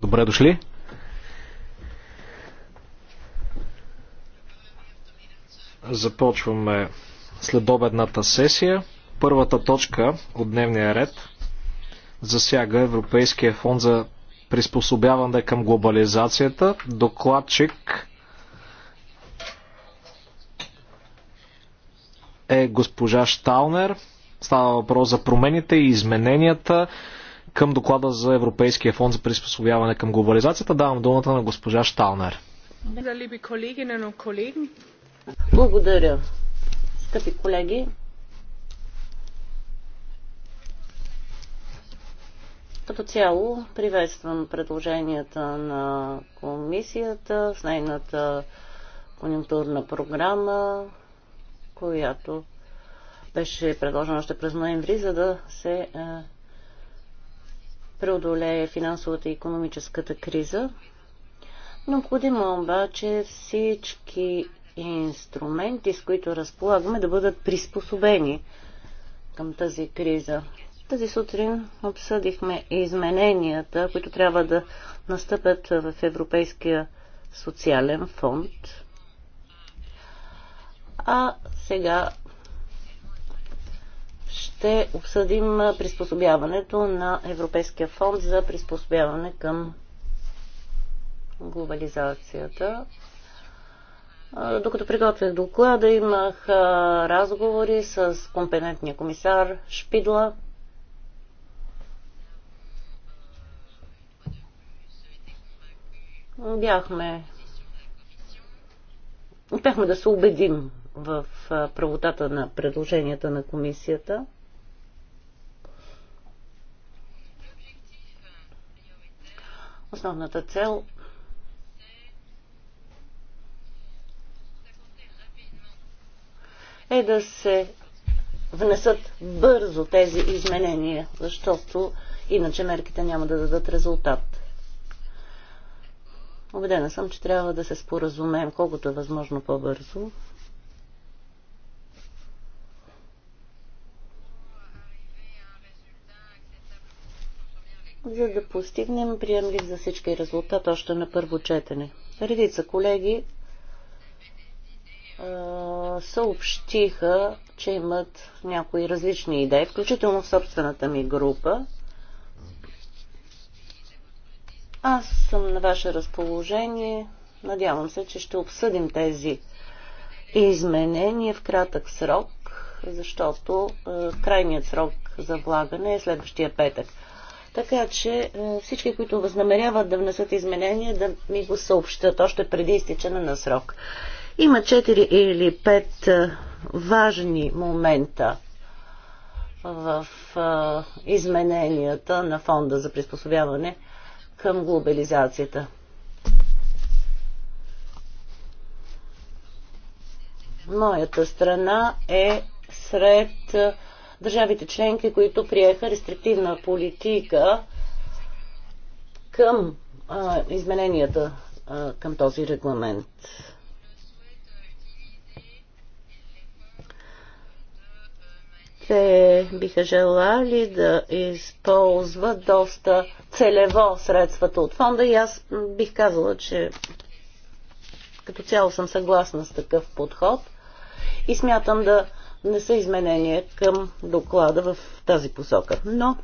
Добре дошли. Започваме следобедната сесия. Първата точка от дневния ред засяга Европейския фонд за приспособяване към глобализацията. Докладчик е госпожа Шталнер. Става въпрос за промените и измененията към доклада за Европейския фонд за приспособяване към глобализацията. Давам думата на госпожа Шталнер. Благодаря. Скъпи колеги, Като цяло приветствам предложенията на комисията с нейната конъюнктурна програма, която беше предложена още през ноември, за да се е, преодолее финансовата и економическата криза. Необходимо е обаче всички инструменти, с които разполагаме, да бъдат приспособени към тази криза. Тази сутрин обсъдихме измененията, които трябва да настъпят в Европейския социален фонд. А сега ще обсъдим приспособяването на Европейския фонд за приспособяване към глобализацията. Докато приготвях доклада, имах разговори с компетентния комисар Шпидла. Бяхме Успяхме да се убедим в правотата на предложенията на комисията. Основната цел е да се внесат бързо тези изменения, защото иначе мерките няма да дадат резултат. Обедена съм, че трябва да се споразумеем колкото е възможно по-бързо. за да постигнем приемлив за всички резултат още на първо четене. Редица колеги съобщиха, че имат някои различни идеи, включително в собствената ми група. Аз съм на ваше разположение. Надявам се, че ще обсъдим тези изменения в кратък срок, защото крайният срок за влагане е следващия петък. Така че е, всички, които възнамеряват да внесат изменения, да ми го съобщат още преди изтичане на срок. Има 4 или 5 е, важни момента в е, измененията на фонда за приспособяване към глобализацията. Моята страна е сред държавите членки, които приеха рестриктивна политика към а, измененията а, към този регламент. те биха желали да използват доста целево средствата от фонда и аз бих казала, че като цяло съм съгласна с такъв подход и смятам да не са изменения към доклада в тази посока. Но,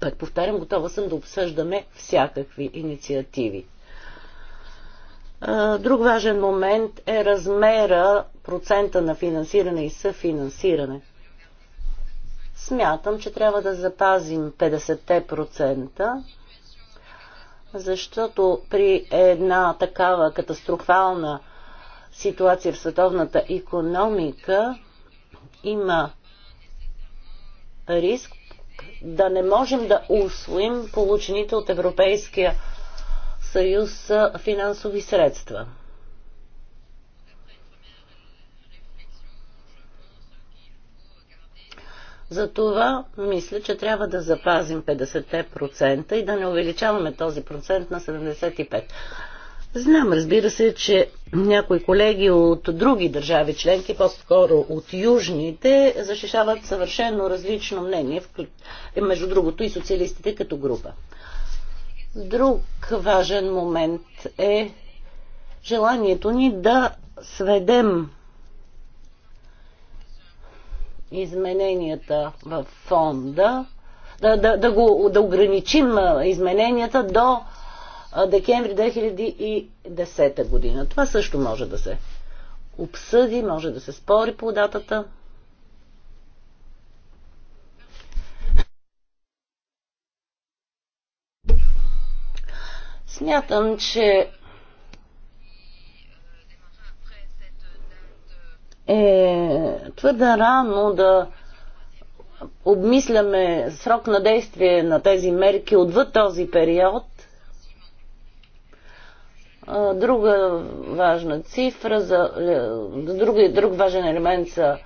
пък повтарям, готова съм да обсъждаме всякакви инициативи. Друг важен момент е размера, процента на финансиране и съфинансиране. Смятам, че трябва да запазим 50%, защото при една такава катастрофална ситуация в световната економика има риск да не можем да усвоим получените от Европейския съюз финансови средства. Затова мисля, че трябва да запазим 50% и да не увеличаваме този процент на 75%. Знам, разбира се, че някои колеги от други държави членки, по-скоро от южните, защищават съвършено различно мнение, е, между другото и социалистите като група. Друг важен момент е желанието ни да сведем измененията в фонда, да, да, да, го, да ограничим измененията до декември 2010 година. Това също може да се обсъди, може да се спори по датата. Смятам, че е твърде рано да обмисляме срок на действие на тези мерки отвъд този период, Друга важна цифра, за, е, друг, друг важен елемент са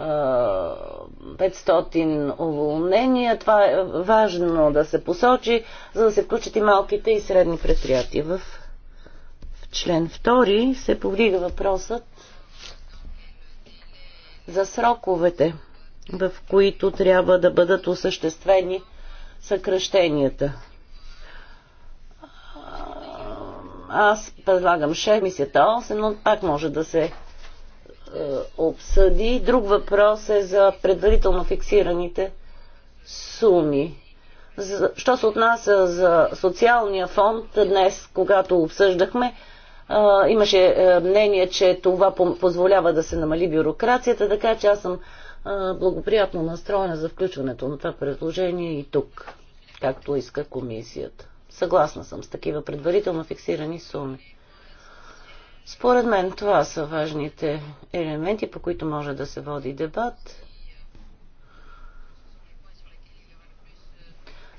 500 уволнения. Това е важно да се посочи, за да се включат и малките и средни предприятия. В, в член 2 се повдига въпросът за сроковете, в които трябва да бъдат осъществени съкръщенията. Аз предлагам 6, мисията 8, но пак може да се е, обсъди. Друг въпрос е за предварително фиксираните суми. За, що се отнася за социалния фонд, днес, когато обсъждахме, е, имаше е, мнение, че това позволява да се намали бюрокрацията, така че аз съм е, благоприятно настроена за включването на това предложение и тук, както иска комисията. Съгласна съм с такива предварително фиксирани суми. Според мен това са важните елементи, по които може да се води дебат.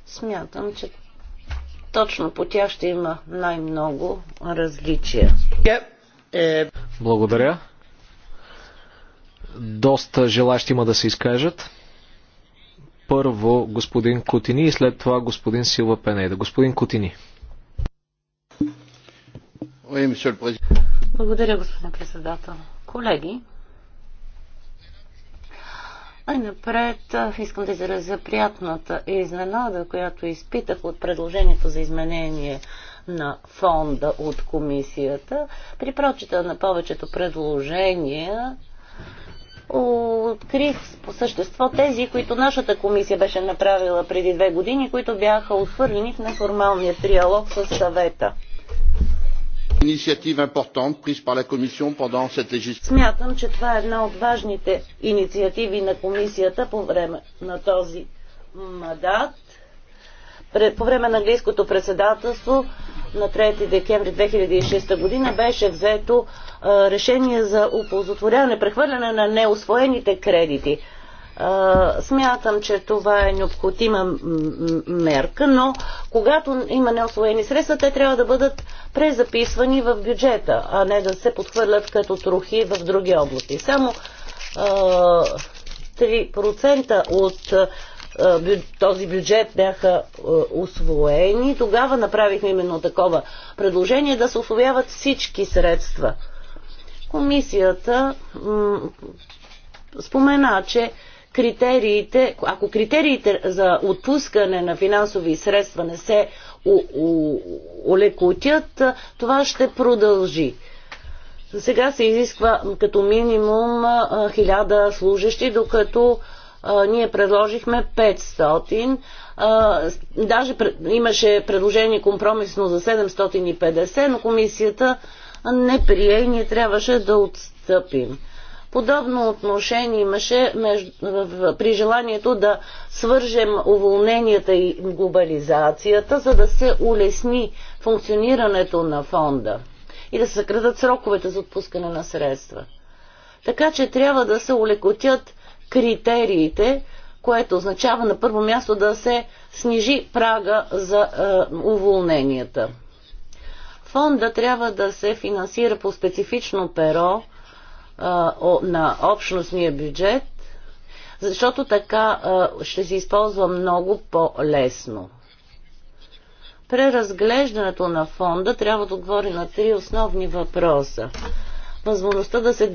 Смятам, че точно по тях ще има най-много различия. Е, Благодаря. Доста желащи има да се изкажат. Първо господин Котини и след това господин Силва Пенейда. Господин Котини. Благодаря, господин председател. Колеги, най-напред искам да изразя приятната изненада, която изпитах от предложението за изменение на фонда от комисията. При прочета на повечето предложения открих по същество тези, които нашата комисия беше направила преди две години, които бяха отхвърлени в неформалния триалог с съвета. Смятам, че това е една от важните инициативи на комисията по време на този мандат. По време на английското председателство на 3 декември 2006 година беше взето а, решение за оползотворяване, прехвърляне на неосвоените кредити. А, смятам, че това е необходима мерка, но когато има неосвоени средства, те трябва да бъдат презаписвани в бюджета, а не да се подхвърлят като трохи в други области. Само а, 3% от този бюджет бяха освоени, тогава направихме именно такова предложение да се освояват всички средства. Комисията спомена, че критериите, ако критериите за отпускане на финансови средства не се олекотят, това ще продължи. Сега се изисква като минимум 1000 служащи, докато ние предложихме 500. Даже имаше предложение компромисно за 750, но комисията не прие и ние трябваше да отстъпим. Подобно отношение имаше при желанието да свържем уволненията и глобализацията, за да се улесни функционирането на фонда и да се съкратат сроковете за отпускане на средства. Така че трябва да се улекотят критериите, което означава на първо място да се снижи прага за е, уволненията. Фонда трябва да се финансира по специфично перо е, о, на общностния бюджет, защото така е, ще се използва много по-лесно. Преразглеждането на фонда трябва да отговори на три основни въпроса възможността да се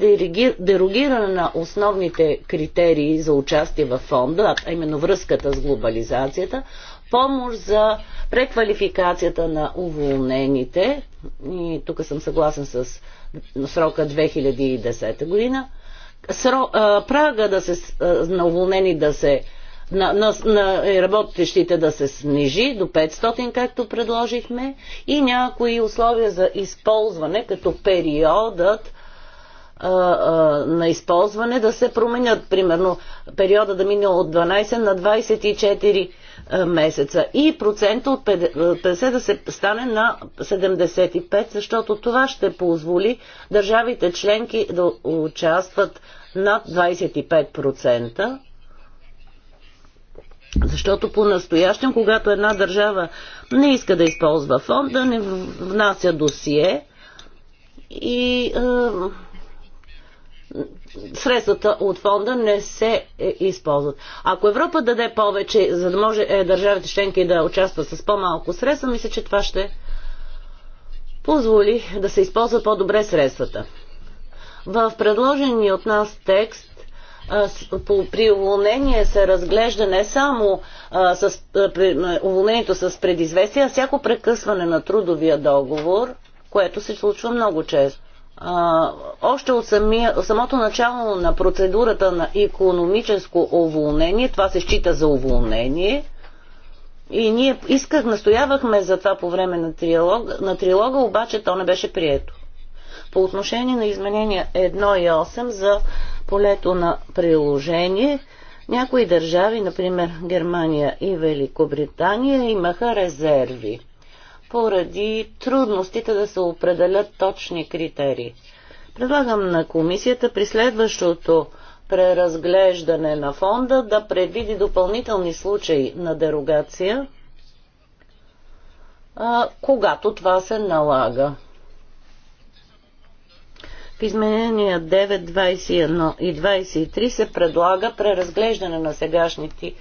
дерогира на основните критерии за участие в фонда, а именно връзката с глобализацията, помощ за преквалификацията на уволнените, и тук съм съгласен с срока 2010 година, сро, а, прага да се, а, на уволнени да се на, на, на работещите да се снижи до 500, както предложихме, и някои условия за използване, като периодът на използване да се променят. Примерно периода да мине от 12 на 24 месеца и процента от 50 да се стане на 75, защото това ще позволи държавите членки да участват над 25%. Защото по-настоящем, когато една държава не иска да използва фонда, не внася досие и е, средствата от фонда не се е, използват. Ако Европа даде повече, за да може е, държавите членки да участват с по-малко средства, мисля, че това ще позволи да се използват по-добре средствата. В предложения от нас текст по, при уволнение се разглежда не само а, с, а, при, уволнението с предизвестие, а всяко прекъсване на трудовия договор, което се случва много често а, още от самия, самото начало на процедурата на економическо уволнение, това се счита за уволнение, и ние исках, настоявахме за това по време на трилога, на трилога, обаче то не беше прието. По отношение на изменения 1 и 8 за полето на приложение, някои държави, например Германия и Великобритания, имаха резерви поради трудностите да се определят точни критерии. Предлагам на комисията при следващото преразглеждане на фонда да предвиди допълнителни случаи на дерогация, когато това се налага. В изменения 9, 21 и 23 се предлага преразглеждане на сегашните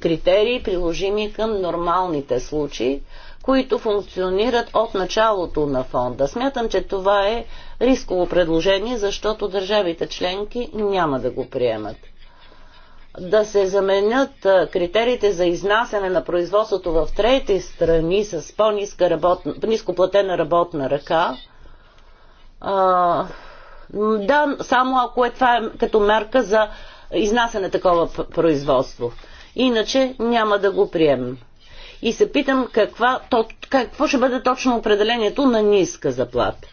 критерии, приложими към нормалните случаи, които функционират от началото на фонда. Смятам, че това е рисково предложение, защото държавите членки няма да го приемат. Да се заменят критериите за изнасяне на производството в трети страни с по-ниска работна, нископлатена работна ръка, а, да, само ако е това е като мерка за изнасяне такова производство. Иначе няма да го приемем и се питам каква, то, какво ще бъде точно определението на ниска заплата.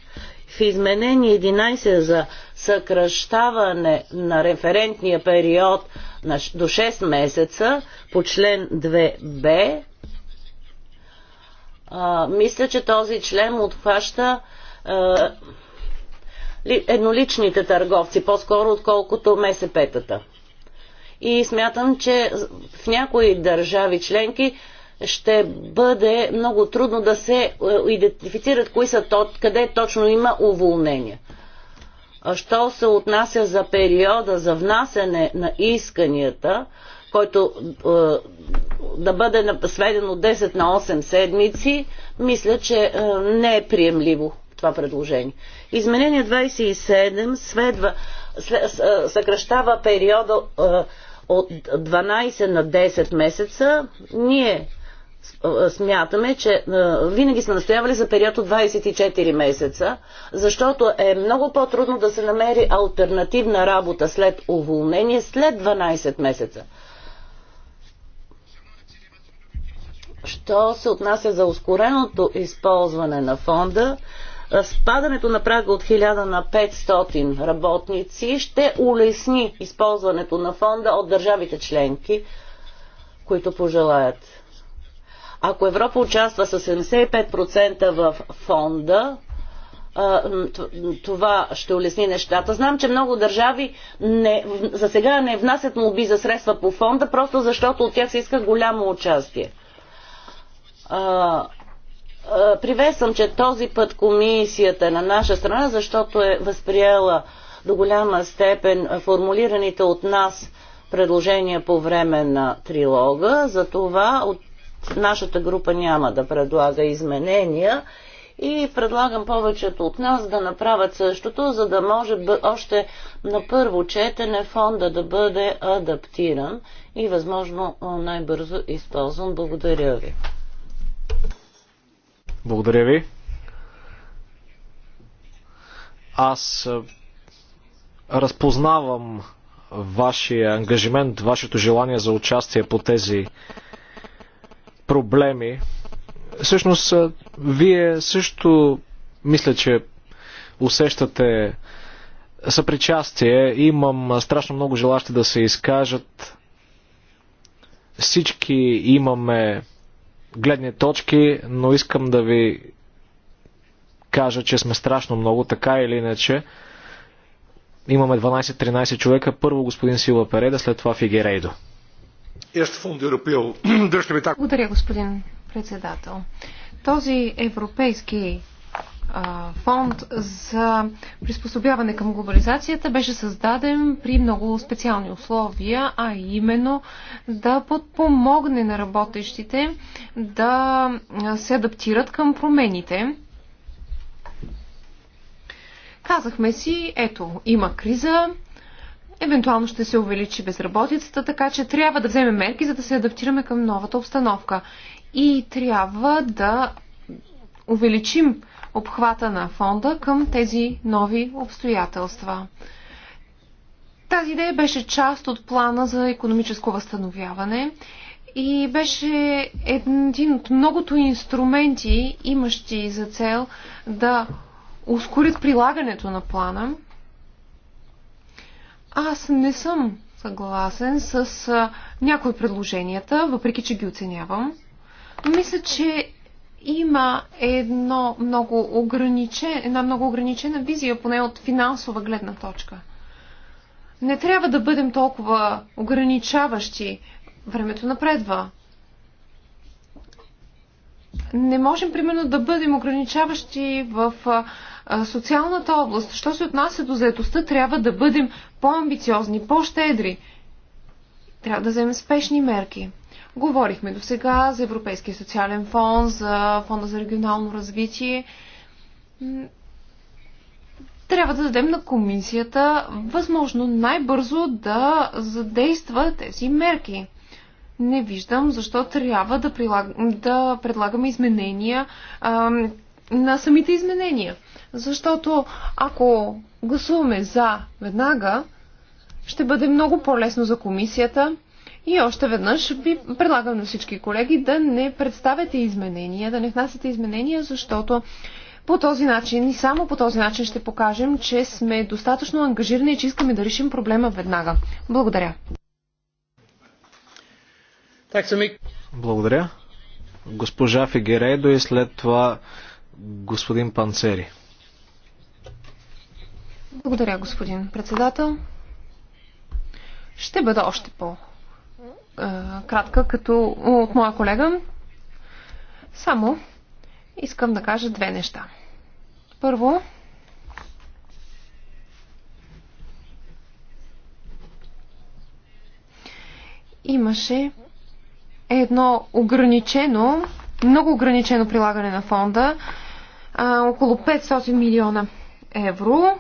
В изменение 11 за съкръщаване на референтния период на, до 6 месеца по член 2б, а, мисля, че този член отхваща едноличните търговци, по-скоро отколкото МСП-тата. И смятам, че в някои държави членки ще бъде много трудно да се е, идентифицират кои са, къде точно има уволнения. Що се отнася за периода за внасене на исканията, който е, да бъде сведен от 10 на 8 седмици, мисля, че е, не е приемливо това предложение. Изменение 27 следва, съкръщава периода от 12 на 10 месеца. Ние смятаме, че винаги сме настоявали за период от 24 месеца, защото е много по-трудно да се намери альтернативна работа след уволнение след 12 месеца. Що се отнася за ускореното използване на фонда, спадането на прага от 1000 на 500 работници ще улесни използването на фонда от държавите членки, които пожелаят. Ако Европа участва с 75% в фонда, това ще улесни нещата. Знам, че много държави не, за сега не внасят молби за средства по фонда, просто защото от тях се иска голямо участие. Привесвам, че този път комисията е на наша страна, защото е възприела до голяма степен формулираните от нас предложения по време на трилога. това от Нашата група няма да предлага изменения и предлагам повечето от нас да направят същото, за да може още на първо четене фонда да бъде адаптиран и възможно най-бързо използван. Благодаря ви. Благодаря ви. Аз разпознавам вашия ангажимент, вашето желание за участие по тези проблеми. Всъщност, вие също мисля, че усещате съпричастие. Имам страшно много желащи да се изкажат. Всички имаме гледни точки, но искам да ви кажа, че сме страшно много, така или иначе. Имаме 12-13 човека. Първо господин Силва Переда, след това Фигерейдо. Благодаря, господин председател. Този европейски фонд за приспособяване към глобализацията беше създаден при много специални условия, а именно да подпомогне на работещите да се адаптират към промените. Казахме си, ето, има криза, евентуално ще се увеличи безработицата, така че трябва да вземем мерки, за да се адаптираме към новата обстановка. И трябва да увеличим обхвата на фонда към тези нови обстоятелства. Тази идея беше част от плана за економическо възстановяване и беше един от многото инструменти, имащи за цел да ускорят прилагането на плана аз не съм съгласен с някои предложенията, въпреки че ги оценявам. Мисля, че има едно много ограничен, една много ограничена визия, поне от финансова гледна точка. Не трябва да бъдем толкова ограничаващи. Времето напредва. Не можем, примерно, да бъдем ограничаващи в социалната област, що се отнася до заедостта, трябва да бъдем по-амбициозни, по-щедри. Трябва да вземем спешни мерки. Говорихме до сега за Европейския социален фонд, за фонда за регионално развитие. Трябва да дадем на комисията възможно най-бързо да задейства тези мерки. Не виждам защо трябва да, прилаг... да предлагаме изменения на самите изменения. Защото ако гласуваме за веднага, ще бъде много по-лесно за комисията. И още веднъж ви предлагам на всички колеги да не представяте изменения, да не внасяте изменения, защото по този начин и само по този начин ще покажем, че сме достатъчно ангажирани и че искаме да решим проблема веднага. Благодаря. Благодаря. Госпожа Фигерейдо и след това господин Панцери. Благодаря, господин председател. Ще бъда още по-кратка, е, като от моя колега. Само искам да кажа две неща. Първо, имаше едно ограничено, много ограничено прилагане на фонда, а, около 500 милиона евро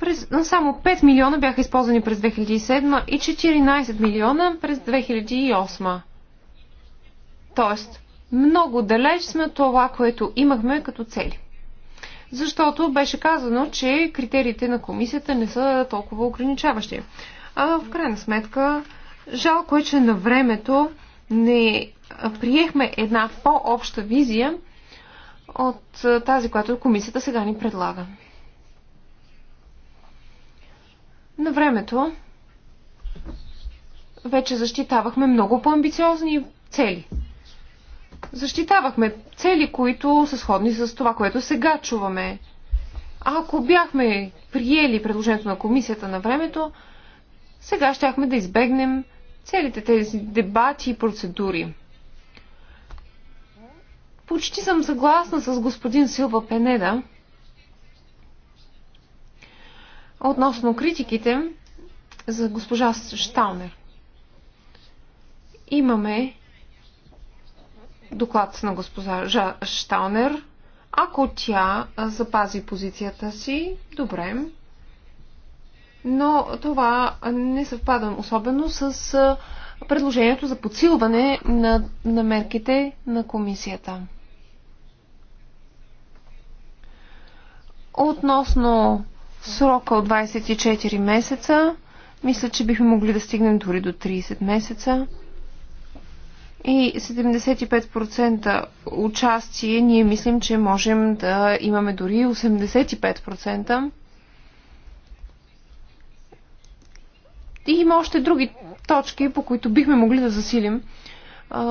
през, само 5 милиона бяха използвани през 2007 и 14 милиона през 2008. Тоест, много далеч сме от това, което имахме като цели. Защото беше казано, че критериите на комисията не са толкова ограничаващи. А в крайна сметка, жалко е, че на времето не приехме една по-обща визия от тази, която комисията сега ни предлага. На времето вече защитавахме много по-амбициозни цели. Защитавахме цели, които са сходни с това, което сега чуваме. А ако бяхме приели предложението на комисията на времето, сега щяхме да избегнем целите тези дебати и процедури. Почти съм съгласна с господин Силва Пенеда – относно критиките за госпожа Шталнер. Имаме доклад на госпожа Шталнер. Ако тя запази позицията си, добре. Но това не съвпада особено с предложението за подсилване на, на мерките на комисията. Относно срока от 24 месеца. Мисля, че бихме могли да стигнем дори до 30 месеца. И 75% участие ние мислим, че можем да имаме дори 85%. И има още други точки, по които бихме могли да засилим а,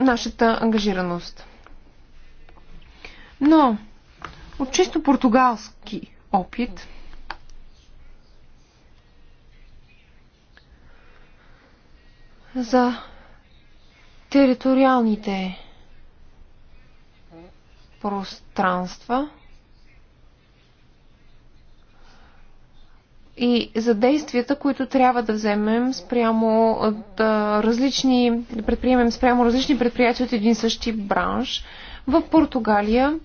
нашата ангажираност. Но, от чисто португалски опит, за териториалните пространства и за действията, които трябва да вземем спрямо от различни, да предприемем спрямо различни предприятия от един същи бранш. В Португалия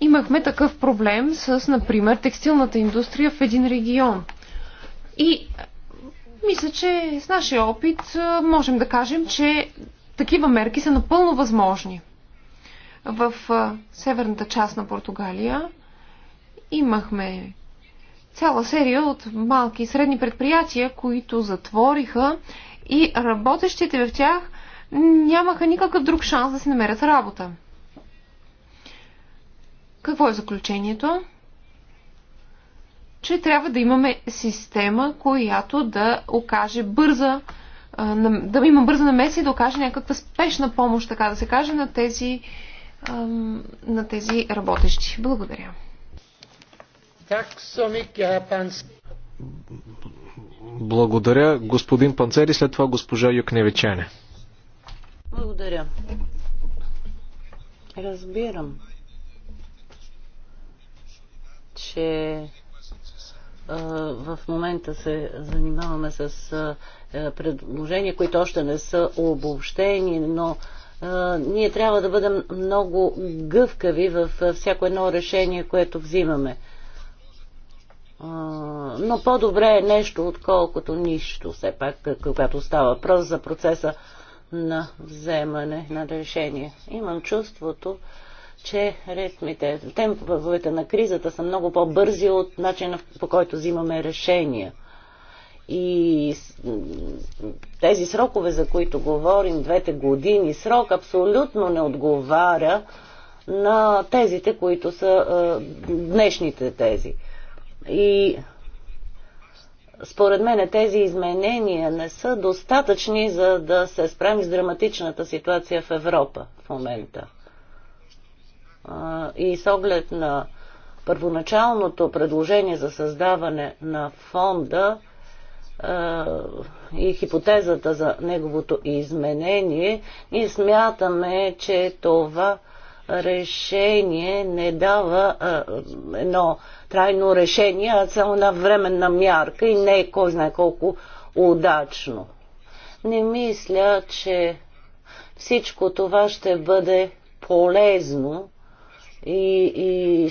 имахме такъв проблем с, например, текстилната индустрия в един регион. И мисля, че с нашия опит можем да кажем, че такива мерки са напълно възможни. В северната част на Португалия имахме цяла серия от малки и средни предприятия, които затвориха и работещите в тях нямаха никакъв друг шанс да си намерят работа. Какво е заключението? че трябва да имаме система, която да окаже бърза, да има бърза намеси и да окаже някаква спешна помощ, така да се каже, на тези, на тези работещи. Благодаря. Благодаря, господин Панцери, след това госпожа Юкневичане. Благодаря. Разбирам, че в момента се занимаваме с е, предложения, които още не са обобщени, но ние трябва да бъдем много гъвкави в всяко едно решение, което взимаме. Но по-добре е нещо, отколкото нищо, все пак, когато става въпрос за процеса на вземане на решение. Имам чувството, че ритмите, темповете на кризата са много по-бързи от начина по който взимаме решения. И тези срокове, за които говорим, двете години срок, абсолютно не отговаря на тезите, които са е, днешните тези. И според мен тези изменения не са достатъчни, за да се справим с драматичната ситуация в Европа в момента и с оглед на първоначалното предложение за създаване на фонда и хипотезата за неговото изменение, ние смятаме, че това решение не дава а, едно трайно решение, а само една временна мярка и не е кой знае колко удачно. Не мисля, че всичко това ще бъде полезно и, и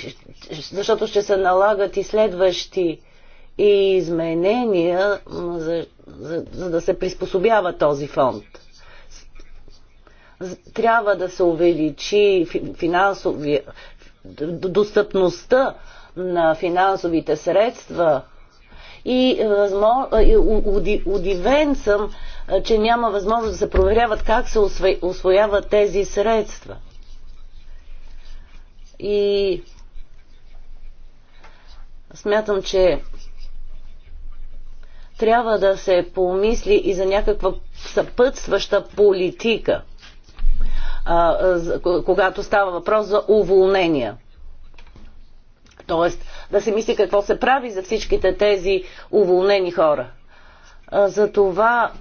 защото ще се налагат и следващи и изменения, за, за, за да се приспособява този фонд. Трябва да се увеличи финансови, достъпността на финансовите средства и, е, е, и удивен съм, е, че няма възможност да се проверяват как се освояват тези средства. И смятам, че трябва да се помисли и за някаква съпътстваща политика, когато става въпрос за уволнения. Тоест, да се мисли какво се прави за всичките тези уволнени хора. За това,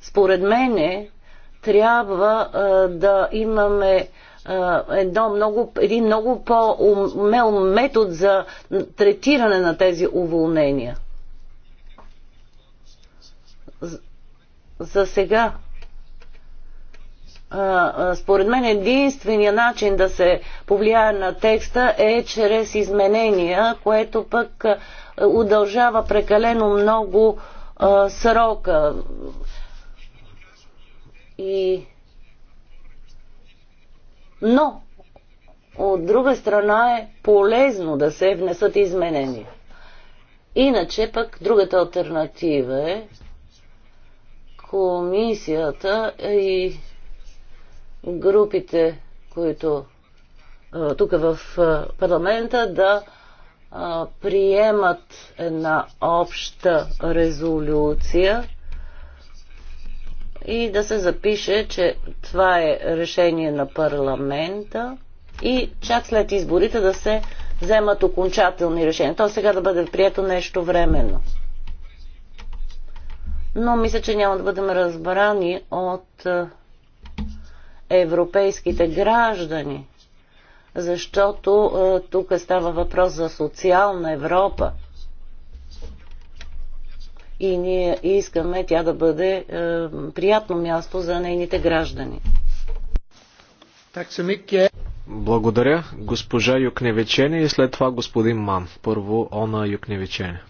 според мене, трябва да имаме е, едно много, един много по-умел метод за третиране на тези уволнения. За сега според мен единствения начин да се повлияе на текста е чрез изменения, което пък удължава прекалено много срока. И но, от друга страна е полезно да се внесат изменения. Иначе пък другата альтернатива е комисията и групите, които тук в парламента да приемат една обща резолюция и да се запише, че това е решение на парламента и чак след изборите да се вземат окончателни решения. То сега да бъде прието нещо временно. Но мисля, че няма да бъдем разбрани от е, европейските граждани, защото е, тук става въпрос за социална Европа – и ние искаме тя да бъде е, приятно място за нейните граждани. Благодаря. Госпожа Юкневечене и след това господин Ман. Първо Она юкневечене.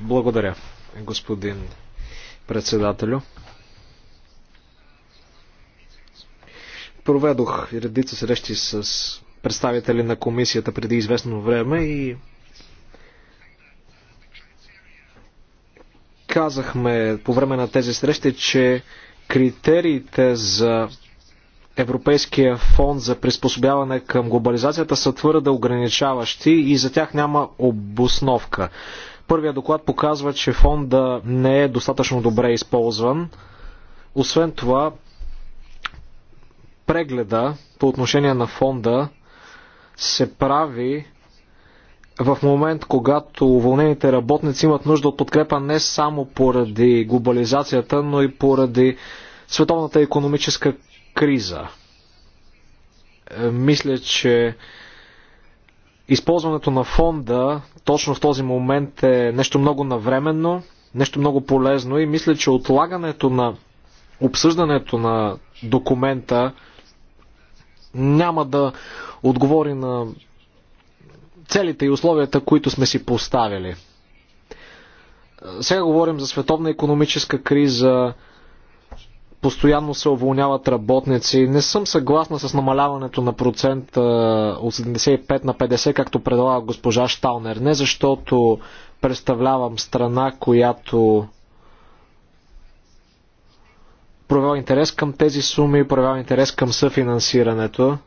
Благодаря, господин председателю. Проведох редица срещи с представители на комисията преди известно време и казахме по време на тези срещи, че критериите за Европейския фонд за приспособяване към глобализацията са твърде ограничаващи и за тях няма обосновка. Първият доклад показва, че фонда не е достатъчно добре използван. Освен това, прегледа по отношение на фонда се прави в момент, когато уволнените работници имат нужда от подкрепа не само поради глобализацията, но и поради световната економическа криза. Е, мисля, че използването на фонда точно в този момент е нещо много навременно, нещо много полезно и мисля, че отлагането на обсъждането на документа няма да отговори на целите и условията, които сме си поставили. Сега говорим за световна економическа криза, постоянно се уволняват работници. Не съм съгласна с намаляването на процент от 75 на 50, както предлага госпожа Шталнер. Не защото представлявам страна, която проявява интерес към тези суми, проявява интерес към съфинансирането.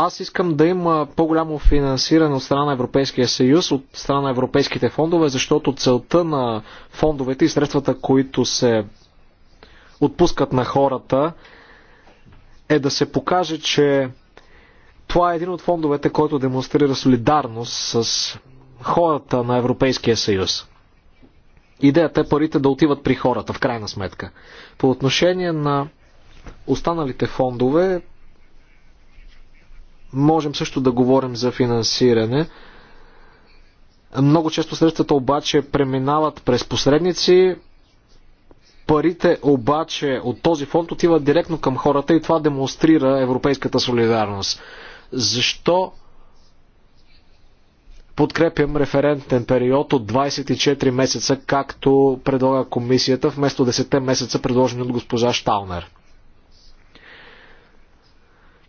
Аз искам да има по-голямо финансиране от страна на Европейския съюз, от страна на европейските фондове, защото целта на фондовете и средствата, които се отпускат на хората, е да се покаже, че това е един от фондовете, който демонстрира солидарност с хората на Европейския съюз. Идеята е парите да отиват при хората, в крайна сметка. По отношение на останалите фондове, можем също да говорим за финансиране. Много често средствата обаче преминават през посредници, парите обаче от този фонд отиват директно към хората и това демонстрира европейската солидарност. Защо подкрепям референтен период от 24 месеца, както предлага комисията, вместо 10 месеца, предложени от госпожа Шталнер?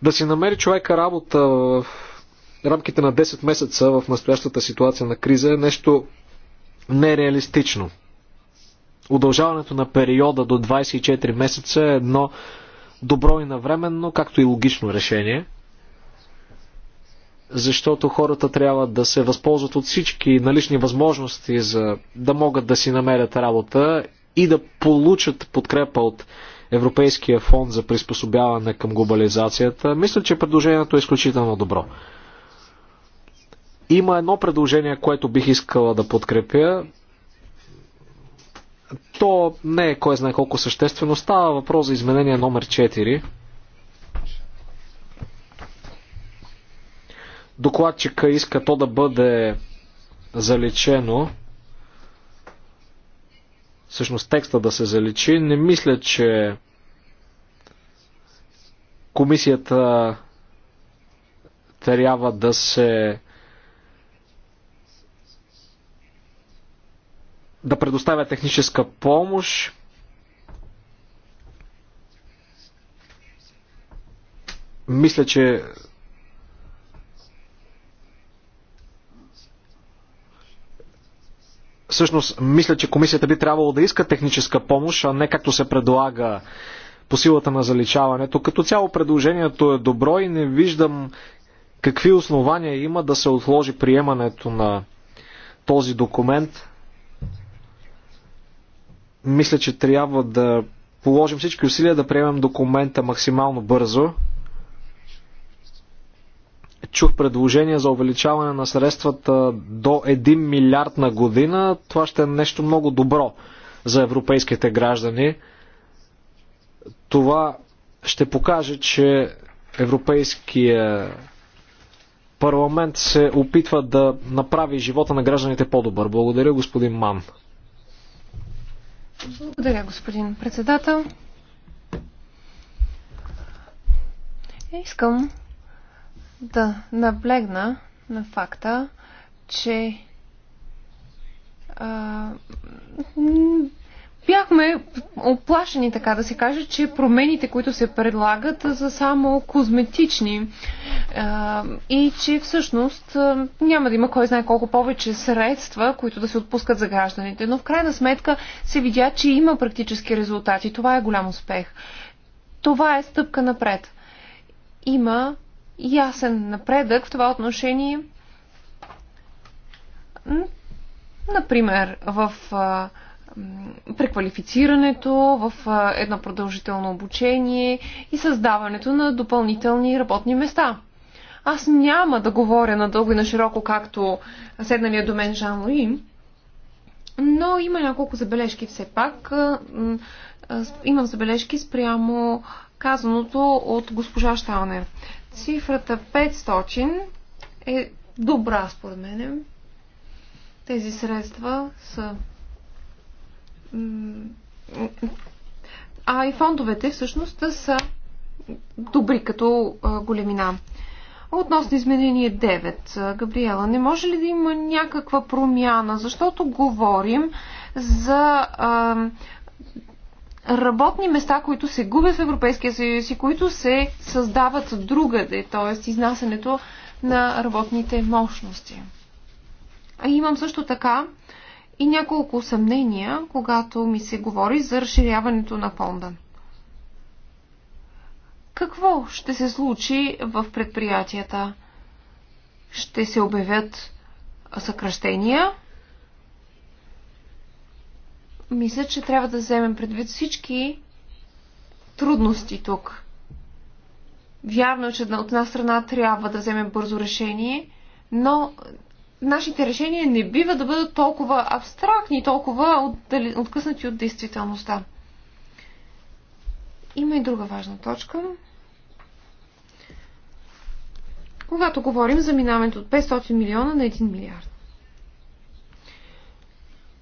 Да си намери човека работа в рамките на 10 месеца в настоящата ситуация на криза е нещо нереалистично. Удължаването на периода до 24 месеца е едно добро и навременно, както и логично решение, защото хората трябва да се възползват от всички налични възможности за да могат да си намерят работа и да получат подкрепа от Европейския фонд за приспособяване към глобализацията. Мисля, че предложението е изключително добро. Има едно предложение, което бих искала да подкрепя. То не е кой знае колко съществено. Става въпрос за изменение номер 4. Докладчика иска то да бъде залечено всъщност текста да се заличи. Не мисля, че комисията трябва да се да предоставя техническа помощ. Мисля, че Всъщност, мисля, че комисията би трябвало да иска техническа помощ, а не както се предлага по силата на заличаването. Като цяло предложението е добро и не виждам какви основания има да се отложи приемането на този документ. Мисля, че трябва да положим всички усилия да приемем документа максимално бързо чух предложение за увеличаване на средствата до 1 милиард на година. Това ще е нещо много добро за европейските граждани. Това ще покаже, че Европейския парламент се опитва да направи живота на гражданите по-добър. Благодаря, господин Ман. Благодаря, господин председател. Искам да наблегна на факта, че а, бяхме оплашени, така да се каже, че промените, които се предлагат, са само козметични а, и че всъщност няма да има кой знае колко повече средства, които да се отпускат за гражданите. Но в крайна сметка се видя, че има практически резултати. Това е голям успех. Това е стъпка напред. Има ясен напредък в това отношение. Например, в преквалифицирането, в едно продължително обучение и създаването на допълнителни работни места. Аз няма да говоря надълго и на широко, както седналият до мен Жан Луи, но има няколко забележки все пак. Имам забележки спрямо казаното от госпожа Шталнер. Цифрата 500 е добра, според мен. Тези средства са. А и фондовете всъщност са добри като големина. Относно изменение 9, Габриела, не може ли да има някаква промяна? Защото говорим за а, работни места, които се губят в Европейския съюз и които се създават другаде, т.е. изнасянето на работните мощности. А имам също така и няколко съмнения, когато ми се говори за разширяването на фонда. Какво ще се случи в предприятията? Ще се обявят съкръщения мисля, че трябва да вземем предвид всички трудности тук. Вярно е, че от една страна трябва да вземем бързо решение, но нашите решения не бива да бъдат толкова абстрактни, толкова откъснати от действителността. Има и друга важна точка. Когато говорим за минаването от 500 милиона на 1 милиард.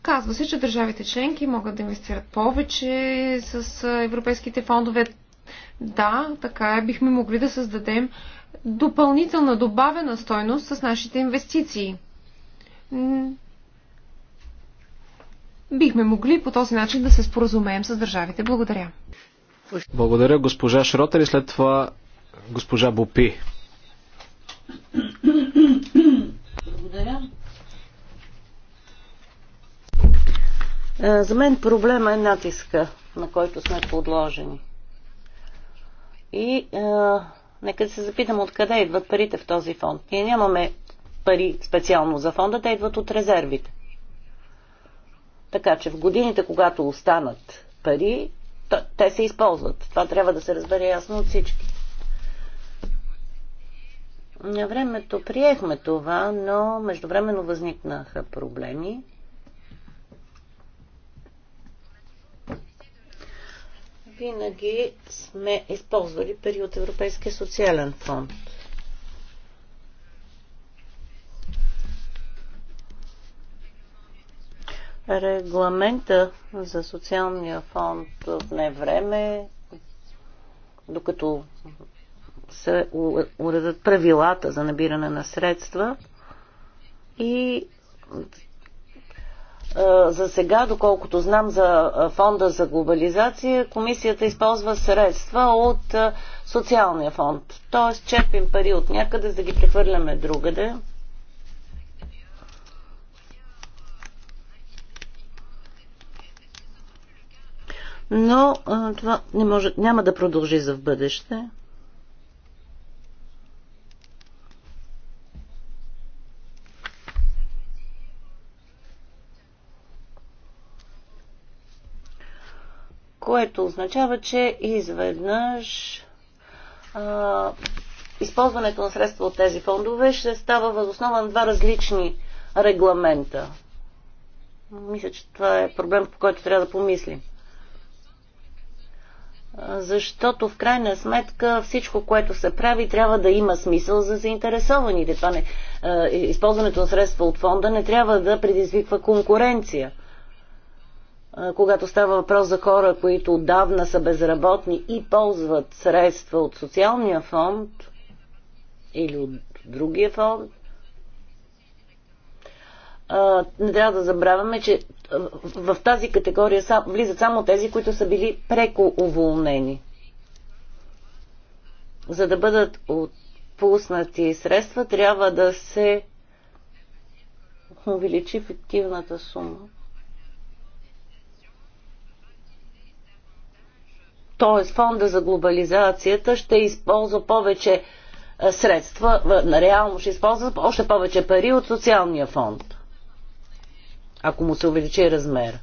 Казва се, че държавите членки могат да инвестират повече с европейските фондове. Да, така е, бихме могли да създадем допълнителна добавена стойност с нашите инвестиции. Бихме могли по този начин да се споразумеем с държавите. Благодаря. Благодаря госпожа Шротер и след това госпожа Бопи. Е, за мен проблема е натиска, на който сме подложени. И а, е, нека да се запитам откъде идват парите в този фонд. Ние нямаме пари специално за фонда, те идват от резервите. Така че в годините, когато останат пари, те се използват. Това трябва да се разбере ясно от всички. На времето приехме това, но междувременно възникнаха проблеми. винаги сме използвали пари от Европейския социален фонд. Регламента за социалния фонд не време, докато се уредат правилата за набиране на средства и за сега, доколкото знам за фонда за глобализация, комисията използва средства от социалния фонд. Тоест, черпим пари от някъде, за да ги прехвърляме другаде. Но това не може, няма да продължи за в бъдеще. което означава, че изведнъж а, използването на средства от тези фондове ще става възоснова на два различни регламента. Мисля, че това е проблем, по който трябва да помислим. Защото в крайна сметка всичко, което се прави, трябва да има смисъл за заинтересованите. Това не, е, използването на средства от фонда не трябва да предизвиква конкуренция – когато става въпрос за хора, които отдавна са безработни и ползват средства от социалния фонд или от другия фонд, не трябва да забравяме, че в тази категория влизат само тези, които са били преко уволнени. За да бъдат отпуснати средства, трябва да се увеличи фиктивната сума. т.е. фонда за глобализацията ще използва повече средства, реално ще използва още повече пари от социалния фонд, ако му се увеличи размер.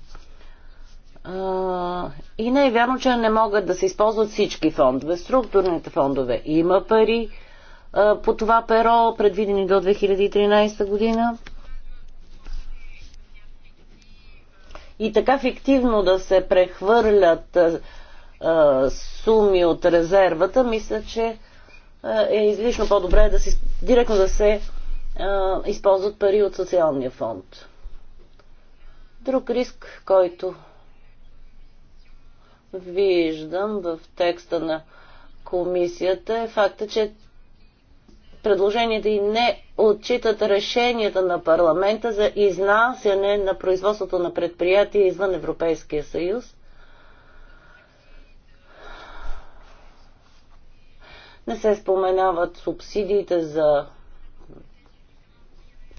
И не е вярно, че не могат да се използват всички фондове. Структурните фондове има пари по това перо, предвидени до 2013 година. И така фиктивно да се прехвърлят суми от резервата, мисля, че е излишно по-добре да си, директно да се а, използват пари от социалния фонд. Друг риск, който виждам в текста на комисията е факта, че предложенията и не отчитат решенията на парламента за изнасяне на производството на предприятия извън Европейския съюз – Не се споменават субсидиите за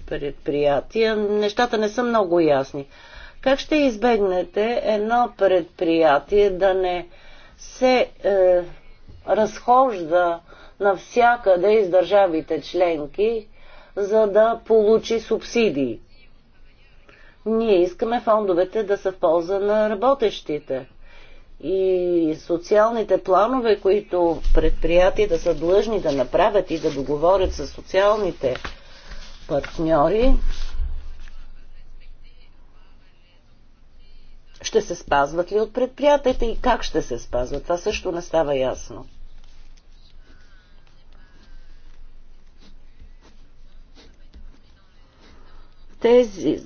предприятия. Нещата не са много ясни. Как ще избегнете едно предприятие да не се е, разхожда навсякъде из държавите членки, за да получи субсидии? Ние искаме фондовете да са в полза на работещите и социалните планове, които предприятията са длъжни да направят и да договорят с социалните партньори, ще се спазват ли от предприятията и как ще се спазват? Това също не става ясно. Тези,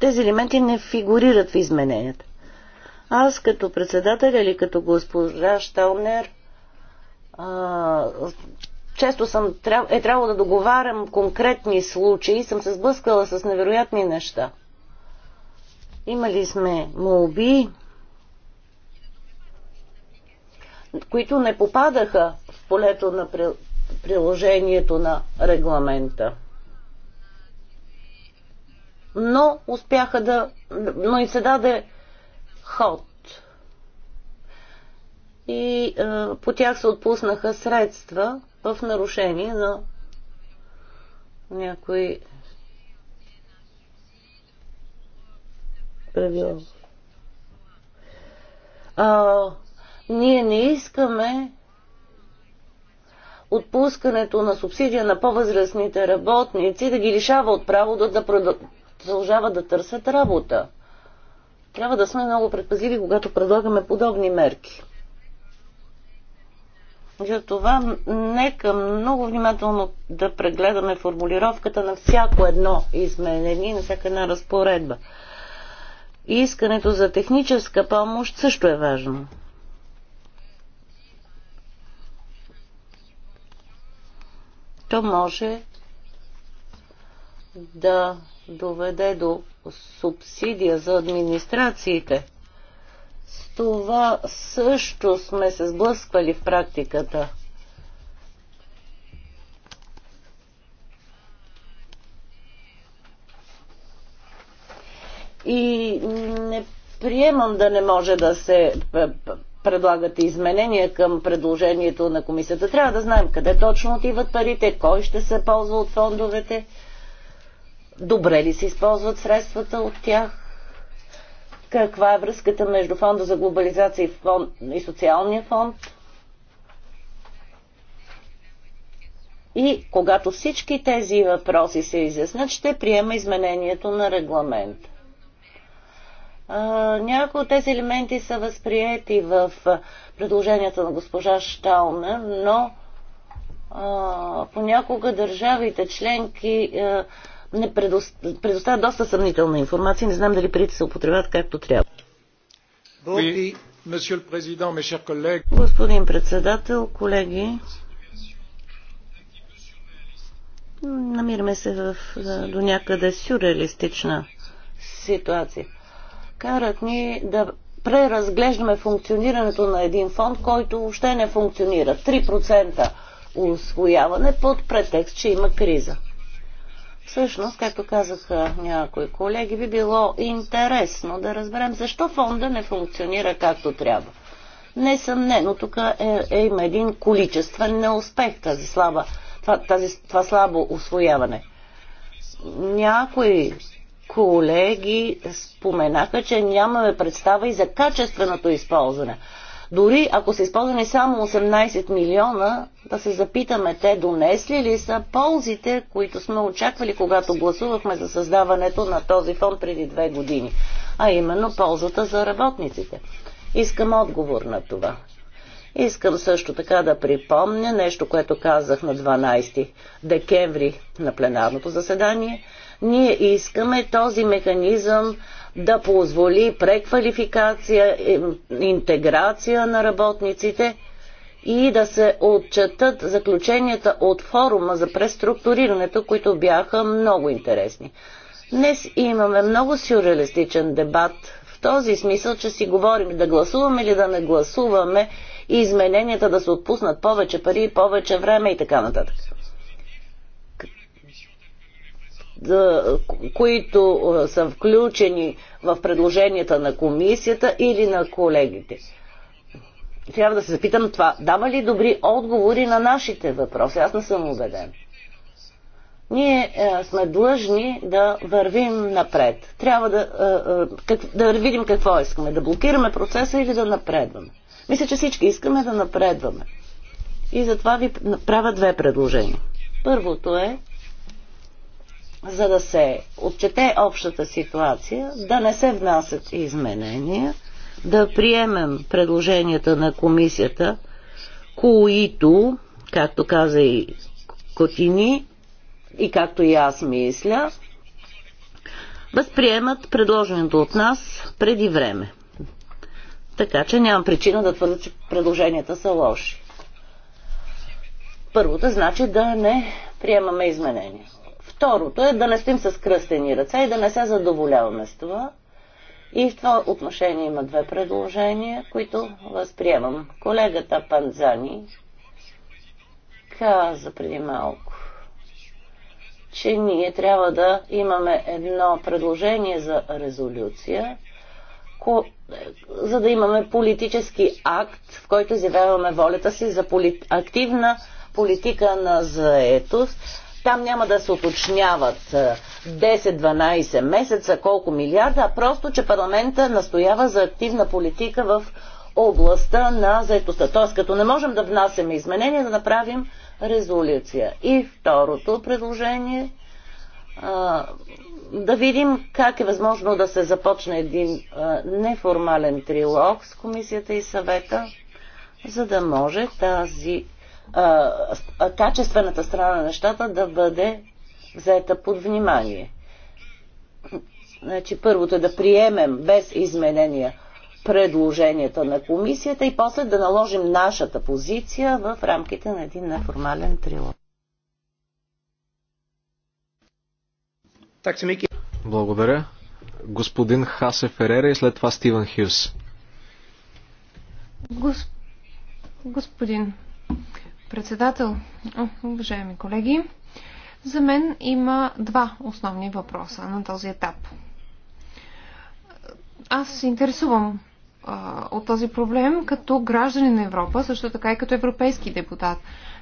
тези елементи не фигурират в измененията. Аз като председател или като госпожа Шталнер а, често съм, е трябвало да договарям конкретни случаи и съм се сблъскала с невероятни неща. Имали сме молби, които не попадаха в полето на приложението на регламента. Но успяха да... Но и се даде ход. И е, по тях се отпуснаха средства в нарушение на някои правила. А, ние не искаме отпускането на субсидия на по-възрастните работници да ги лишава от право да, да продължават да търсят работа. Трябва да сме много предпазливи, когато предлагаме подобни мерки. Затова нека много внимателно да прегледаме формулировката на всяко едно изменение, на всяка една разпоредба. И искането за техническа помощ също е важно. То може да доведе до субсидия за администрациите. С това също сме се сблъсквали в практиката. И не приемам да не може да се предлагат изменения към предложението на комисията. Трябва да знаем къде точно отиват парите, кой ще се ползва от фондовете. Добре ли се използват средствата от тях? Каква е връзката между фонда за глобализация и, фонд, и социалния фонд? И когато всички тези въпроси се изяснат, ще приема изменението на регламент. Някои от тези елементи са възприяти в предложенията на госпожа Шталнер, но а, понякога държавите членки а, не предоставя, предоставя доста съмнителна информация. Не знам дали парите се употребяват както трябва. Господин председател, колеги, намираме се в до някъде сюрреалистична ситуация. Карат ни да преразглеждаме функционирането на един фонд, който въобще не функционира. 3% усвояване под претекст, че има криза. Всъщност, както казаха някои колеги, би било интересно да разберем защо фонда не функционира както трябва. Несъмнено, тук е, е, има един количествен неуспех, тази слаба, това, тази, това слабо освояване. Някои колеги споменаха, че нямаме представа и за качественото използване. Дори ако са използвани само 18 милиона, да се запитаме те донесли ли са ползите, които сме очаквали, когато гласувахме за създаването на този фонд преди две години, а именно ползата за работниците. Искам отговор на това. Искам също така да припомня нещо, което казах на 12 декември на пленарното заседание. Ние искаме този механизъм да позволи преквалификация, е, интеграция на работниците и да се отчетат заключенията от форума за преструктурирането, които бяха много интересни. Днес имаме много сюрреалистичен дебат в този смисъл, че си говорим да гласуваме или да не гласуваме и измененията да се отпуснат повече пари, повече време и така нататък които са включени в предложенията на комисията или на колегите. Трябва да се запитам това. Дава ли добри отговори на нашите въпроси? Аз не съм убеден. Ние е, сме длъжни да вървим напред. Трябва да, е, е, как, да видим какво искаме. Да блокираме процеса или да напредваме. Мисля, че всички искаме да напредваме. И затова ви правя две предложения. Първото е за да се отчете общата ситуация, да не се внасят изменения, да приемем предложенията на комисията, които, както каза и Котини, и както и аз мисля, възприемат предложението от нас преди време. Така че нямам причина да твърда, че предложенията са лоши. Първото значи да не приемаме изменения. Второто е да не стоим с кръстени ръце и да не се задоволяваме с това. И в това отношение има две предложения, които възприемам. Колегата Панзани каза преди малко, че ние трябва да имаме едно предложение за резолюция, за да имаме политически акт, в който изявяваме волята си за активна политика на заетост, там няма да се уточняват 10-12 е, месеца, колко милиарда, а просто, че парламента настоява за активна политика в областта на заетостта. Т.е. като не можем да внасяме изменения, да направим резолюция. И второто предложение е, да видим как е възможно да се започне един е, неформален трилог с комисията и съвета, за да може тази качествената страна на нещата да бъде взета под внимание. Значи първото е да приемем без изменения предложенията на комисията и после да наложим нашата позиция в рамките на един неформален трилог. Благодаря. Господин Хасе Ферера и след това Стивен Хюс. Гос... Господин председател. Уважаеми колеги, за мен има два основни въпроса на този етап. Аз се интересувам а, от този проблем като граждани на Европа, също така и като европейски депутат.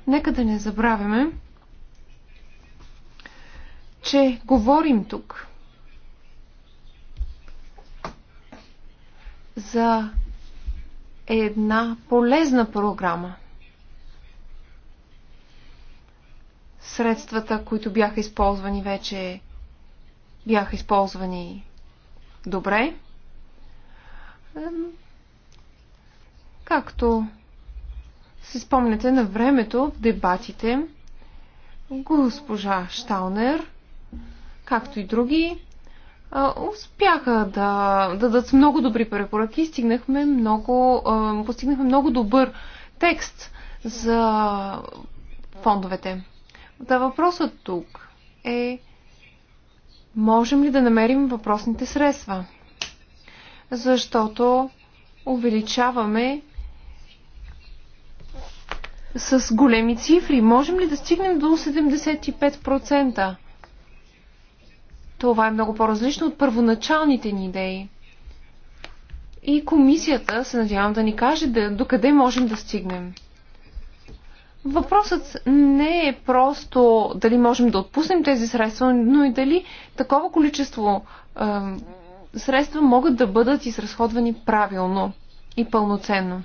Нека да не забравяме, че говорим тук за една полезна програма. средствата, които бяха използвани вече, бяха използвани добре. Както си спомняте на времето в дебатите, госпожа Штаунер, както и други, успяха да, дадат много добри препоръки. Стигнахме много, постигнахме много добър текст за фондовете. Та въпросът тук е можем ли да намерим въпросните средства? Защото увеличаваме с големи цифри. Можем ли да стигнем до 75%? Това е много по-различно от първоначалните ни идеи. И комисията се надявам да ни каже да, докъде можем да стигнем. Въпросът не е просто дали можем да отпуснем тези средства, но и дали такова количество е, средства могат да бъдат изразходвани правилно и пълноценно.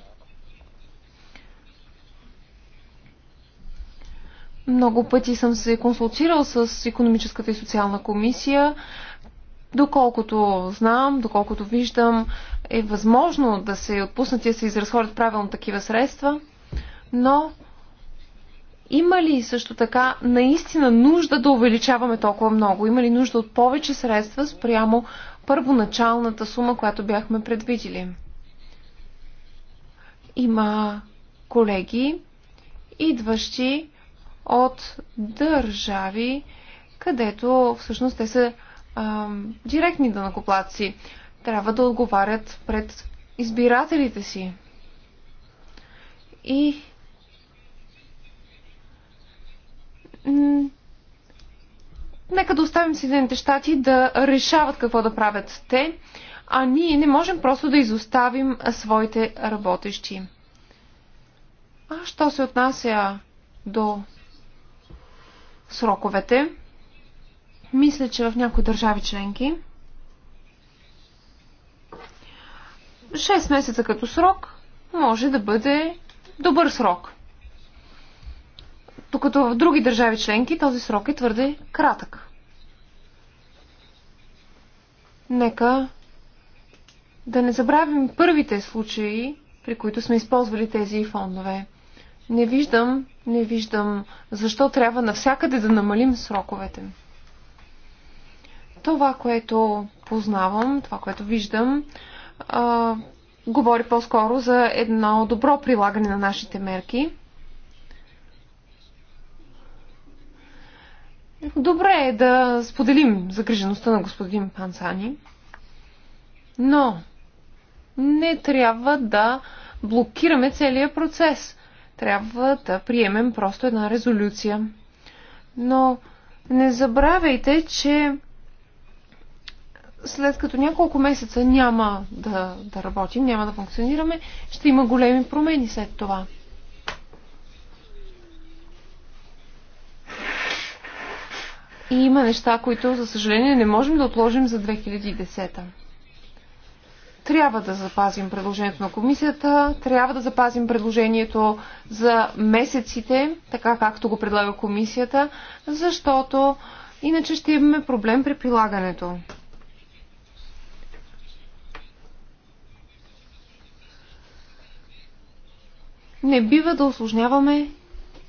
Много пъти съм се консултирал с економическата и социална комисия. Доколкото знам, доколкото виждам, е възможно да се отпуснат и да се изразходят правилно такива средства, но има ли също така наистина нужда да увеличаваме толкова много? Има ли нужда от повече средства спрямо първоначалната сума, която бяхме предвидили? Има колеги, идващи от държави, където всъщност те са а, директни данакоплаци. Трябва да отговарят пред избирателите си. И нека да оставим Съединените щати да решават какво да правят те, а ние не можем просто да изоставим своите работещи. А що се отнася до сроковете, мисля, че в някои държави членки 6 месеца като срок може да бъде добър срок докато в други държави членки този срок е твърде кратък. Нека да не забравим първите случаи, при които сме използвали тези фондове. Не виждам, не виждам защо трябва навсякъде да намалим сроковете. Това, което познавам, това, което виждам, а, говори по-скоро за едно добро прилагане на нашите мерки – Добре е да споделим загрижеността на господин Пансани, но не трябва да блокираме целият процес. Трябва да приемем просто една резолюция. Но не забравяйте, че след като няколко месеца няма да, да работим, няма да функционираме, ще има големи промени след това. И има неща, които, за съжаление, не можем да отложим за 2010. Трябва да запазим предложението на комисията, трябва да запазим предложението за месеците, така както го предлага комисията, защото иначе ще имаме проблем при прилагането. Не бива да осложняваме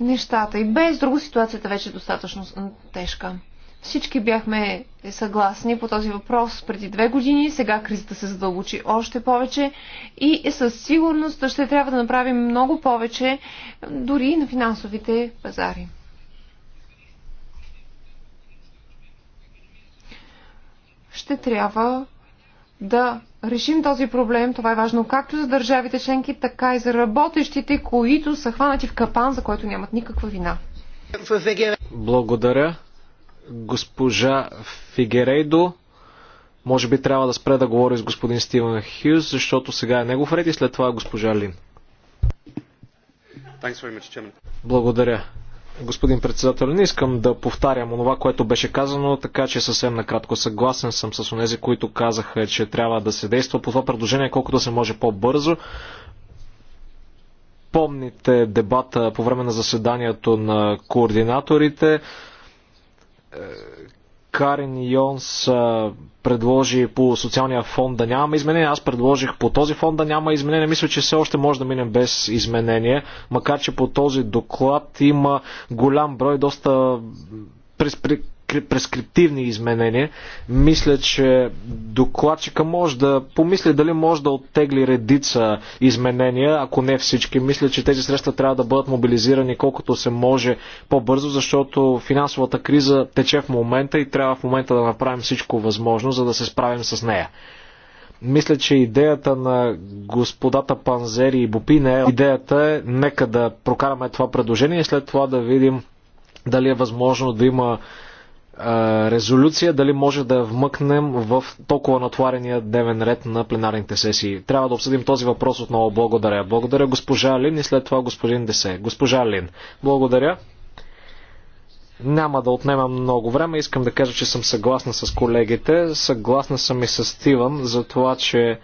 нещата. И без друго ситуацията вече е достатъчно тежка. Всички бяхме съгласни по този въпрос преди две години. Сега кризата се задълбочи още повече и е със сигурност ще трябва да направим много повече дори на финансовите пазари. Ще трябва да решим този проблем. Това е важно както за държавите членки, така и за работещите, които са хванати в капан, за който нямат никаква вина. Благодаря. Госпожа Фигерейдо, може би трябва да спре да говори с господин Стивен Хюз, защото сега е негов ред и след това е госпожа Лин. Благодаря, господин председател. Не искам да повтарям онова, което беше казано, така че съвсем накратко съгласен съм с онези, които казаха, че трябва да се действа по това предложение колкото се може по-бързо. Помните дебата по време на заседанието на координаторите е, Карин Йонс предложи по социалния фонд да нямаме изменения. Аз предложих по този фонд да няма изменения. Мисля, че все още може да минем без изменения, макар че по този доклад има голям брой, доста прескриптивни изменения. Мисля, че докладчика може да помисли дали може да оттегли редица изменения, ако не всички. Мисля, че тези средства трябва да бъдат мобилизирани колкото се може по-бързо, защото финансовата криза тече в момента и трябва в момента да направим всичко възможно, за да се справим с нея. Мисля, че идеята на господата Панзери и е идеята е нека да прокараме това предложение и след това да видим дали е възможно да има резолюция, дали може да вмъкнем в толкова натварения дневен ред на пленарните сесии. Трябва да обсъдим този въпрос отново. Благодаря. Благодаря госпожа Лин и след това господин Десе. Госпожа Лин, благодаря. Няма да отнема много време. Искам да кажа, че съм съгласна с колегите. Съгласна съм и с Стиван за това, че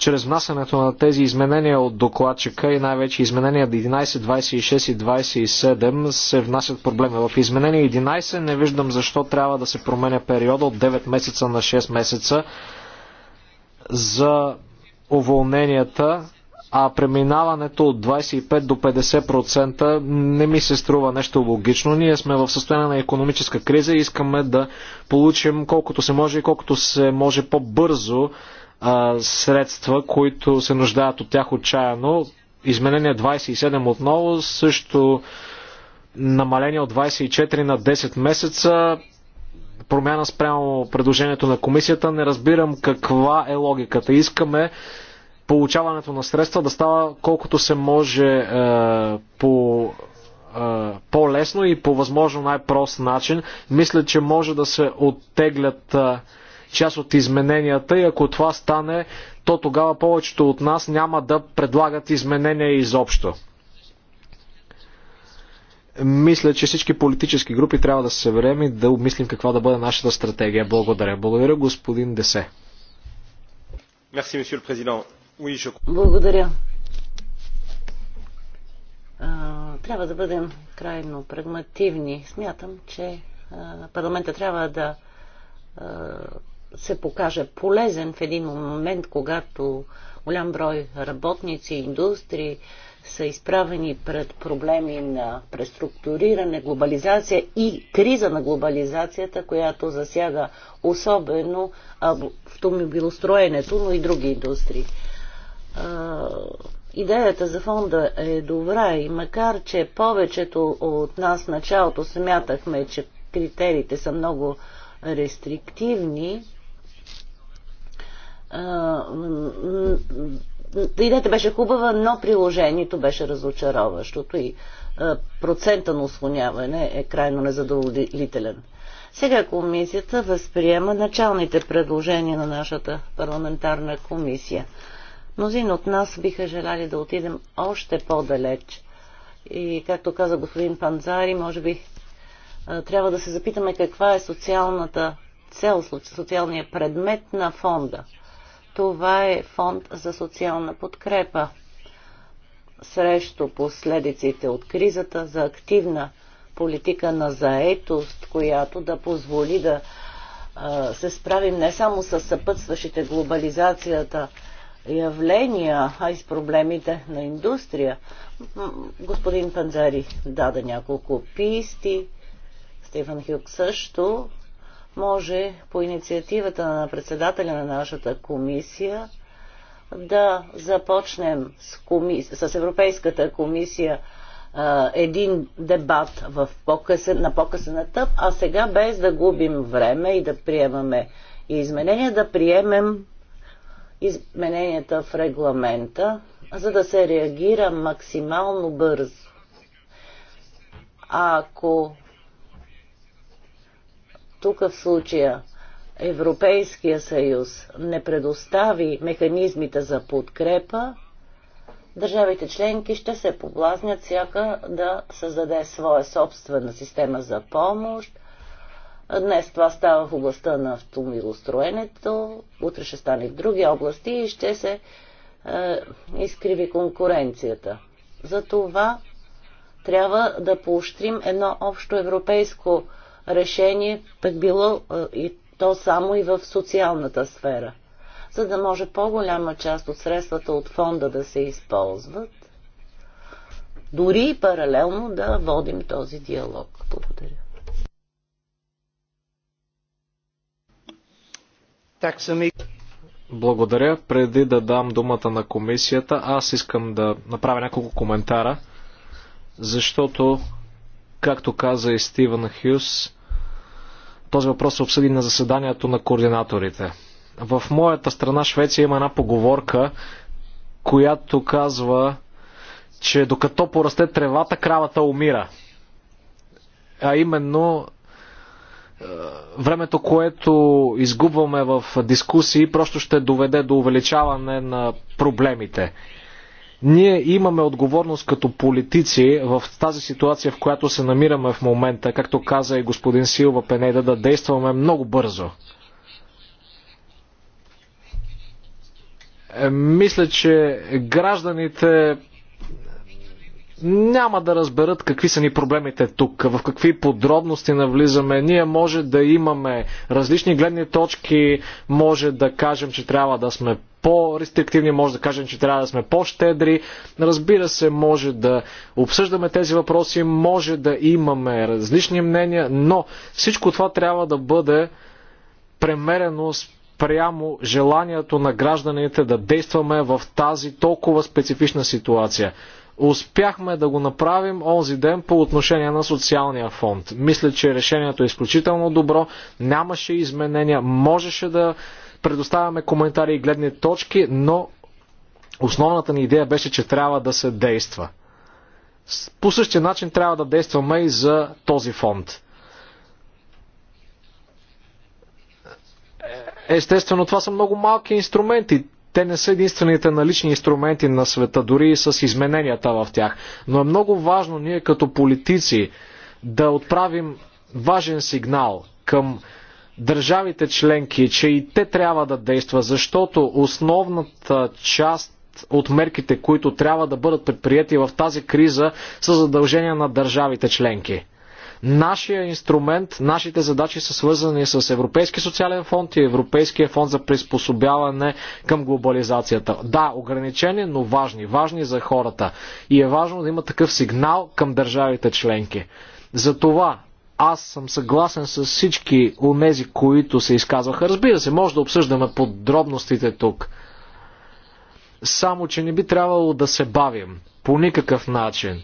чрез внасянето на тези изменения от докладчика и най-вече изменения 11, 26 и 27 се внасят проблеми. В изменение 11 не виждам защо трябва да се променя периода от 9 месеца на 6 месеца за уволненията, а преминаването от 25 до 50% не ми се струва нещо логично. Ние сме в състояние на економическа криза и искаме да получим колкото се може и колкото се може по-бързо а, средства, които се нуждаят от тях отчаяно. Изменение 27 отново, също намаление от 24 на 10 месеца, промяна спрямо предложението на комисията. Не разбирам каква е логиката. Искаме получаването на средства да става колкото се може е, по е, по-лесно и по възможно най-прост начин. Мисля, че може да се оттеглят е, част от измененията и ако това стане, то тогава повечето от нас няма да предлагат изменения изобщо. Мисля, че всички политически групи трябва да се съберем и да обмислим каква да бъде нашата стратегия. Благодаря. Благодаря, господин Десе. Благодаря. Трябва да бъдем крайно прагмативни. Смятам, че парламента трябва да се покаже полезен в един момент, когато голям брой работници и индустрии са изправени пред проблеми на преструктуриране, глобализация и криза на глобализацията, която засяга особено автомобилостроенето, но и други индустрии. Идеята за фонда е добра и макар, че повечето от нас началото смятахме, че критериите са много рестриктивни, идеята беше хубава, но приложението беше разочароващото и процента на услоняване е крайно незадоволителен. Сега комисията възприема началните предложения на нашата парламентарна комисия. Мнозин от нас биха желали да отидем още по-далеч. И както каза господин Панзари, може би трябва да се запитаме каква е социалната цел, социалният предмет на фонда – това е фонд за социална подкрепа срещу последиците от кризата за активна политика на заетост, която да позволи да се справим не само с съпътстващите глобализацията явления, а и с проблемите на индустрия. Господин Панзари даде няколко писти, Стефан Хюк също може по инициативата на председателя на нашата комисия да започнем с, комис... с Европейската комисия а, един дебат в по-късен, на по-късен етап, а сега без да губим време и да приемаме изменения, да приемем измененията в регламента, за да се реагира максимално бързо. Ако тук в случая Европейския съюз не предостави механизмите за подкрепа, държавите членки ще се поблазнят всяка да създаде своя собствена система за помощ. Днес това става в областта на автомилостроенето, утре ще стане в други области и ще се е, изкриви конкуренцията. Затова трябва да поощрим едно общо европейско решение, пък е било е, и то само и в социалната сфера, за да може по-голяма част от средствата от фонда да се използват, дори и паралелно да водим този диалог. Благодаря. Так сами. Благодаря. Преди да дам думата на комисията, аз искам да направя няколко коментара, защото, както каза и Стивен Хюс, този въпрос се обсъди на заседанието на координаторите. В моята страна Швеция има една поговорка, която казва, че докато порасте тревата, кравата умира. А именно, е, времето, което изгубваме в дискусии, просто ще доведе до увеличаване на проблемите. Ние имаме отговорност като политици в тази ситуация, в която се намираме в момента, както каза и господин Силва Пенеда, да действаме много бързо. Е, мисля, че гражданите няма да разберат какви са ни проблемите тук, в какви подробности навлизаме. Ние може да имаме различни гледни точки, може да кажем, че трябва да сме по-рестриктивни, може да кажем, че трябва да сме по-щедри. Разбира се, може да обсъждаме тези въпроси, може да имаме различни мнения, но всичко това трябва да бъде премерено с прямо желанието на гражданите да действаме в тази толкова специфична ситуация. Успяхме да го направим онзи ден по отношение на социалния фонд. Мисля, че решението е изключително добро, нямаше изменения, можеше да предоставяме коментари и гледни точки, но основната ни идея беше, че трябва да се действа. По същия начин трябва да действаме и за този фонд. Естествено, това са много малки инструменти. Те не са единствените налични инструменти на света, дори и с измененията в тях. Но е много важно ние като политици да отправим важен сигнал към държавите членки, че и те трябва да действат, защото основната част от мерките, които трябва да бъдат предприяти в тази криза, са задължения на държавите членки. Нашия инструмент, нашите задачи са свързани с Европейски социален фонд и Европейския фонд за приспособяване към глобализацията. Да, ограничени, но важни. Важни за хората. И е важно да има такъв сигнал към държавите членки. Затова аз съм съгласен с всички онези, които се изказваха. Разбира се, може да обсъждаме подробностите тук. Само, че не би трябвало да се бавим. По никакъв начин.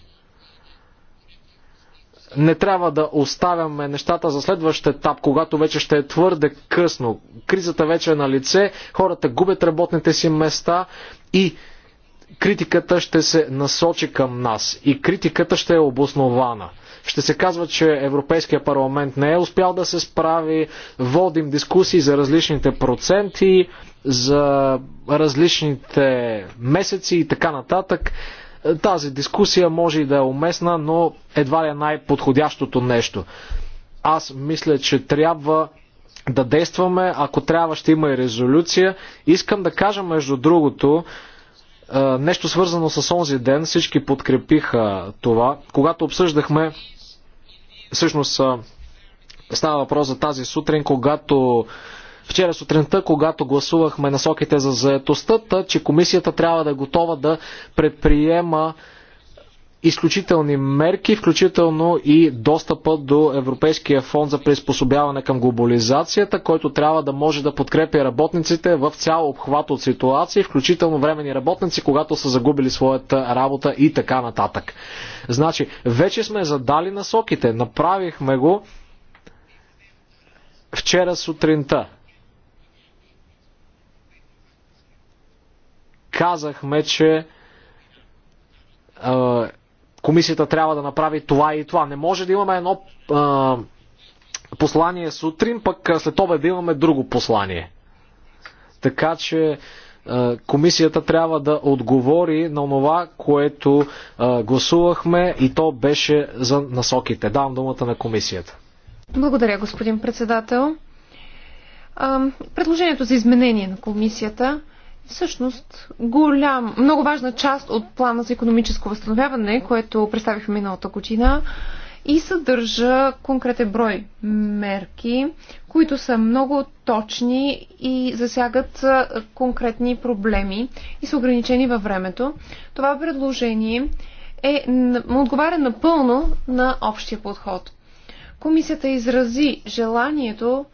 Не трябва да оставяме нещата за следващ етап, когато вече ще е твърде късно. Кризата вече е на лице, хората губят работните си места и критиката ще се насочи към нас. И критиката ще е обоснована. Ще се казва, че Европейския парламент не е успял да се справи. Водим дискусии за различните проценти, за различните месеци и така нататък. Тази дискусия може и да е уместна, но едва ли е най-подходящото нещо. Аз мисля, че трябва да действаме. Ако трябва, ще има и резолюция. Искам да кажа, между другото, е, нещо свързано с онзи ден. Всички подкрепиха това. Когато обсъждахме всъщност става въпрос за тази сутрин, когато вчера сутринта, когато гласувахме насоките за заетостта, че комисията трябва да е готова да предприема изключителни мерки, включително и достъпа до Европейския фонд за приспособяване към глобализацията, който трябва да може да подкрепи работниците в цял обхват от ситуации, включително времени работници, когато са загубили своята работа и така нататък. Значи, вече сме задали насоките, направихме го вчера сутринта. Казахме, че комисията трябва да направи това и това. Не може да имаме едно а, послание сутрин, пък след обед да имаме друго послание. Така че а, комисията трябва да отговори на това, което а, гласувахме и то беше за насоките. Давам думата на комисията. Благодаря, господин председател. Предложението за изменение на комисията всъщност голям, много важна част от плана за економическо възстановяване, което представихме миналата година и съдържа конкретен брой мерки, които са много точни и засягат конкретни проблеми и са ограничени във времето. Това предложение е, отговаря напълно на общия подход. Комисията изрази желанието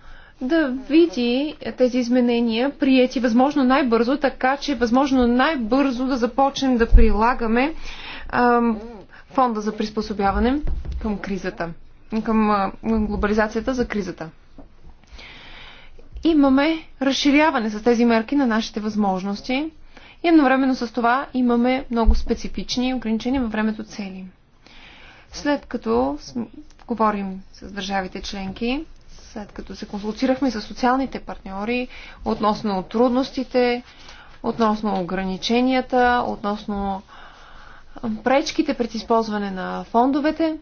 да види тези изменения, приети възможно най-бързо, така че възможно най-бързо да започнем да прилагаме ам, фонда за приспособяване към кризата, към а, глобализацията за кризата. Имаме разширяване с тези мерки на нашите възможности и едновременно с това имаме много специфични ограничения във времето цели. След като говорим с държавите членки, след като се консултирахме с социалните партньори относно трудностите, относно ограниченията, относно пречките пред използване на фондовете,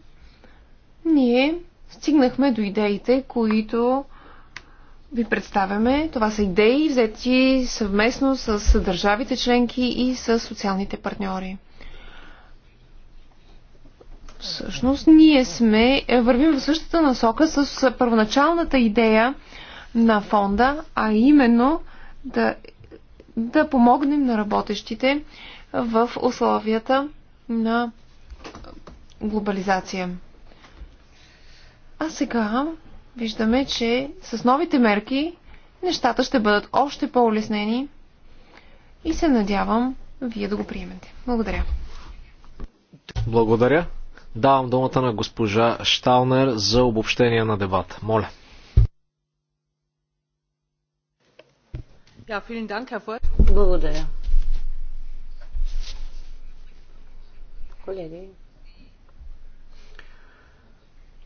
ние стигнахме до идеите, които ви представяме. Това са идеи, взети съвместно с държавите членки и с социалните партньори. Всъщност ние сме, е, вървим в същата насока с първоначалната идея на фонда, а именно да, да помогнем на работещите в условията на глобализация. А сега виждаме, че с новите мерки нещата ще бъдат още по-улеснени и се надявам вие да го приемете. Благодаря. Благодаря. Давам думата на госпожа Шталнер за обобщение на дебата. Моля. Благодаря. Колеги,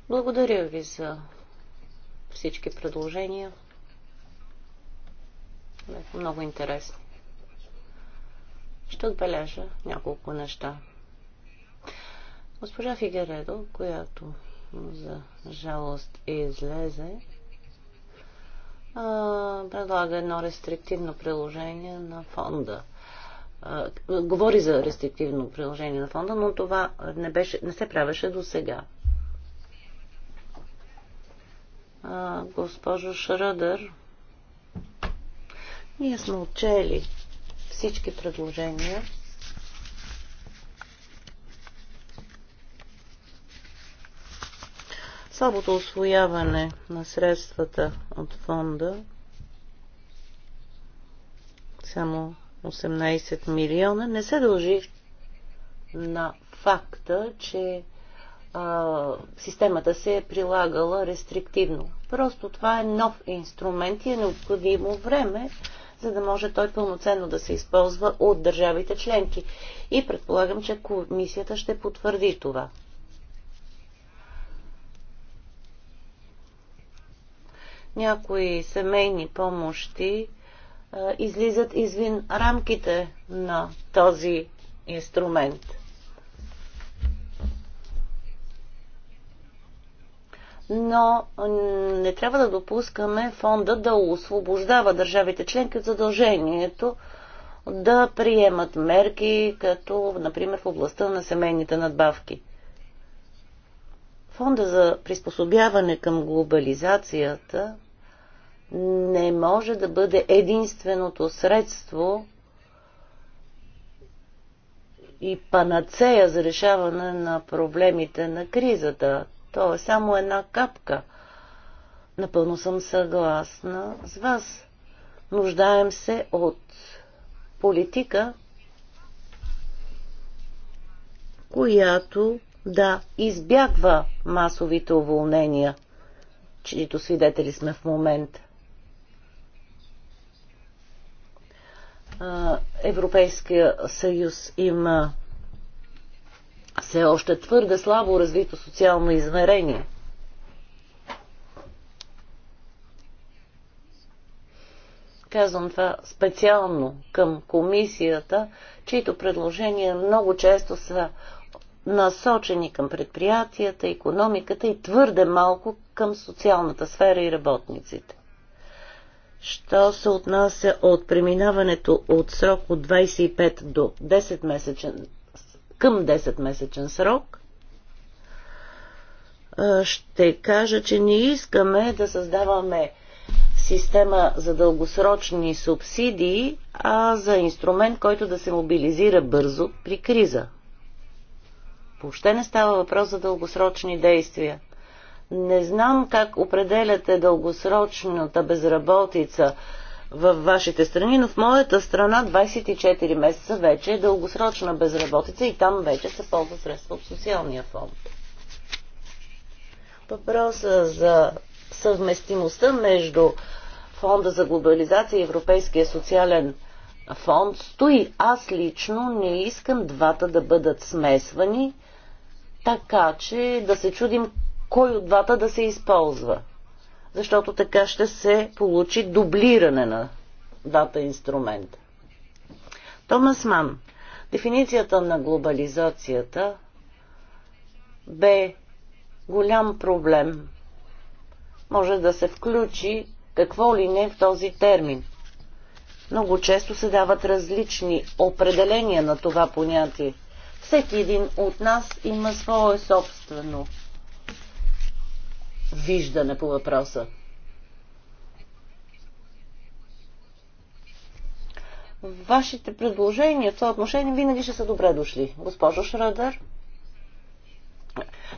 благодаря ви за всички предложения. Много интересни. Ще отбележа няколко неща. Госпожа Фигередо, която за жалост излезе, предлага едно рестриктивно приложение на фонда. Говори за рестриктивно приложение на фонда, но това не, беше, не се правеше до сега. Госпожо Шрадър, ние сме отчели всички предложения Слабото освояване на средствата от фонда само 18 милиона не се дължи на факта, че а, системата се е прилагала рестриктивно. Просто това е нов инструмент и е необходимо време, за да може той пълноценно да се използва от държавите членки. И предполагам, че комисията ще потвърди това. някои семейни помощи а, излизат извин рамките на този инструмент. Но не трябва да допускаме фонда да освобождава държавите членки от задължението да приемат мерки, като, например, в областта на семейните надбавки. Фонда за приспособяване към глобализацията не може да бъде единственото средство и панацея за решаване на проблемите на кризата. То е само една капка. Напълно съм съгласна с вас. Нуждаем се от политика, която да избягва масовите уволнения, чието свидетели сме в момента. Европейския съюз има все още твърде слабо развито социално измерение. Казвам това специално към комисията, чието предложения много често са насочени към предприятията, економиката и твърде малко към социалната сфера и работниците. Що се отнася от преминаването от срок от 25 до 10 месечен, към 10 месечен срок, ще кажа, че не искаме да създаваме система за дългосрочни субсидии, а за инструмент, който да се мобилизира бързо при криза. Въобще не става въпрос за дългосрочни действия. Не знам как определяте дългосрочната безработица във вашите страни, но в моята страна 24 месеца вече е дългосрочна безработица и там вече се ползва средства от социалния фонд. Въпроса за съвместимостта между Фонда за глобализация и Европейския социален фонд стои. Аз лично не искам двата да бъдат смесвани, така че да се чудим кой от двата да се използва. Защото така ще се получи дублиране на двата инструмента. Томас Ман. Дефиницията на глобализацията бе голям проблем. Може да се включи какво ли не в този термин. Много често се дават различни определения на това понятие. Всеки един от нас има свое собствено виждане по въпроса. Вашите предложения в това отношение винаги ще са добре дошли. Госпожо Шрадър?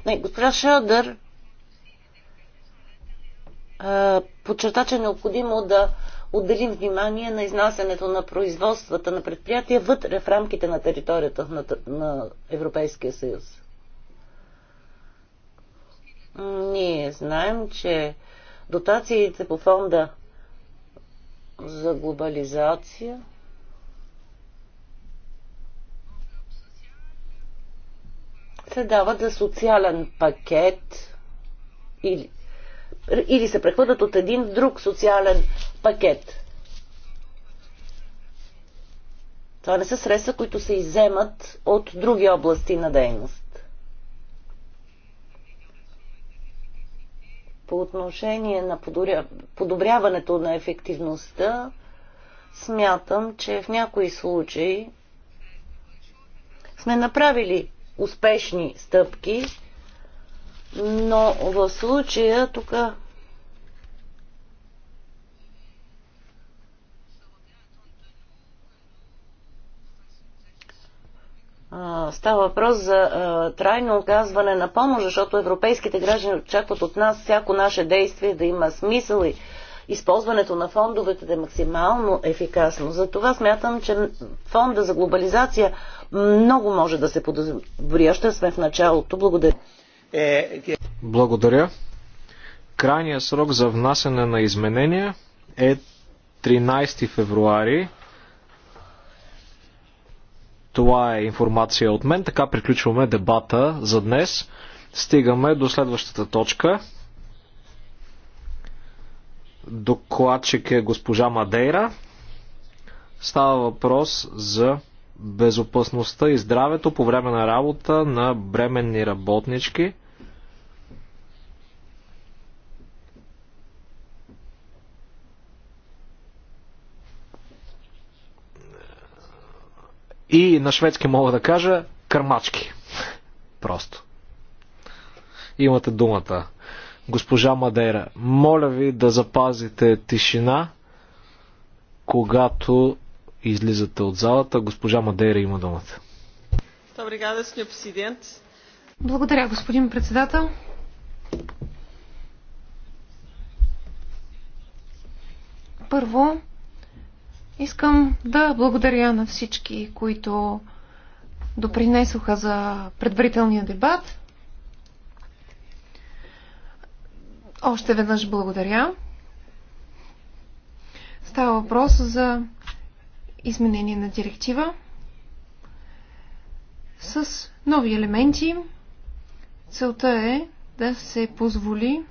Не, госпожа Шрадър подчерта, че е необходимо да отделим внимание на изнасянето на производствата на предприятия вътре в рамките на територията на Европейския съюз. Ние знаем, че дотациите по фонда за глобализация се дават за социален пакет или, или се прехвърлят от един в друг социален пакет. Това не са средства, които се иземат от други области на дейност. По отношение на подобряването на ефективността, смятам, че в някои случаи сме направили успешни стъпки, но в случая тук Става въпрос за трайно оказване на помощ, защото европейските граждани очакват от нас всяко наше действие да има смисъл и използването на фондовете да е максимално ефикасно. Затова смятам, че фонда за глобализация много може да се подобри. Още сме в началото. Благодаря. Е, Благодаря. Крайният срок за внасяне на изменения е 13 февруари това е информация от мен. Така приключваме дебата за днес. Стигаме до следващата точка. Докладчик е госпожа Мадейра. Става въпрос за безопасността и здравето по време на работа на бременни работнички – И на шведски мога да кажа кърмачки. Просто. Имате думата. Госпожа Мадейра, моля ви да запазите тишина, когато излизате от залата. Госпожа Мадейра има думата. Благодаря, господин председател. Първо, Искам да благодаря на всички, които допринесоха за предварителния дебат. Още веднъж благодаря. Става въпрос за изменение на директива с нови елементи. Целта е да се позволи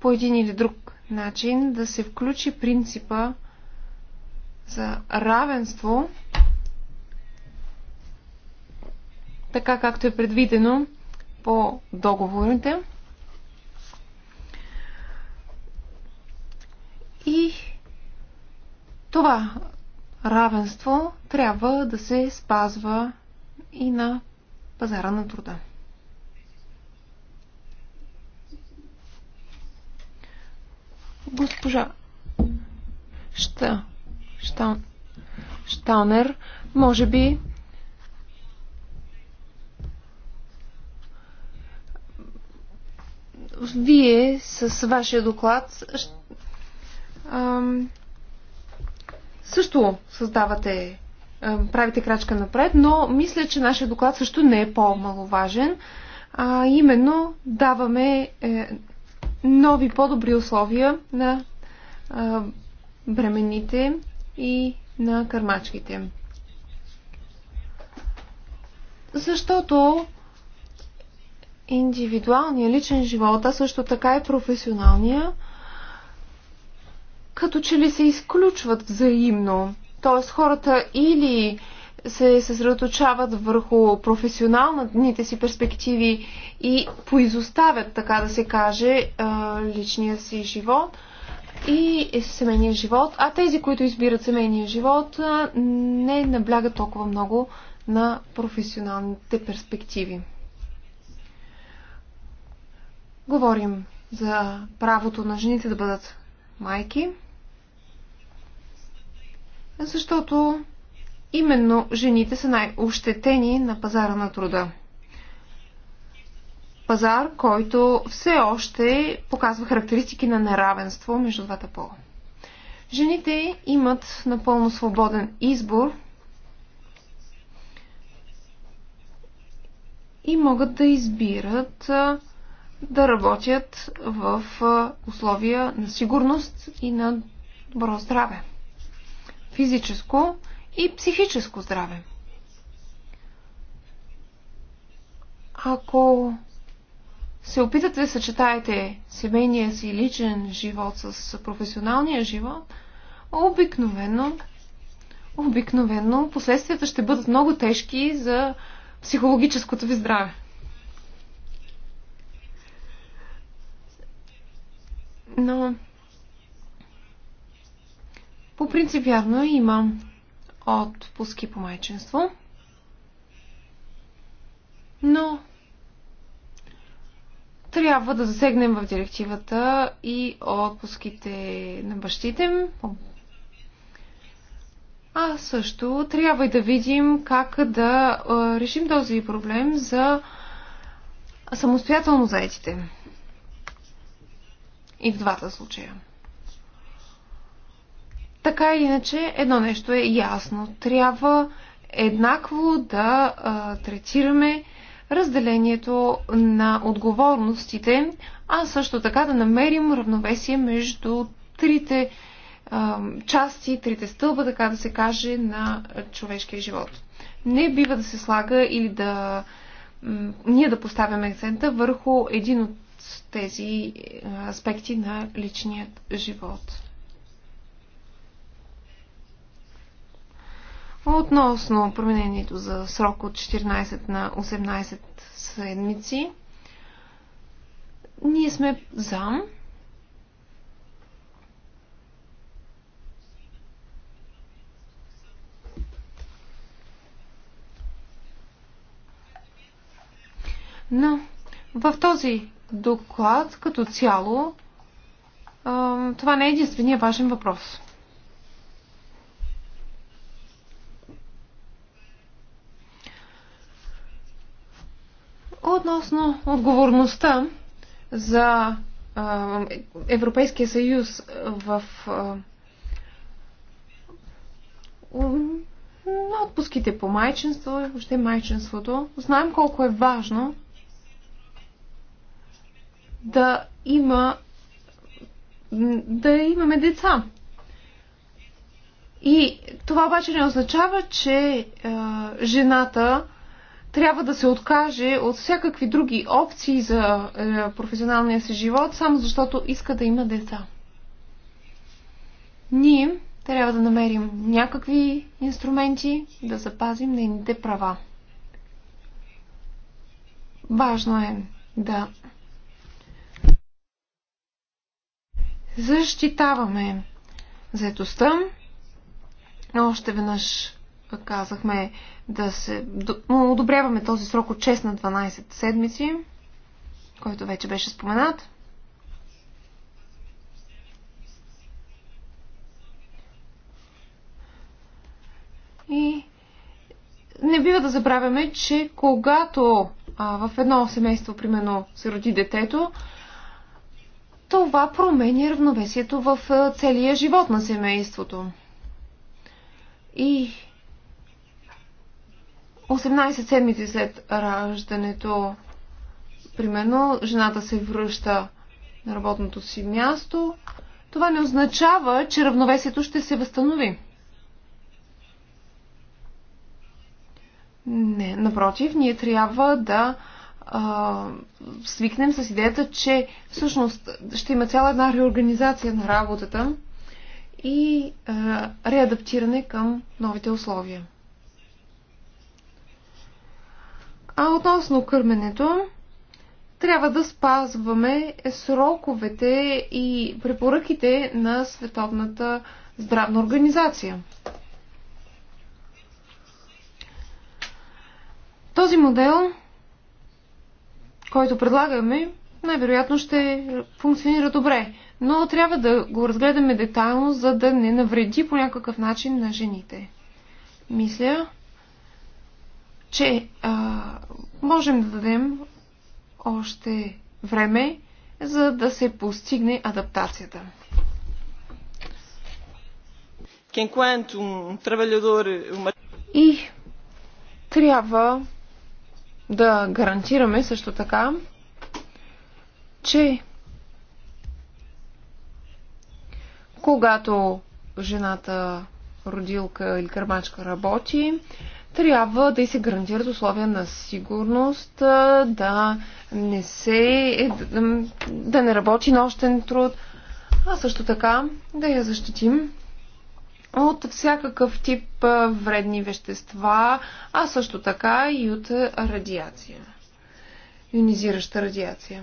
по един или друг начин да се включи принципа за равенство, така както е предвидено по договорите. И това равенство трябва да се спазва и на пазара на труда. Госпожа ще Штанер. може би вие с вашия доклад също създавате, правите крачка напред, но мисля, че нашия доклад също не е по-маловажен. А именно даваме е, нови, по-добри условия на бремените и на кърмачките. Защото индивидуалния личен живот, а също така и професионалния, като че ли се изключват взаимно. Тоест хората или се съсредоточават върху професионалните си перспективи и поизоставят, така да се каже, личния си живот – и семейния живот, а тези, които избират семейния живот, не наблягат толкова много на професионалните перспективи. Говорим за правото на жените да бъдат майки, защото именно жените са най-ощетени на пазара на труда пазар, който все още показва характеристики на неравенство между двата пола. Жените имат напълно свободен избор и могат да избират да работят в условия на сигурност и на добро здраве. Физическо и психическо здраве. Ако се опитате да съчетаете семейния си личен живот с професионалния живот, обикновено, обикновено последствията ще бъдат много тежки за психологическото ви здраве. Но по принцип вярно имам отпуски по майчинство. Но трябва да засегнем в директивата и отпуските на бащите. А също трябва и да видим как да решим този проблем за самостоятелно заетите. И в двата случая. Така или иначе, едно нещо е ясно. Трябва еднакво да а, третираме разделението на отговорностите, а също така да намерим равновесие между трите части, трите стълба, така да се каже, на човешкия живот. Не бива да се слага или да ние да поставяме акцента върху един от тези аспекти на личният живот. Относно променението за срок от 14 на 18 седмици, ние сме за. Но в този доклад като цяло това не е единствения важен въпрос. Относно отговорността за Европейския съюз в на отпуските по майчинство, въобще майчинството, знаем колко е важно да има да имаме деца. И това обаче не означава, че е, жената трябва да се откаже от всякакви други опции за е, професионалния си живот, само защото иска да има деца. Ние трябва да намерим някакви инструменти да запазим нейните права. Важно е да защитаваме заедостта. Още веднъж казахме да се одобряваме този срок от 6 на 12 седмици, който вече беше споменат. И не бива да забравяме, че когато а, в едно семейство, примерно, се роди детето, това променя равновесието в целия живот на семейството. И 18 седмици след раждането, примерно, жената се връща на работното си място, това не означава, че равновесието ще се възстанови. Не, напротив, ние трябва да а, свикнем с идеята, че всъщност ще има цяла една реорганизация на работата и а, реадаптиране към новите условия. А относно кърменето, трябва да спазваме сроковете и препоръките на Световната здравна организация. Този модел, който предлагаме, най-вероятно ще функционира добре, но трябва да го разгледаме детайлно, за да не навреди по някакъв начин на жените. Мисля, че а, можем да дадем още време, за да се постигне адаптацията. И трябва да гарантираме също така, че когато жената родилка или кърмачка работи, трябва да и се гарантират условия на сигурност, да не се, е, да не работи нощен труд, а също така да я защитим от всякакъв тип вредни вещества, а също така и от радиация, ионизираща радиация.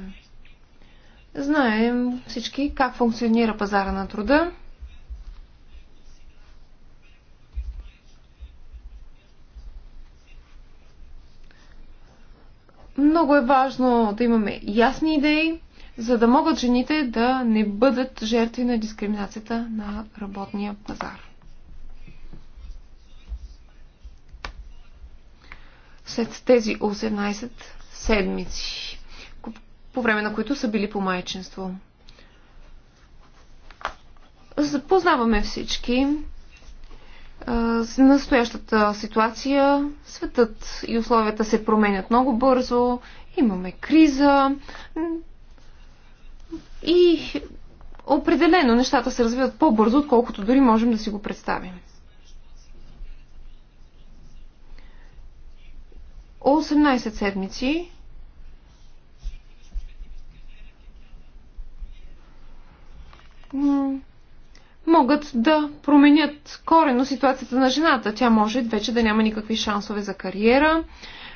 Знаем всички как функционира пазара на труда. много е важно да имаме ясни идеи, за да могат жените да не бъдат жертви на дискриминацията на работния пазар. След тези 18 седмици, по време на които са били по майчинство. Запознаваме всички с настоящата ситуация светът и условията се променят много бързо, имаме криза и определено нещата се развиват по-бързо, отколкото дори можем да си го представим. 18 седмици могат да променят корено ситуацията на жената. Тя може вече да няма никакви шансове за кариера,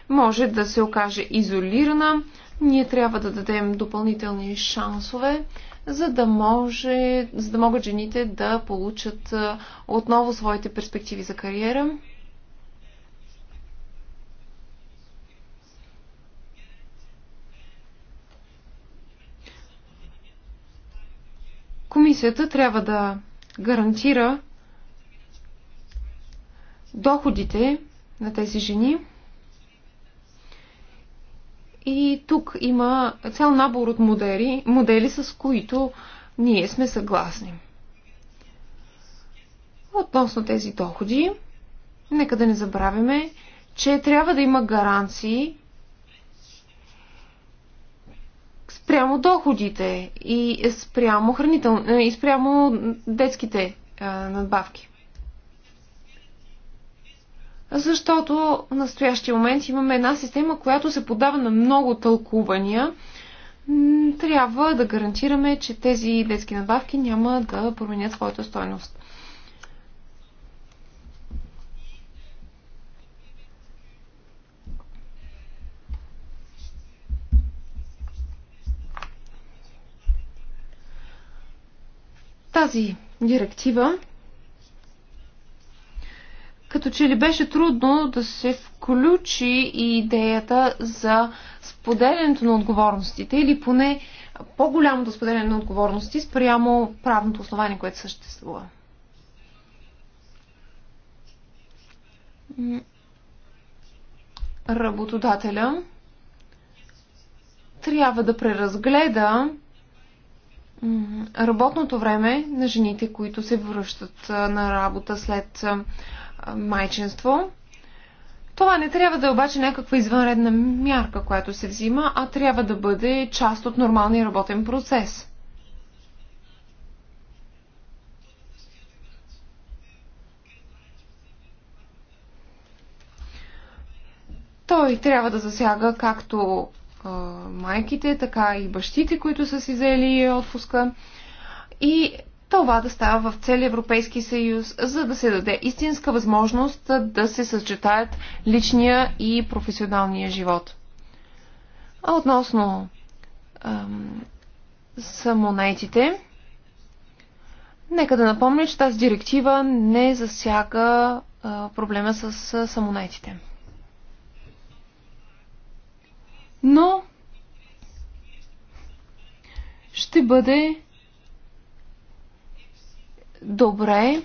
може да се окаже изолирана. Ние трябва да дадем допълнителни шансове, за да, може, за да могат жените да получат отново своите перспективи за кариера. Комисията трябва да гарантира доходите на тези жени. И тук има цял набор от модели, модели с които ние сме съгласни. Относно тези доходи, нека да не забравяме, че трябва да има гаранции спрямо доходите и спрямо, хранител... Е, и спрямо детските е, надбавки. Защото в настоящия момент имаме една система, която се подава на много тълкувания. Трябва да гарантираме, че тези детски надбавки няма да променят своята стойност. Тази директива като че ли беше трудно да се включи и идеята за споделянето на отговорностите или поне по-голямото споделяне на отговорности спрямо правното основание, което съществува. Работодателя трябва да преразгледа работното време на жените, които се връщат на работа след майчинство. Това не трябва да е обаче някаква извънредна мярка, която се взима, а трябва да бъде част от нормалния работен процес. Той трябва да засяга както майките, така и бащите, които са си взели е, отпуска. И това да става в цели Европейски съюз, за да се даде истинска възможност да се съчетаят личния и професионалния живот. А относно ам, самонайтите, нека да напомня, че тази директива не засяга а, проблема с самонайтите. но ще бъде добре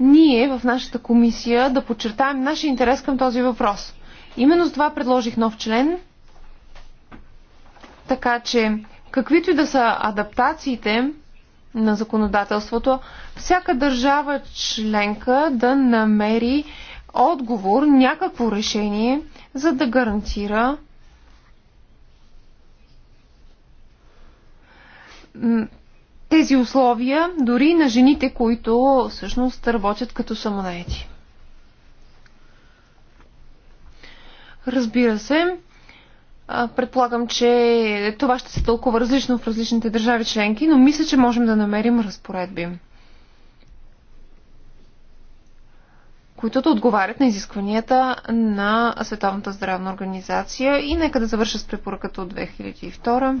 ние в нашата комисия да подчертаем нашия интерес към този въпрос. Именно с това предложих нов член, така че каквито и да са адаптациите на законодателството, всяка държава членка да намери отговор, някакво решение, за да гарантира тези условия дори на жените, които всъщност работят като самонаети. Разбира се, предполагам, че това ще се тълкува различно в различните държави членки, но мисля, че можем да намерим разпоредби, които да отговарят на изискванията на Световната здравна организация. И нека да завърша с препоръката от 2002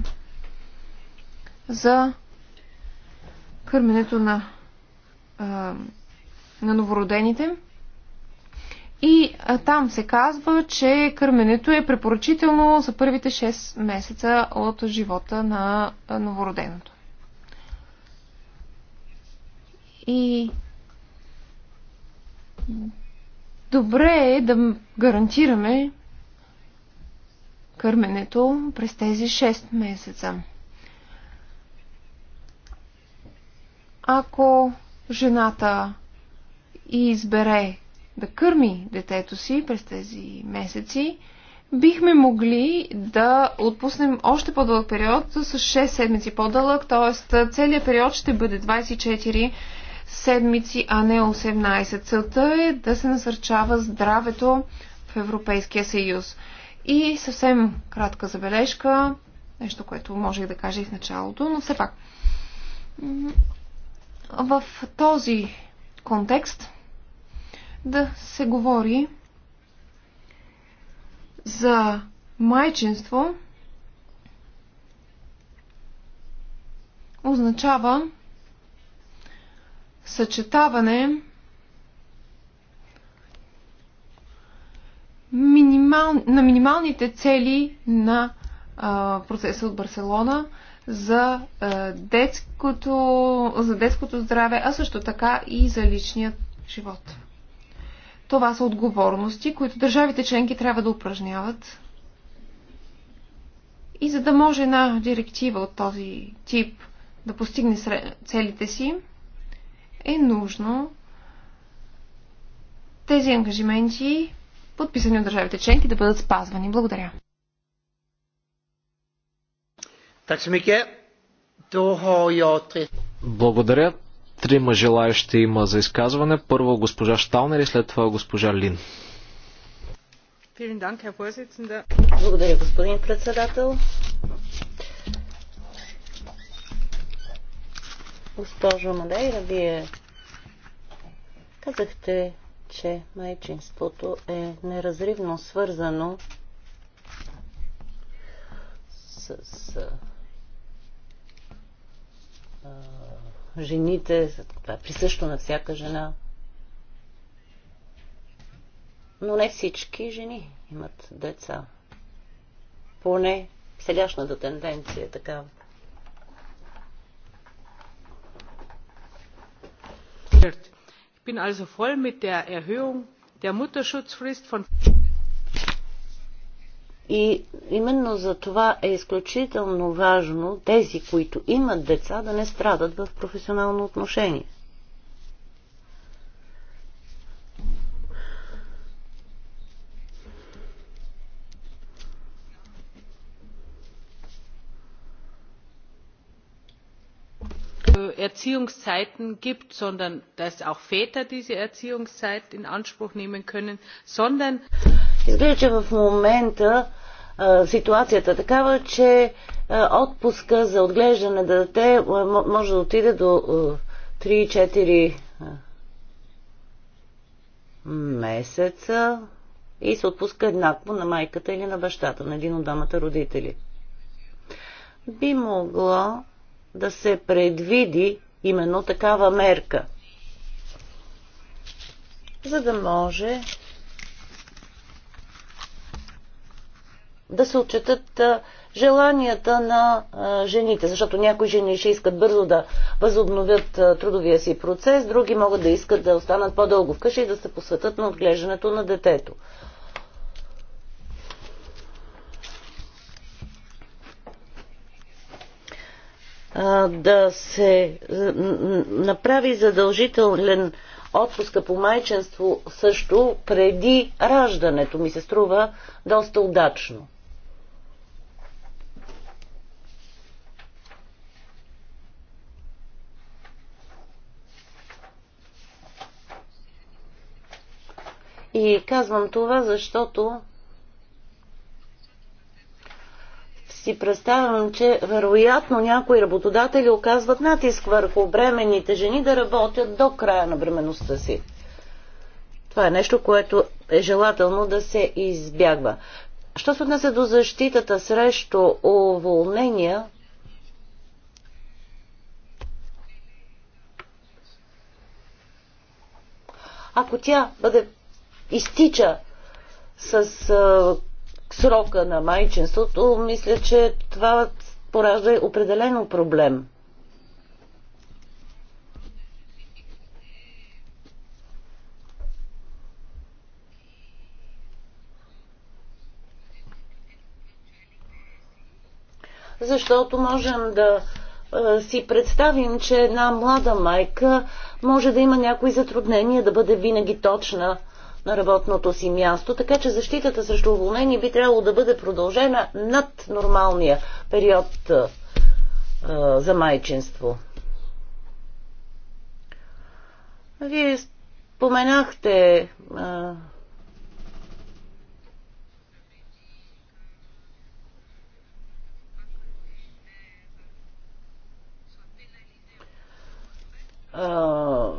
за кърменето на, а, на новородените. И а, там се казва, че кърменето е препоръчително за първите 6 месеца от живота на новороденото. И добре е да гарантираме кърменето през тези 6 месеца. ако жената и избере да кърми детето си през тези месеци, бихме могли да отпуснем още по-дълъг период с 6 седмици по-дълъг, т.е. целият период ще бъде 24 седмици, а не 18. Целта е да се насърчава здравето в Европейския съюз. И съвсем кратка забележка, нещо, което можех да кажа и в началото, но все пак в този контекст да се говори за майчинство означава съчетаване минимал, на минималните цели на а, процеса от Барселона за, е, детското, за детското здраве, а също така и за личният живот. Това са отговорности, които държавите членки трябва да упражняват. И за да може една директива от този тип да постигне целите си, е нужно тези ангажименти, подписани от държавите членки, да бъдат спазвани. Благодаря. Благодаря. Трима желаящи има за изказване. Първо госпожа Шталнер и след това госпожа Лин. Благодаря, господин председател. Госпожо Мадейра, вие казахте, че майчинството е неразривно свързано с жените, това е присъщо на всяка жена. Но не всички жени имат деца. Поне сегашната тенденция е такава. Ich bin also voll mit der Erhöhung der Mutterschutzfrist von и именно за това е изключително важно тези, които имат деца, да не страдат в професионално отношение. erziehungszeiten gibt sondern dass auch väter diese erziehungszeit in anspruch nehmen können sondern Изглежда, че в момента ситуацията е такава, че отпуска за отглеждане на дете може да отиде до 3-4 месеца и се отпуска еднакво на майката или на бащата, на един от двамата родители. Би могло да се предвиди именно такава мерка, за да може да се отчетат желанията на жените, защото някои жени ще искат бързо да възобновят трудовия си процес, други могат да искат да останат по-дълго вкъщи и да се посветат на отглеждането на детето. да се направи задължителен отпуска по майченство също преди раждането ми се струва доста удачно. И казвам това, защото си представям, че вероятно някои работодатели оказват натиск върху бременните жени да работят до края на бременността си. Това е нещо, което е желателно да се избягва. Що се отнесе до защитата срещу уволнения, ако тя бъде изтича с срока на майчинството, мисля, че това поражда определено проблем. Защото можем да а, си представим, че една млада майка може да има някои затруднения да бъде винаги точна на работното си място, така че защитата срещу уволнение би трябвало да бъде продължена над нормалния период а, за майчинство. Вие споменахте а, а,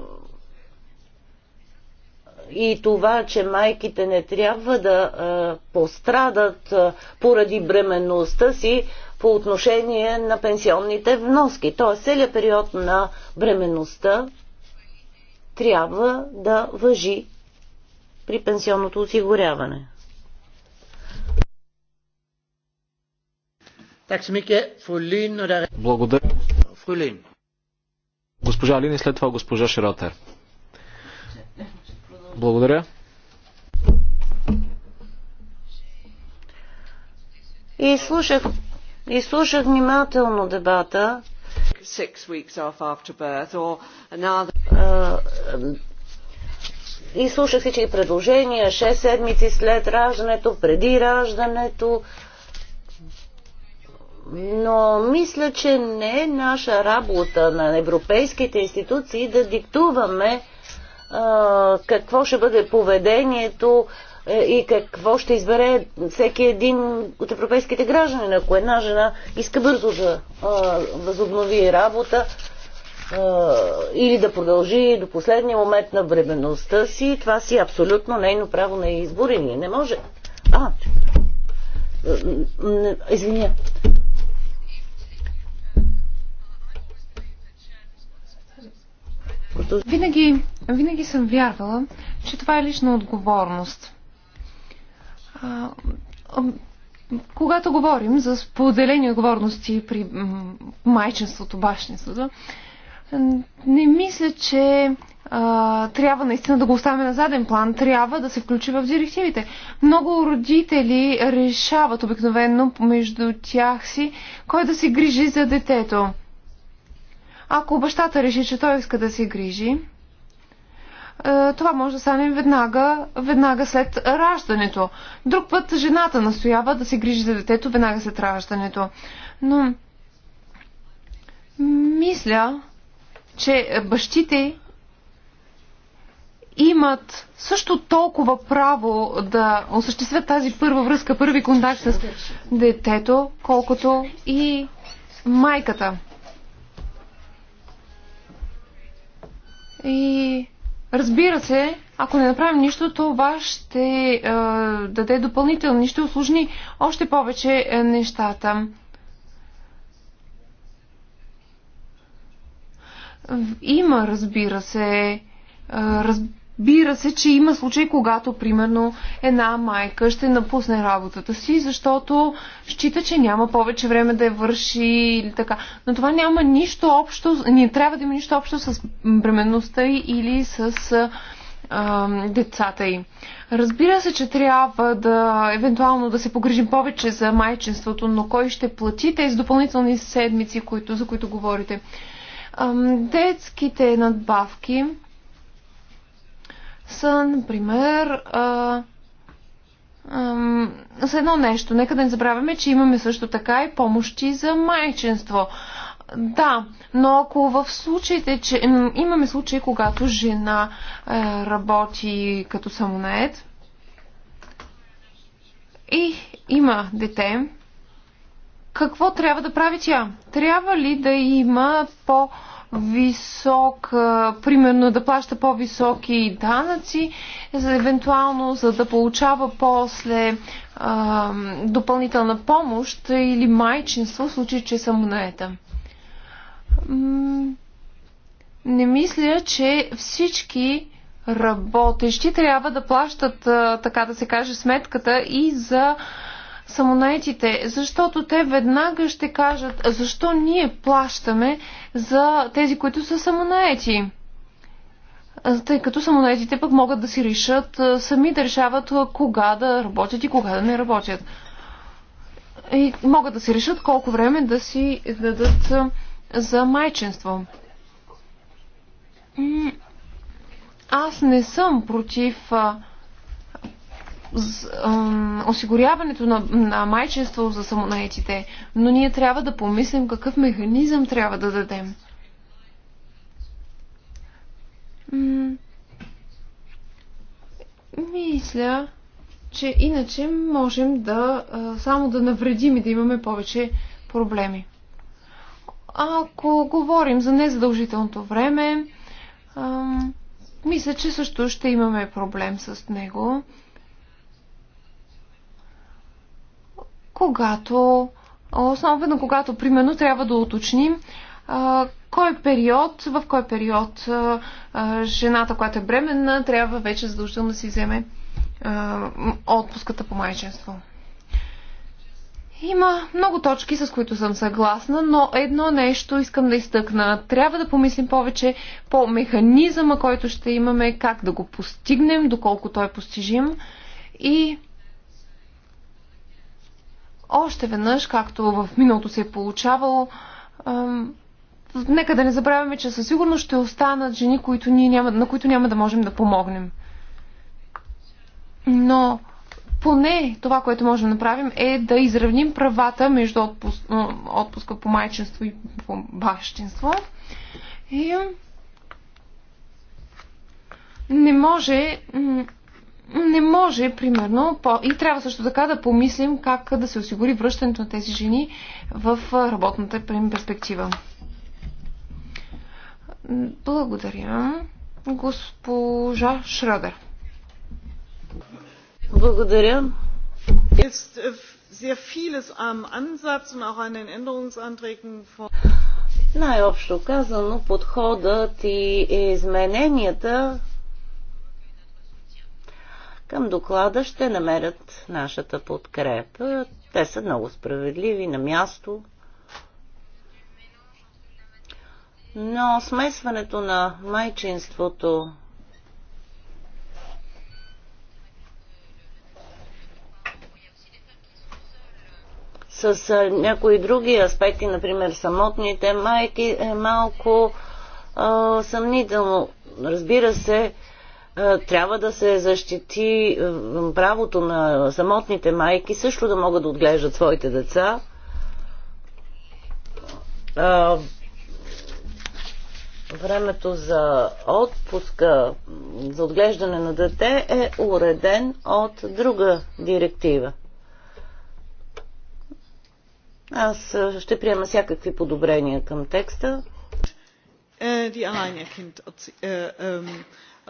и това, че майките не трябва да пострадат поради бременността си по отношение на пенсионните вноски. Т.е. целият период на бременността трябва да въжи при пенсионното осигуряване. Благодаря. Госпожа Алини, след това госпожа Широтер. Благодаря. И слушах, и слушах внимателно дебата. И слушах всички предложения, 6 седмици след раждането, преди раждането. Но мисля, че не е наша работа на европейските институции да диктуваме какво ще бъде поведението е, и какво ще избере всеки един от европейските граждани. Ако една жена иска бързо да възобнови работа или да продължи до последния момент на временността си, това си е абсолютно нейно право на избор и ние не може. А, извиня. Винаги винаги съм вярвала, че това е лична отговорност. А, а, когато говорим за споделени отговорности при майчинството, бащинството, не мисля, че а, трябва наистина да го оставяме на заден план. Трябва да се включи в директивите. Много родители решават обикновенно между тях си кой да се грижи за детето. Ако бащата реши, че той иска да се грижи, е, това може да стане веднага, веднага след раждането. Друг път жената настоява да се грижи за детето веднага след раждането. Но мисля, че бащите имат също толкова право да осъществят тази първа връзка, първи контакт с детето, колкото и майката. И Разбира се, ако не направим нищо, това ще е, даде допълнителни, ще осложни още повече е, нещата. Има, разбира се, е, раз... Бира се, че има случаи, когато, примерно, една майка ще напусне работата си, защото счита, че няма повече време да я върши или така. Но това няма нищо общо, не трябва да има нищо общо с бременността й или с а, децата й. Разбира се, че трябва да, евентуално, да се погрижим повече за майчинството, но кой ще плати тези допълнителни седмици, които, за които говорите? детските надбавки са, например, а, а, с едно нещо. Нека да не забравяме, че имаме също така и помощи за майчинство. Да, но ако в случаите, че имаме случаи, когато жена е, работи като самонает и има дете, какво трябва да прави тя? Трябва ли да има по- висок, примерно да плаща по-високи данъци, за, евентуално за да получава после а, допълнителна помощ или майчинство в случай, че съм наета. Не мисля, че всички работещи трябва да плащат, така да се каже, сметката и за самонаетите, защото те веднага ще кажат, защо ние плащаме за тези, които са самонаети. Тъй като самонаетите пък могат да си решат сами да решават кога да работят и кога да не работят. И могат да си решат колко време да си дадат за майчинство. Аз не съм против осигуряването на, на майчинство за самонаетите, но ние трябва да помислим какъв механизъм трябва да дадем. Мисля, че иначе можем да само да навредим и да имаме повече проблеми. Ако говорим за незадължителното време, мисля, че също ще имаме проблем с него. когато, основно когато, примерно, трябва да уточним а, кой период, в кой период а, а, жената, която е бременна, трябва вече задължително да си вземе а, отпуската по майчинство. Има много точки, с които съм съгласна, но едно нещо искам да изтъкна. Трябва да помислим повече по механизъма, който ще имаме, как да го постигнем, доколко той е постижим и още веднъж, както в миналото се е получавало, нека да не забравяме, че със сигурност ще останат жени, които ние няма, на които няма да можем да помогнем. Но поне това, което можем да направим е да изравним правата между отпуск, отпуска по майчинство и по бащинство. И не може не може, примерно, по... и трябва също така да помислим как да се осигури връщането на тези жени в работната им перспектива. Благодаря. Госпожа Шрадер. Благодаря. Äh, Най-общо казано, подходът и измененията към доклада ще намерят нашата подкрепа. Те са много справедливи на място. Но смесването на майчинството с някои други аспекти, например самотните майки, е малко е, съмнително. Разбира се, е, е, трябва да се защити е, правото на самотните майки също да могат да отглеждат своите деца. Е, времето за отпуска, за отглеждане на дете е уреден от друга директива. Аз ще приема всякакви подобрения към текста. Die anerkennt,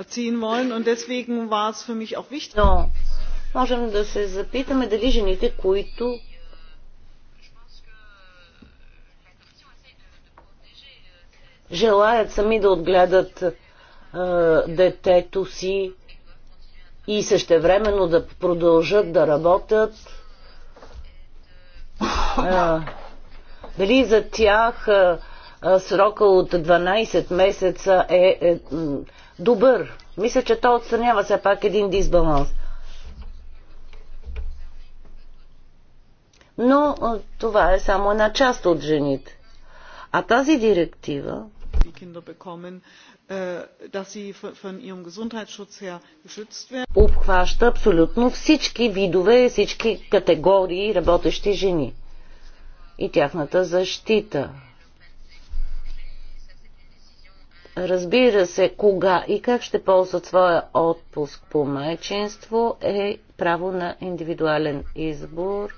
ziehen wollen. Und deswegen war es für mich auch wichtig. Но можем да се запитаме дали жените, които желаят сами да отгледат е, детето си и същевременно да продължат да работят. Е, дали за тях е, срока от 12 месеца е, е добър. Мисля, че то отстранява все пак един дисбаланс. Но това е само една част от жените. А тази директива äh, обхваща абсолютно всички видове, всички категории работещи жени и тяхната защита. Разбира се, кога и как ще ползват своя отпуск по майчинство е право на индивидуален избор.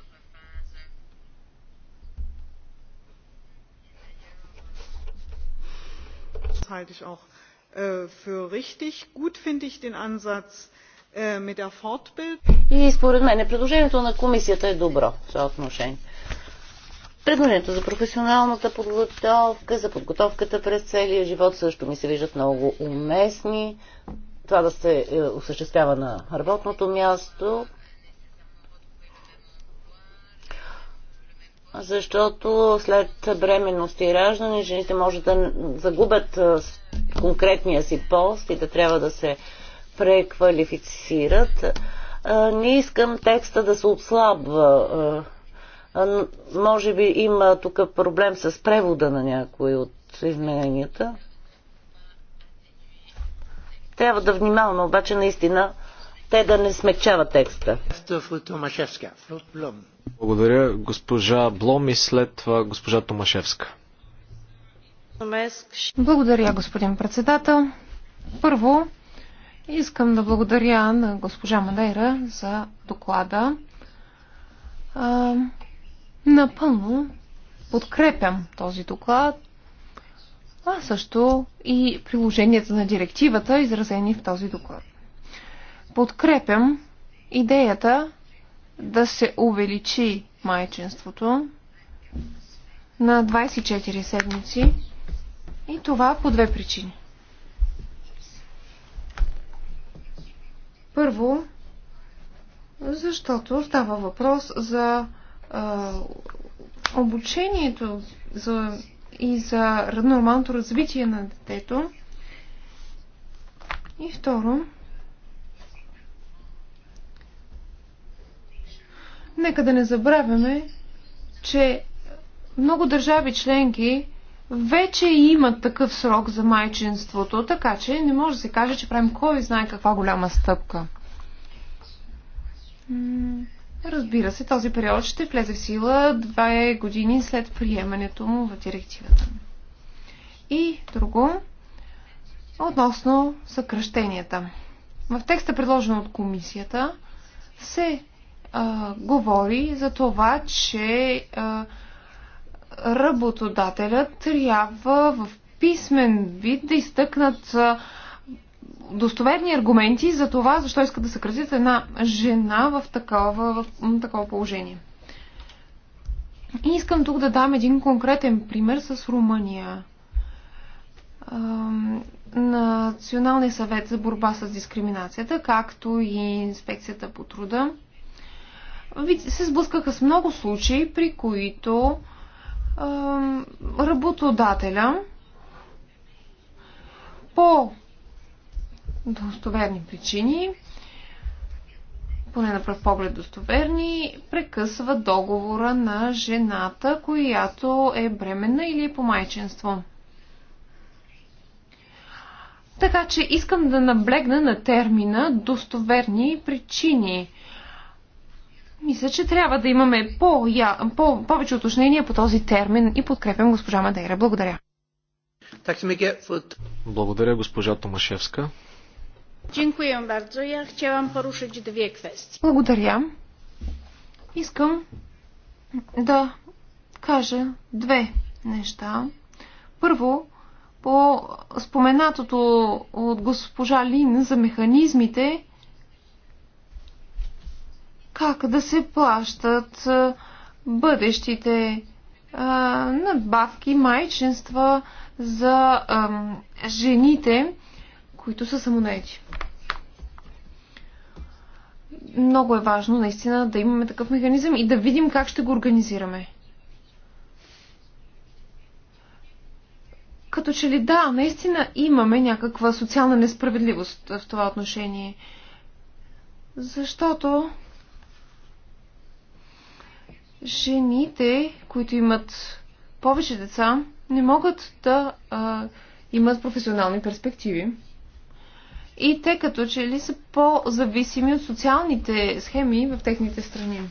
halte ich auch äh, für richtig. Gut finde ich den Ansatz äh, mit der Fortbildung. И според мен предложението на комисията е добро в това отношение. Предложението за професионалната подготовка, за подготовката през целия живот също ми се виждат много уместни. Това да се е, осъществява на работното място. Защото след бременност и раждане жените може да загубят е, конкретния си пост и да трябва да се преквалифицират. Е, не искам текста да се отслабва може би има тук проблем с превода на някои от измененията. Трябва да внимаваме обаче наистина те да не смекчават текста. Благодаря госпожа Блом и след това госпожа Томашевска. Благодаря, господин председател. Първо, искам да благодаря на госпожа Мадейра за доклада. Напълно подкрепям този доклад, а също и приложенията на директивата, изразени в този доклад. Подкрепям идеята да се увеличи майчинството на 24 седмици и това по две причини. Първо, защото става въпрос за обучението за, и за нормалното развитие на детето. И второ, нека да не забравяме, че много държави членки вече имат такъв срок за майчинството, така че не може да се каже, че правим кой знае каква голяма стъпка. Разбира се, този период ще влезе в сила две години след приемането му в директивата. И друго, относно съкръщенията. В текста, предложен от комисията, се а, говори за това, че а, работодателят трябва в писмен вид да изтъкнат а, достоверни аргументи за това, защо иска да съкратят една жена в такова, в такова положение. И искам тук да дам един конкретен пример с Румъния. Националния съвет за борба с дискриминацията, както и инспекцията по труда, се сблъскаха с много случаи, при които работодателя по достоверни причини, поне на пръв поглед достоверни, прекъсва договора на жената, която е бременна или е по майчинство. Така че искам да наблегна на термина достоверни причини. Мисля, че трябва да имаме по, я, по повече уточнения по този термин и подкрепям госпожа Мадейра. Благодаря. Благодаря, госпожа Томашевска. Благодаря. Искам да кажа две неща. Първо, по споменатото от госпожа Лин за механизмите, как да се плащат бъдещите надбавки, майчинства за а, жените които са самонаети. Много е важно наистина да имаме такъв механизъм и да видим как ще го организираме. Като че ли да, наистина имаме някаква социална несправедливост в това отношение. Защото жените, които имат повече деца, не могат да а, имат професионални перспективи и те като че ли са по-зависими от социалните схеми в техните страни.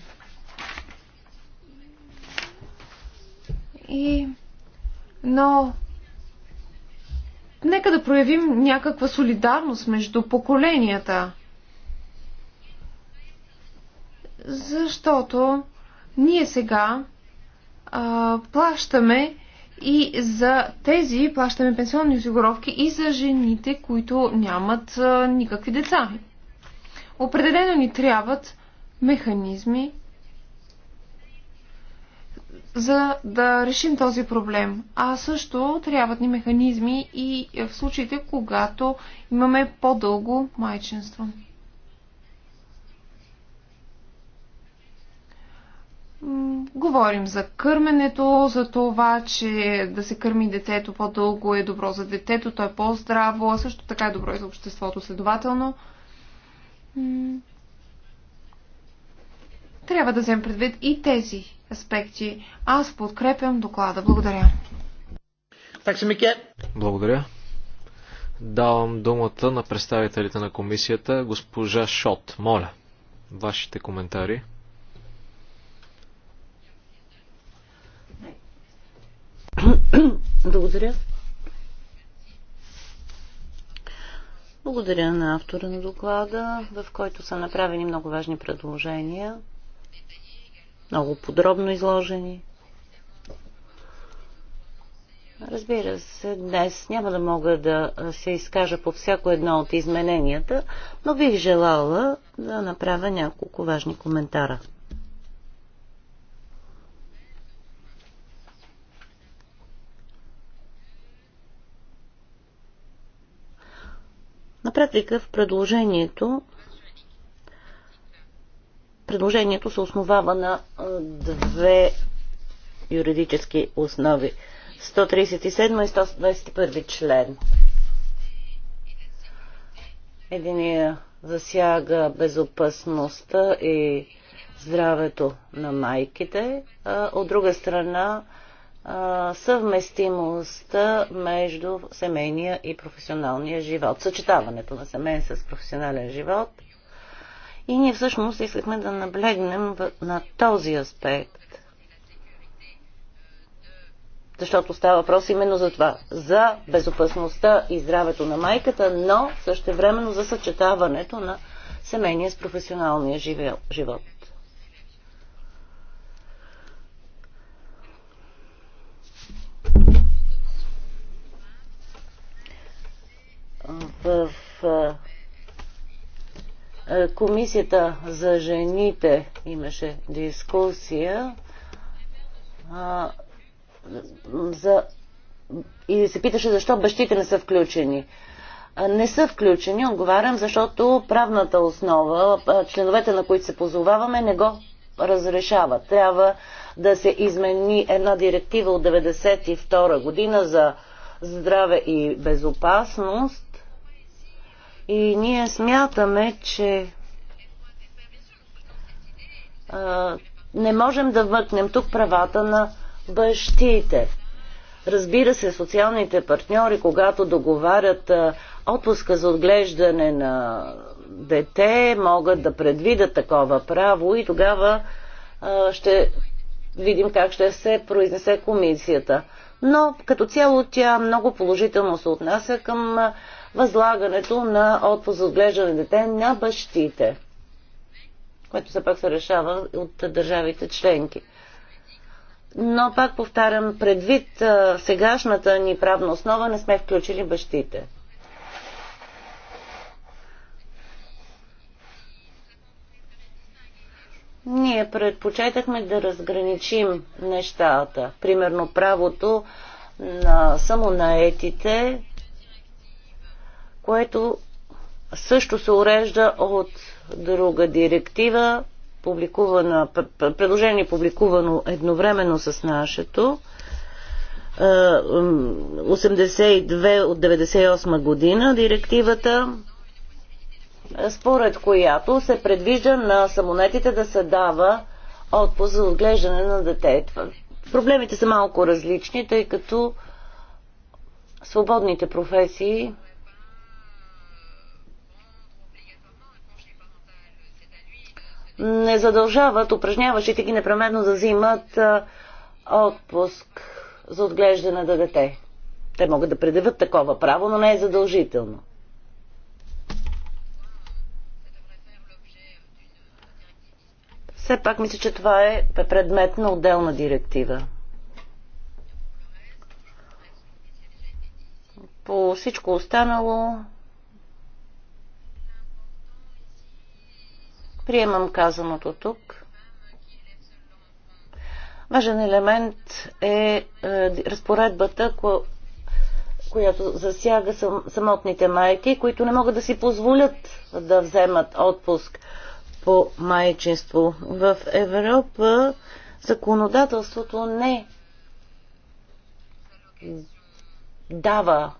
И... Но нека да проявим някаква солидарност между поколенията. Защото ние сега а, плащаме и за тези плащаме пенсионни осигуровки и за жените, които нямат никакви деца. Определено ни трябват механизми, за да решим този проблем. А също трябват ни механизми и в случаите, когато имаме по-дълго майчинство. Говорим за кърменето, за това, че да се кърми детето по-дълго е добро за детето, то е по-здраво, а също така е добро и за обществото, следователно. Трябва да вземем предвид и тези аспекти. Аз подкрепям доклада. Благодаря. Благодаря. Давам думата на представителите на комисията, госпожа Шот. Моля, вашите коментари. Благодаря. Благодаря на автора на доклада, в който са направени много важни предложения, много подробно изложени. Разбира се, днес няма да мога да се изкажа по всяко едно от измененията, но бих желала да направя няколко важни коментара. На практика в предложението предложението се основава на две юридически основи. 137 и 121 член. Единия засяга безопасността и здравето на майките, а от друга страна съвместимостта между семейния и професионалния живот, съчетаването на семейен с професионален живот. И ние всъщност искахме да наблегнем на този аспект. Защото става въпрос именно за това. За безопасността и здравето на майката, но също времено за съчетаването на семейния с професионалния живот. в Комисията за жените имаше дискусия а, за... и се питаше защо бащите не са включени. Не са включени, отговарям, защото правната основа, членовете на които се позоваваме, не го разрешават. Трябва да се измени една директива от 1992 година за здраве и безопасност, и ние смятаме, че а, не можем да въкнем тук правата на бащите. Разбира се, социалните партньори, когато договарят отпуска за отглеждане на дете, могат да предвидят такова право и тогава а, ще видим как ще се произнесе комисията. Но като цяло тя много положително се отнася към възлагането на отпуск за отглеждане на дете на бащите, което все пак се решава от държавите членки. Но пак повтарям, предвид сегашната ни правна основа не сме включили бащите. Ние предпочетахме да разграничим нещата. Примерно правото на самонаетите което също се урежда от друга директива, публикувана, предложение публикувано едновременно с нашето, 82 е, от 98 година директивата, според която се предвижда на самонетите да се дава отпуск за отглеждане на дете. Проблемите са малко различни, тъй като свободните професии не задължават упражняващите ги непременно да взимат отпуск за отглеждане на дете. Те могат да предават такова право, но не е задължително. Все пак мисля, че това е предмет на отделна директива. По всичко останало Приемам казаното тук. Важен елемент е, е разпоредбата, която засяга самотните майки, които не могат да си позволят да вземат отпуск по майчинство. В Европа законодателството не дава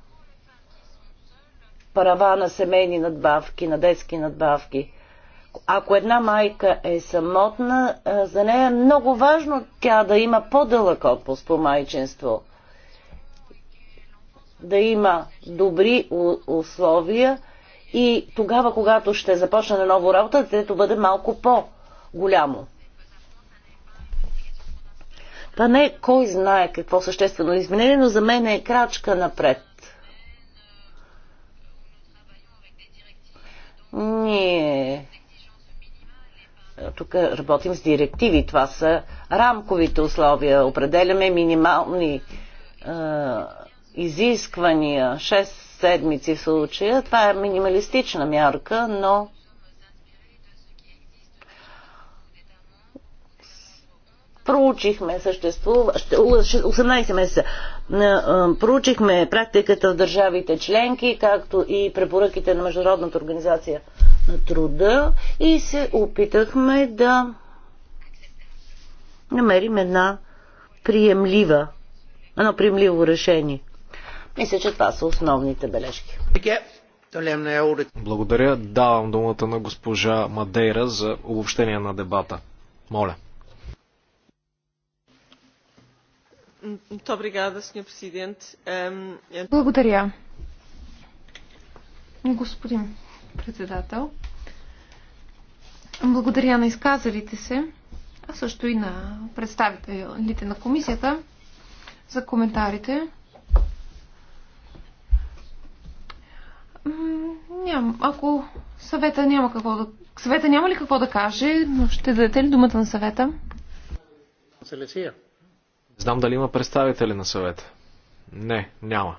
права на семейни надбавки, на детски надбавки ако една майка е самотна, за нея е много важно тя да има по-дълъг отпуск по майчинство. Да има добри условия и тогава, когато ще започне на ново работа, детето бъде малко по-голямо. Та не кой знае какво съществено изменение, но за мен е крачка напред. Ние тук работим с директиви. Това са рамковите условия. Определяме минимални е, изисквания. 6 седмици в случая. Това е минималистична мярка, но проучихме съществува 18 месеца е, е, проучихме практиката в държавите членки, както и препоръките на Международната организация на труда и се опитахме да намерим една приемлива, едно приемливо решение. Мисля, че това са основните бележки. Благодаря. Давам думата на госпожа Мадейра за обобщение на дебата. Моля. Благодаря. Господин председател. Благодаря на изказалите се, а също и на представителите на комисията за коментарите. Ням, ако съвета няма какво да... Съвета няма ли какво да каже, но ще дадете ли думата на съвета? Знам дали има представители на съвета. Не, няма.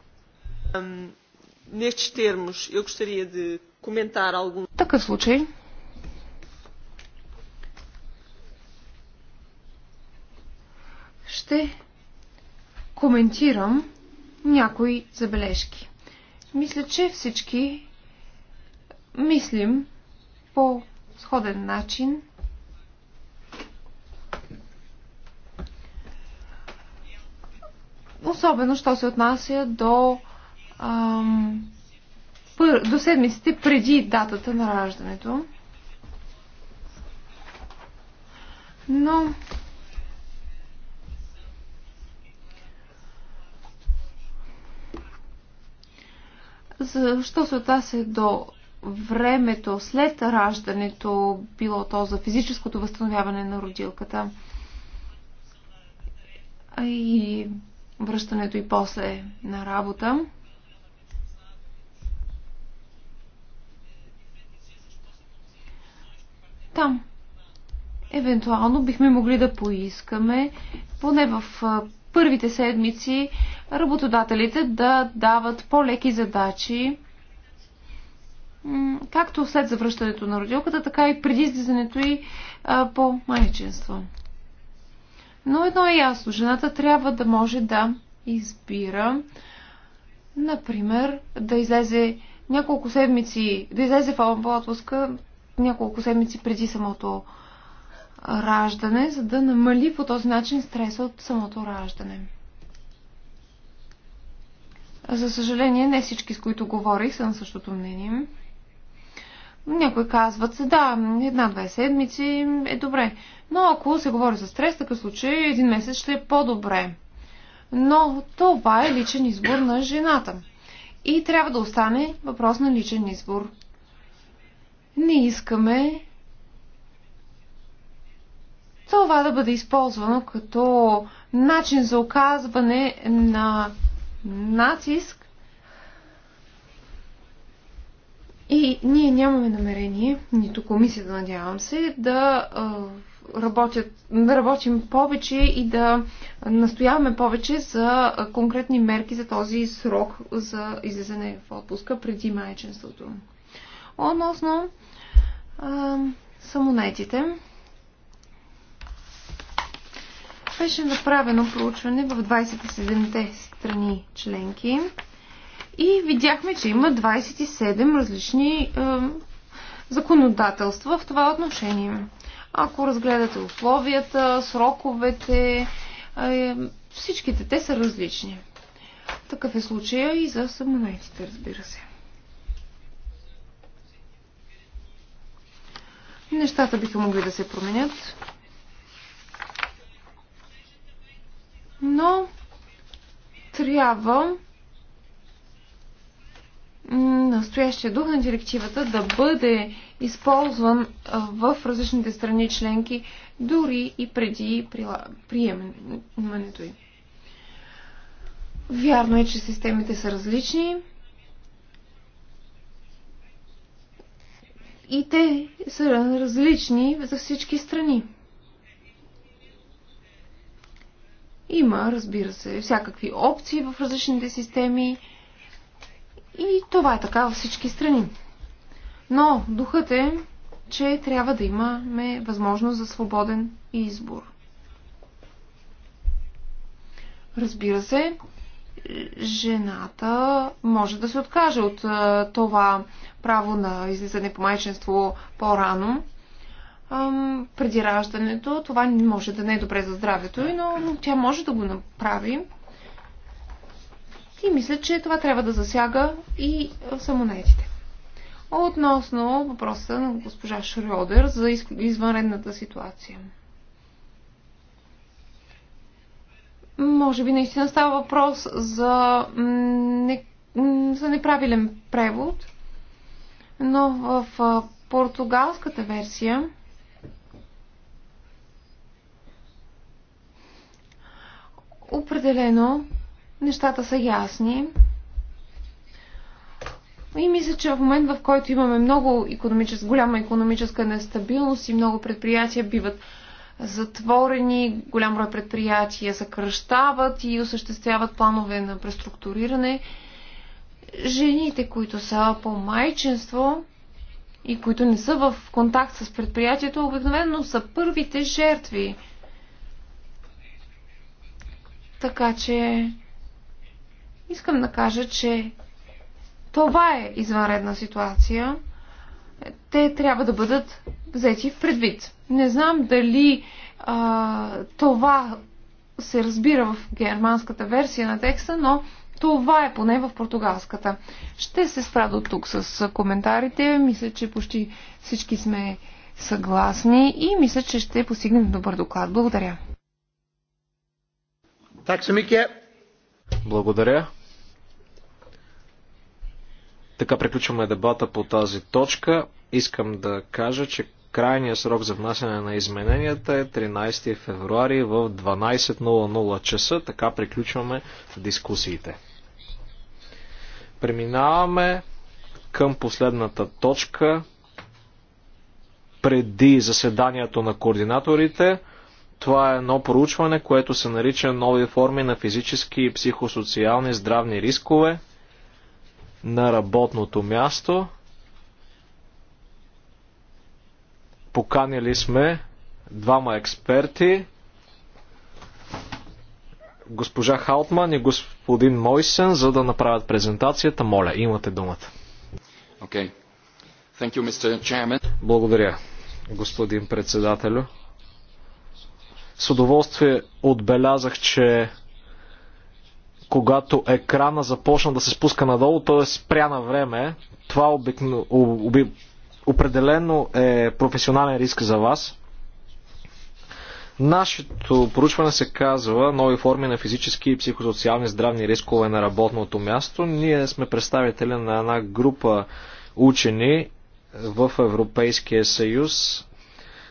Neste termos, eu gostaria de коментар algum. Такъв случай. Ще коментирам някои забележки. Мисля, че всички мислим по сходен начин. Особено, що се отнася до ам, до седмиците преди датата на раждането. Но Защо се отнася до времето след раждането, било то за физическото възстановяване на родилката и връщането и после на работа, Там евентуално бихме могли да поискаме, поне в първите седмици, работодателите да дават по-леки задачи, както след завръщането на родилката, така и преди излизането и по майчинство. Но едно е ясно, жената трябва да може да избира, например, да излезе няколко седмици, да излезе в отпуска няколко седмици преди самото раждане, за да намали по този начин стреса от самото раждане. За съжаление, не всички, с които говорих, са на същото мнение. Някои казват се, да, една-две седмици е добре. Но ако се говори за стрес, такъв случай един месец ще е по-добре. Но това е личен избор на жената. И трябва да остане въпрос на личен избор не искаме това да бъде използвано като начин за оказване на натиск и ние нямаме намерение, нито комисията, надявам се, да, работят, да работим повече и да настояваме повече за конкретни мерки за този срок за излизане в отпуска преди майчинството. Относно а, самонетите, беше направено проучване в 27-те страни членки и видяхме, че има 27 различни законодателства в това отношение. Ако разгледате условията, сроковете, е, всичките те са различни. Такъв е случая и за самонетите, разбира се. нещата биха могли да се променят. Но трябва настоящия дух на директивата да бъде използван в различните страни членки, дори и преди приемането й. Вярно е, че системите са различни, И те са различни за всички страни. Има, разбира се, всякакви опции в различните системи. И това е така във всички страни. Но духът е, че трябва да имаме възможност за свободен избор. Разбира се, жената може да се откаже от това право на излизане по майчинство по-рано, преди раждането. Това може да не е добре за здравето но тя може да го направи. И мисля, че това трябва да засяга и самонетите. Относно въпроса на госпожа Шриодер за извънредната ситуация. Може би наистина става въпрос за, не, за неправилен превод, но в португалската версия определено нещата са ясни. И мисля, че в момент, в който имаме много економическа, голяма економическа нестабилност и много предприятия биват затворени, голям брой предприятия съкръщават и осъществяват планове на преструктуриране. Жените, които са по майчинство и които не са в контакт с предприятието, обикновено са първите жертви. Така че искам да кажа, че това е извънредна ситуация. Те трябва да бъдат взети в предвид. Не знам дали а, това се разбира в германската версия на текста, но това е поне в португалската. Ще се спра до тук с коментарите. Мисля, че почти всички сме съгласни и мисля, че ще постигнем добър доклад. Благодаря. Благодаря. Така приключваме дебата по тази точка. Искам да кажа, че Крайният срок за внасяне на измененията е 13 февруари в 12.00 часа. Така приключваме дискусиите. Преминаваме към последната точка преди заседанието на координаторите. Това е едно проучване, което се нарича нови форми на физически и психосоциални здравни рискове на работното място. Поканили сме двама експерти, госпожа Халтман и господин Мойсен, за да направят презентацията. Моля, имате думата. Okay. Thank you, Mr. Chairman. Благодаря, господин председателю. С удоволствие отбелязах, че когато екрана започна да се спуска надолу, той е спря на време. Това обикно, об, определено е професионален риск за вас. Нашето проучване се казва нови форми на физически и психосоциални здравни рискове на работното място. Ние сме представители на една група учени в Европейския съюз.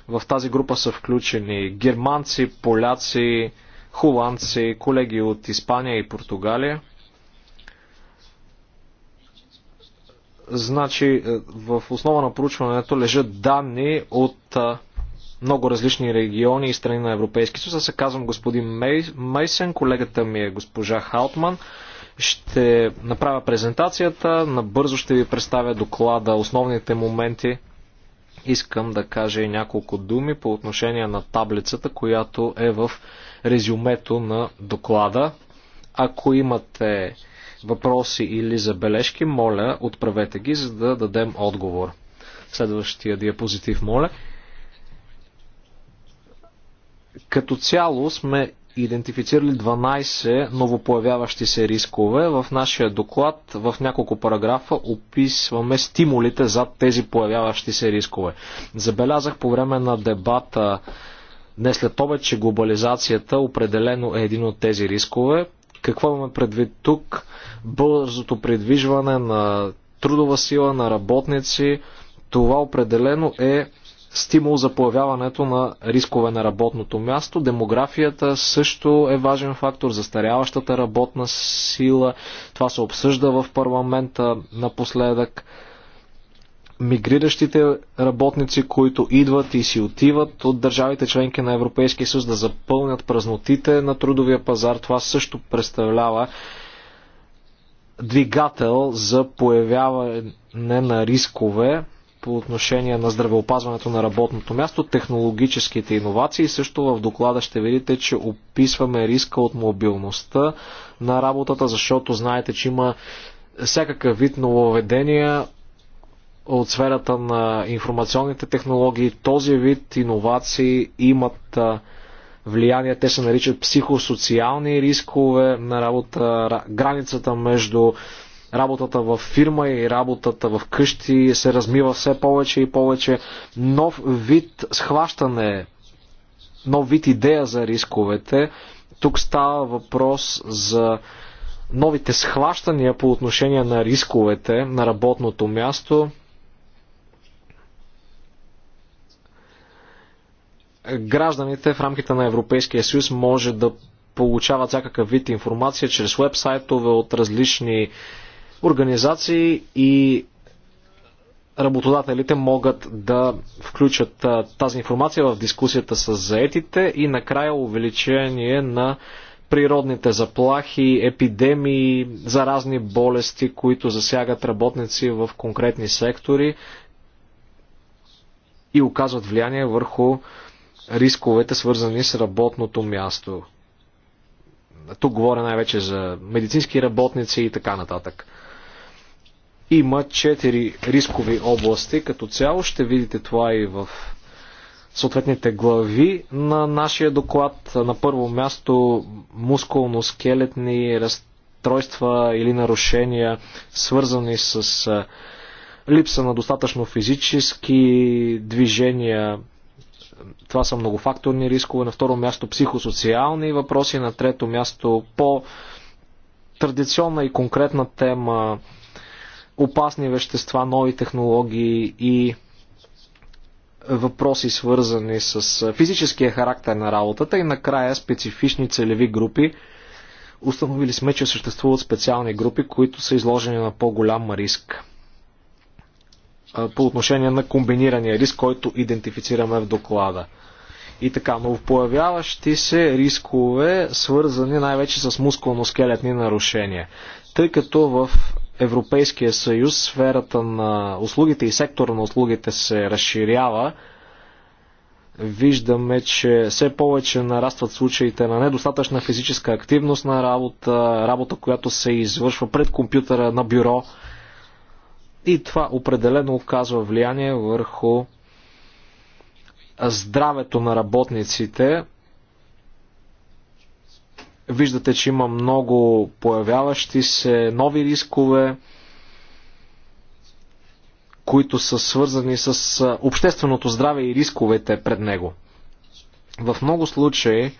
В тази група са включени германци, поляци, холандци, колеги от Испания и Португалия. Значи е, в основа на проучването лежат данни от е, много различни региони и страни на Европейски съюз. Аз се казвам господин Мейсен, колегата ми е госпожа Халтман. Ще направя презентацията, набързо ще ви представя доклада, основните моменти. Искам да кажа и няколко думи по отношение на таблицата, която е в резюмето на доклада. Ако имате въпроси или забележки, моля, отправете ги, за да дадем отговор. Следващия диапозитив, моля. Като цяло сме идентифицирали 12 новопоявяващи се рискове. В нашия доклад в няколко параграфа описваме стимулите за тези появяващи се рискове. Забелязах по време на дебата днес след обед, че глобализацията определено е един от тези рискове. Какво имаме предвид тук? Бързото придвижване на трудова сила, на работници. Това определено е стимул за появяването на рискове на работното място. Демографията също е важен фактор, застаряващата работна сила. Това се обсъжда в парламента напоследък мигриращите работници, които идват и си отиват от държавите членки на Европейския съюз да запълнят празнотите на трудовия пазар. Това също представлява двигател за появяване на рискове по отношение на здравеопазването на работното място, технологическите иновации. Също в доклада ще видите, че описваме риска от мобилността на работата, защото знаете, че има всякакъв вид нововведения от сферата на информационните технологии, този вид иновации имат влияние. Те се наричат психосоциални рискове на работа, границата между работата в фирма и работата в къщи се размива все повече и повече. Нов вид схващане, нов вид идея за рисковете. Тук става въпрос за новите схващания по отношение на рисковете на работното място. гражданите в рамките на Европейския съюз може да получават всякакъв вид информация чрез вебсайтове от различни организации и работодателите могат да включат тази информация в дискусията с заетите и накрая увеличение на природните заплахи, епидемии, заразни болести, които засягат работници в конкретни сектори и оказват влияние върху рисковете, свързани с работното място. Тук говоря най-вече за медицински работници и така нататък. Има четири рискови области. Като цяло ще видите това и в съответните глави на нашия доклад. На първо място мускулно-скелетни разстройства или нарушения, свързани с липса на достатъчно физически движения, това са многофакторни рискове. На второ място психосоциални въпроси. На трето място по традиционна и конкретна тема опасни вещества, нови технологии и въпроси свързани с физическия характер на работата и накрая специфични целеви групи. Установили сме, че съществуват специални групи, които са изложени на по-голям риск по отношение на комбинирания риск, който идентифицираме в доклада. И така, новопоявяващи се рискове, свързани най-вече с мускулно-скелетни нарушения. Тъй като в Европейския съюз сферата на услугите и сектора на услугите се разширява, виждаме, че все повече нарастват случаите на недостатъчна физическа активност на работа, работа, която се извършва пред компютъра на бюро, и това определено оказва влияние върху здравето на работниците. Виждате, че има много появяващи се нови рискове, които са свързани с общественото здраве и рисковете пред него. В много случаи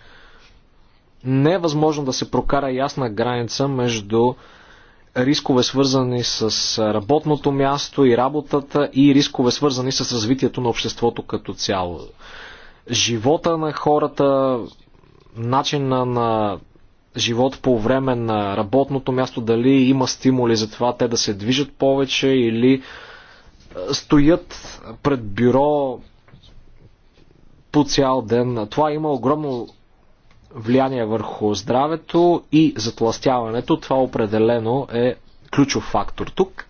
не е възможно да се прокара ясна граница между рискове свързани с работното място и работата и рискове свързани с развитието на обществото като цяло. Живота на хората, начина на живот по време на работното място, дали има стимули за това те да се движат повече или стоят пред бюро по цял ден. Това има огромно влияние върху здравето и затластяването. Това определено е ключов фактор тук.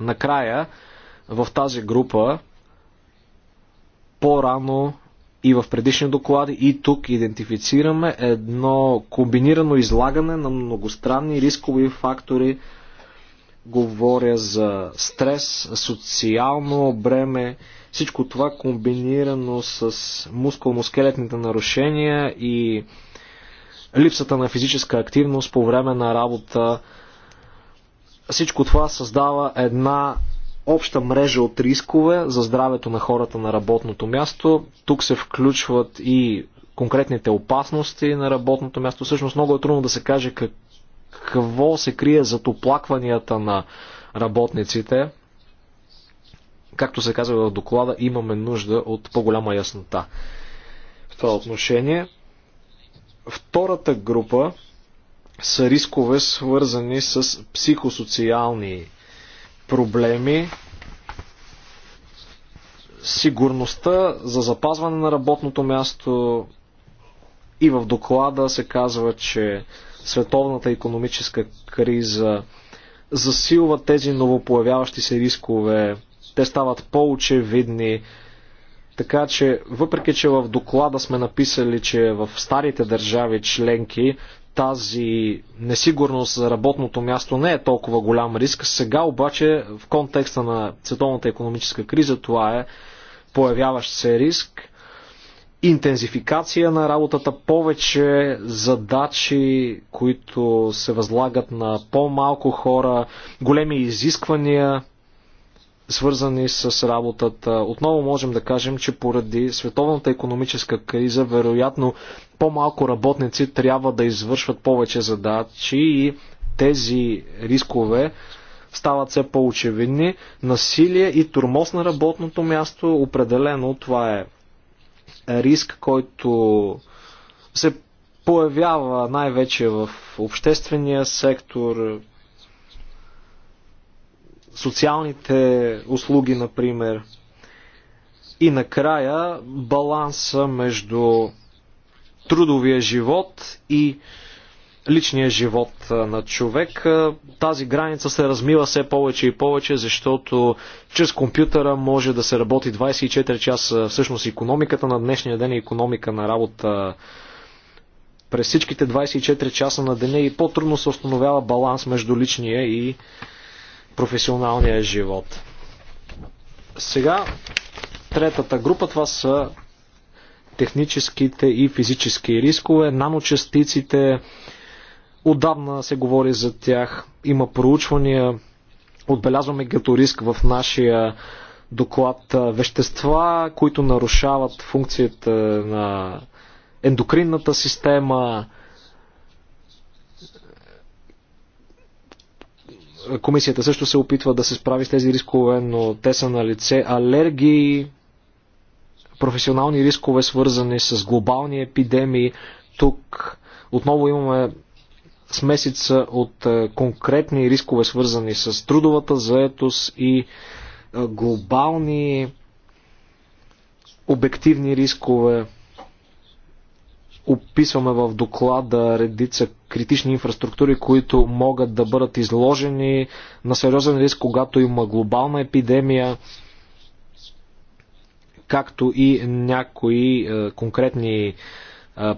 Накрая, в тази група, по-рано и в предишни доклади, и тук идентифицираме едно комбинирано излагане на многостранни рискови фактори, говоря за стрес, социално бреме, всичко това комбинирано с мускулно-скелетните нарушения и липсата на физическа активност по време на работа. Всичко това създава една обща мрежа от рискове за здравето на хората на работното място. Тук се включват и конкретните опасности на работното място. Всъщност много е трудно да се каже как какво се крие зад оплакванията на работниците. Както се казва в доклада, имаме нужда от по-голяма яснота в това отношение. Втората група са рискове, свързани с психосоциални проблеми, сигурността за запазване на работното място и в доклада се казва, че световната економическа криза засилват тези новопоявяващи се рискове, те стават по-очевидни. Така че, въпреки че в доклада сме написали, че в старите държави членки тази несигурност за работното място не е толкова голям риск, сега обаче в контекста на световната економическа криза това е появяващ се риск интензификация на работата, повече задачи, които се възлагат на по-малко хора, големи изисквания, свързани с работата. Отново можем да кажем, че поради световната економическа криза, вероятно по-малко работници трябва да извършват повече задачи и тези рискове стават все по-очевидни. Насилие и турмоз на работното място, определено това е риск, който се появява най-вече в обществения сектор, социалните услуги, например. И накрая баланса между трудовия живот и личния живот на човек. Тази граница се размива все повече и повече, защото чрез компютъра може да се работи 24 часа. Всъщност економиката на днешния ден е економика на работа през всичките 24 часа на деня и по-трудно се установява баланс между личния и професионалния живот. Сега третата група това са техническите и физически рискове, наночастиците, Отдавна се говори за тях. Има проучвания. Отбелязваме като риск в нашия доклад вещества, които нарушават функцията на ендокринната система, Комисията също се опитва да се справи с тези рискове, но те са на лице. Алергии, професионални рискове, свързани с глобални епидемии. Тук отново имаме смесица от е, конкретни рискове, свързани с трудовата заетост и е, глобални обективни рискове. Описваме в доклада редица критични инфраструктури, които могат да бъдат изложени на сериозен риск, когато има глобална епидемия, както и някои е, конкретни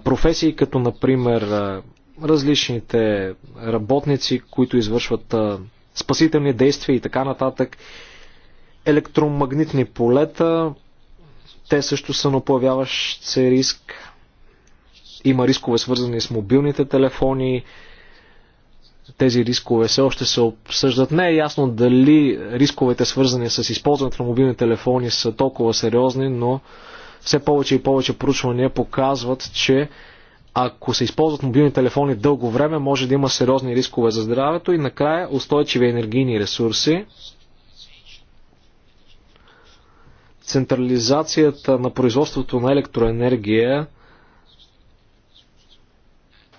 професии, като например различните работници, които извършват спасителни действия и така нататък. Електромагнитни полета, те също са на появяващ се риск. Има рискове свързани с мобилните телефони. Тези рискове все още се обсъждат. Не е ясно дали рисковете свързани с използването на мобилни телефони са толкова сериозни, но все повече и повече проучвания показват, че ако се използват мобилни телефони дълго време, може да има сериозни рискове за здравето и накрая устойчиви енергийни ресурси. Централизацията на производството на електроенергия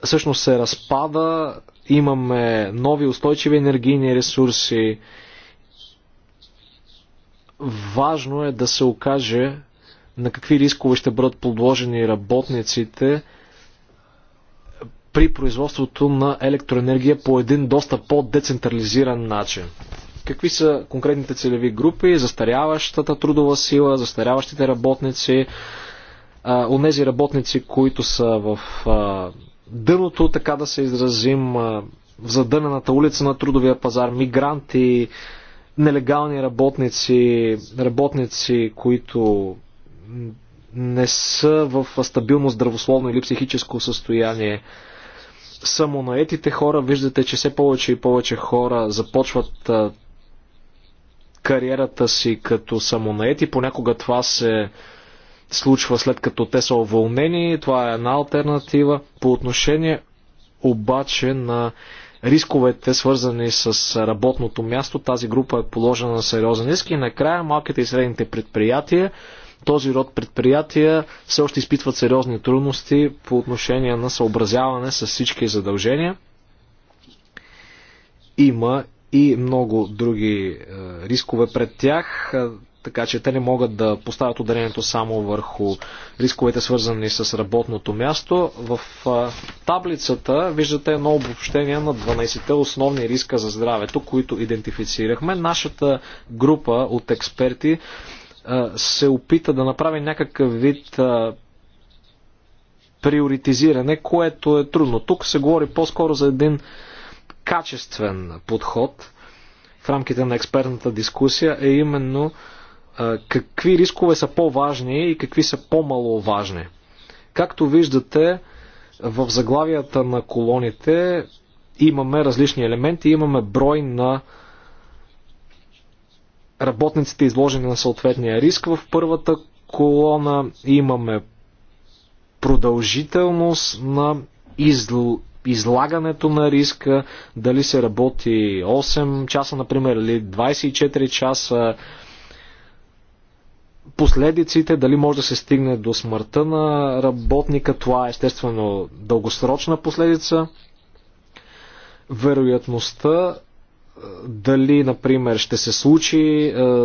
всъщност се разпада, имаме нови устойчиви енергийни ресурси. Важно е да се окаже на какви рискове ще бъдат подложени работниците, при производството на електроенергия по един доста по-децентрализиран начин. Какви са конкретните целеви групи? Застаряващата трудова сила, застаряващите работници, онези работници, които са в дъното, така да се изразим, в задънената улица на трудовия пазар, мигранти, нелегални работници, работници, които не са в стабилно здравословно или психическо състояние самонаетите хора, виждате, че все повече и повече хора започват кариерата си като самонаети. Понякога това се случва след като те са уволнени. Това е една альтернатива. По отношение обаче на рисковете, свързани с работното място, тази група е положена на сериозен риск и накрая малките и средните предприятия този род предприятия все още изпитват сериозни трудности по отношение на съобразяване с всички задължения. Има и много други е, рискове пред тях, е, така че те не могат да поставят ударението само върху рисковете свързани с работното място. В е, таблицата виждате едно обобщение на 12-те основни риска за здравето, които идентифицирахме. Нашата група от експерти се опита да направи някакъв вид приоритизиране, което е трудно. Тук се говори по-скоро за един качествен подход в рамките на експертната дискусия, е именно какви рискове са по-важни и какви са по-маловажни. Както виждате, в заглавията на колоните имаме различни елементи, имаме брой на работниците изложени на съответния риск. В първата колона имаме продължителност на изл... излагането на риска, дали се работи 8 часа, например, или 24 часа, последиците, дали може да се стигне до смъртта на работника, това е естествено дългосрочна последица, вероятността дали, например, ще се случи е,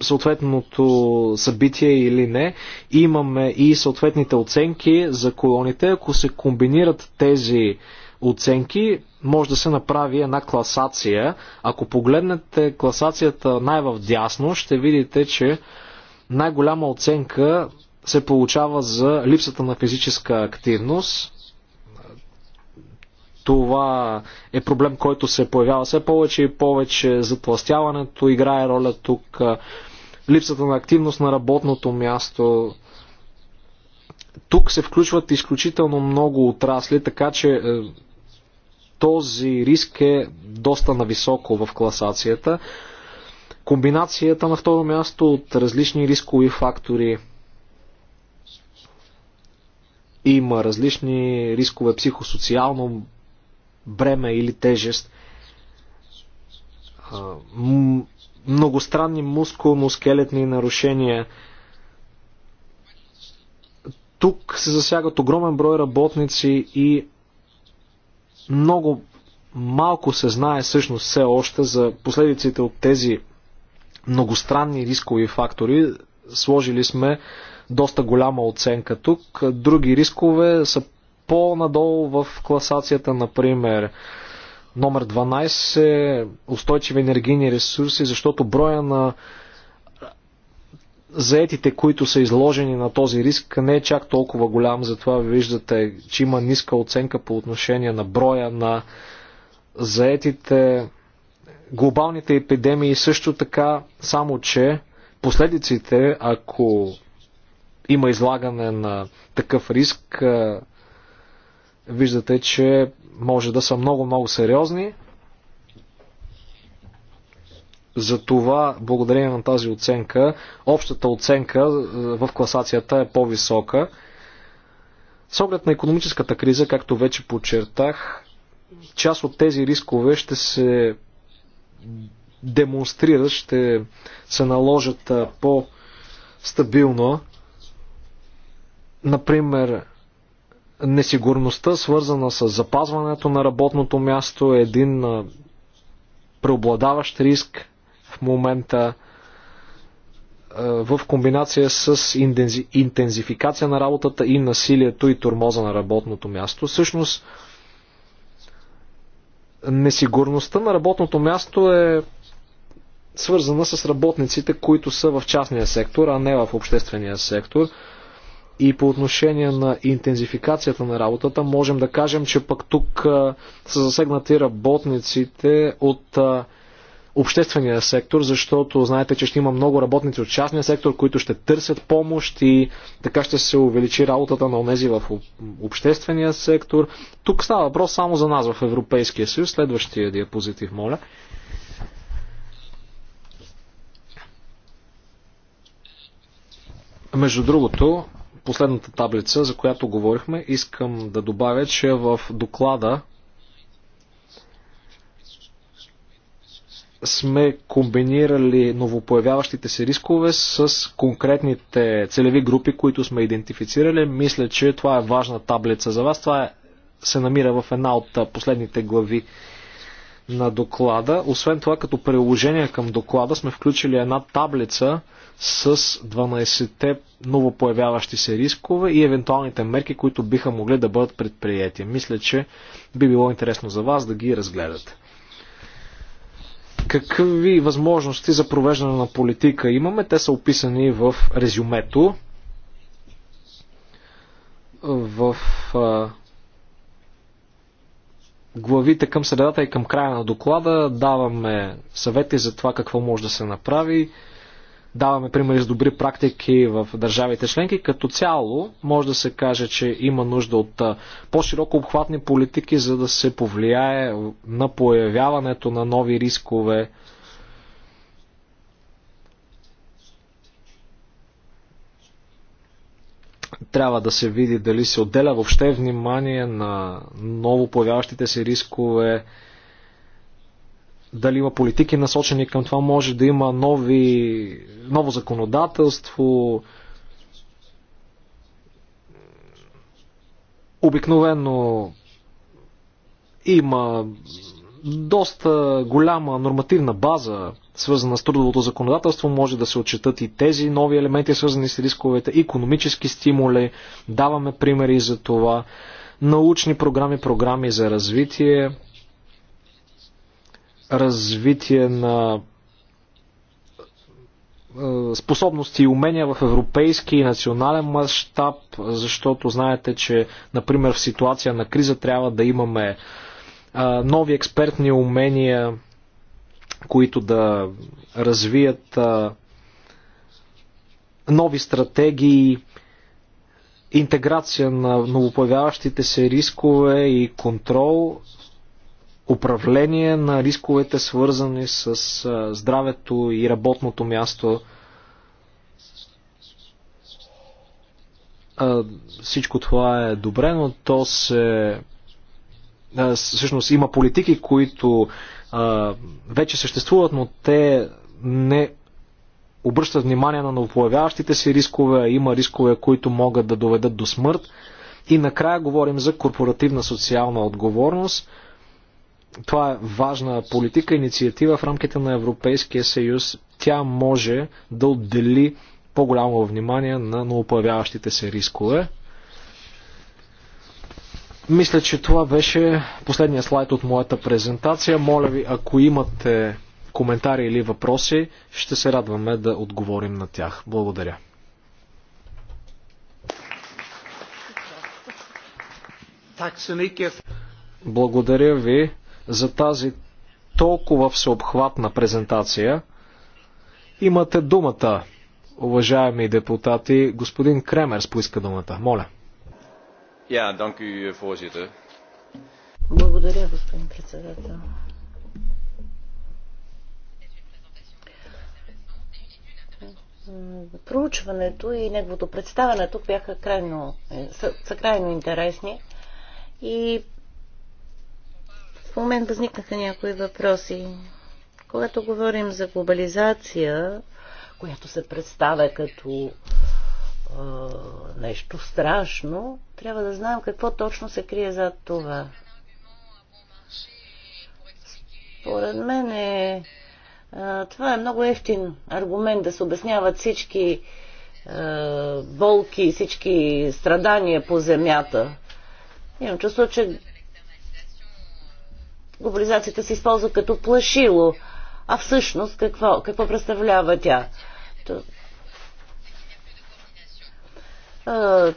съответното събитие или не. Имаме и съответните оценки за колоните. Ако се комбинират тези оценки, може да се направи една класация. Ако погледнете класацията най-вдясно, ще видите, че най-голяма оценка се получава за липсата на физическа активност това е проблем, който се появява все повече и повече. Затластяването играе роля тук, липсата на активност на работното място. Тук се включват изключително много отрасли, така че е, този риск е доста нависоко в класацията. Комбинацията на второ място от различни рискови фактори има различни рискове психосоциално, бреме или тежест. Многостранни мускулно-скелетни нарушения. Тук се засягат огромен брой работници и много малко се знае всъщност все още за последиците от тези многостранни рискови фактори. Сложили сме доста голяма оценка тук. Други рискове са по-надолу в класацията, например, номер 12 устойчиви енергийни ресурси, защото броя на заетите, които са изложени на този риск, не е чак толкова голям, затова виждате, че има ниска оценка по отношение на броя на заетите. Глобалните епидемии също така, само че последиците, ако има излагане на такъв риск, Виждате, че може да са много-много сериозни. Затова, благодарение на тази оценка, общата оценка е, в класацията е по-висока. С оглед на економическата криза, както вече подчертах, част от тези рискове ще се демонстрират, ще се наложат по-стабилно. Например, Несигурността, свързана с запазването на работното място, е един преобладаващ риск в момента в комбинация с интензификация на работата и насилието и турмоза на работното място. Всъщност, несигурността на работното място е свързана с работниците, които са в частния сектор, а не в обществения сектор. И по отношение на интензификацията на работата, можем да кажем, че пък тук са засегнати работниците от обществения сектор, защото знаете, че ще има много работници от частния сектор, които ще търсят помощ и така ще се увеличи работата на онези в обществения сектор. Тук става въпрос само за нас в Европейския съюз. Следващия диапозитив, моля. Между другото, последната таблица, за която говорихме, искам да добавя, че в доклада сме комбинирали новопоявяващите се рискове с конкретните целеви групи, които сме идентифицирали. Мисля, че това е важна таблица за вас. Това е, се намира в една от последните глави на доклада. Освен това, като приложение към доклада сме включили една таблица, с 12-те новопоявяващи се рискове и евентуалните мерки, които биха могли да бъдат предприяти. Мисля, че би било интересно за вас да ги разгледате. Какви възможности за провеждане на политика имаме? Те са описани в резюмето. В главите към средата и към края на доклада даваме съвети за това какво може да се направи даваме примери с добри практики в държавите членки. Като цяло може да се каже, че има нужда от по-широко обхватни политики, за да се повлияе на появяването на нови рискове. Трябва да се види дали се отделя въобще внимание на ново появяващите се рискове, дали има политики насочени към това, може да има нови, ново законодателство. Обикновено има доста голяма нормативна база, свързана с трудовото законодателство, може да се отчитат и тези нови елементи, свързани с рисковете, економически стимули, даваме примери за това, научни програми, програми за развитие, развитие на способности и умения в европейски и национален мащаб, защото знаете, че, например, в ситуация на криза трябва да имаме нови експертни умения, които да развият нови стратегии, интеграция на новопоявяващите се рискове и контрол управление на рисковете, свързани с здравето и работното място. Всичко това е добре, но то се. Всъщност има политики, които вече съществуват, но те не обръщат внимание на новопоявяващите си рискове, има рискове, които могат да доведат до смърт. И накрая говорим за корпоративна социална отговорност – това е важна политика, инициатива в рамките на Европейския съюз. Тя може да отдели по-голямо внимание на новопоявяващите се рискове. Мисля, че това беше последния слайд от моята презентация. Моля ви, ако имате коментари или въпроси, ще се радваме да отговорим на тях. Благодаря. Благодаря ви за тази толкова всеобхватна презентация. Имате думата, уважаеми депутати. Господин Кремерс поиска думата. Моля. Ja, dank u, voorzitter. Благодаря, господин председател. Проучването и неговото представянето тук бяха крайно, са, са крайно интересни и в мен възникнаха някои въпроси. Когато говорим за глобализация, която се представя като е, нещо страшно, трябва да знаем какво точно се крие зад това. Според мен е, е, това е много ефтин аргумент да се обясняват всички е, болки, всички страдания по земята. Имам чувство, че глобализацията се използва като плашило. А всъщност какво, какво представлява тя?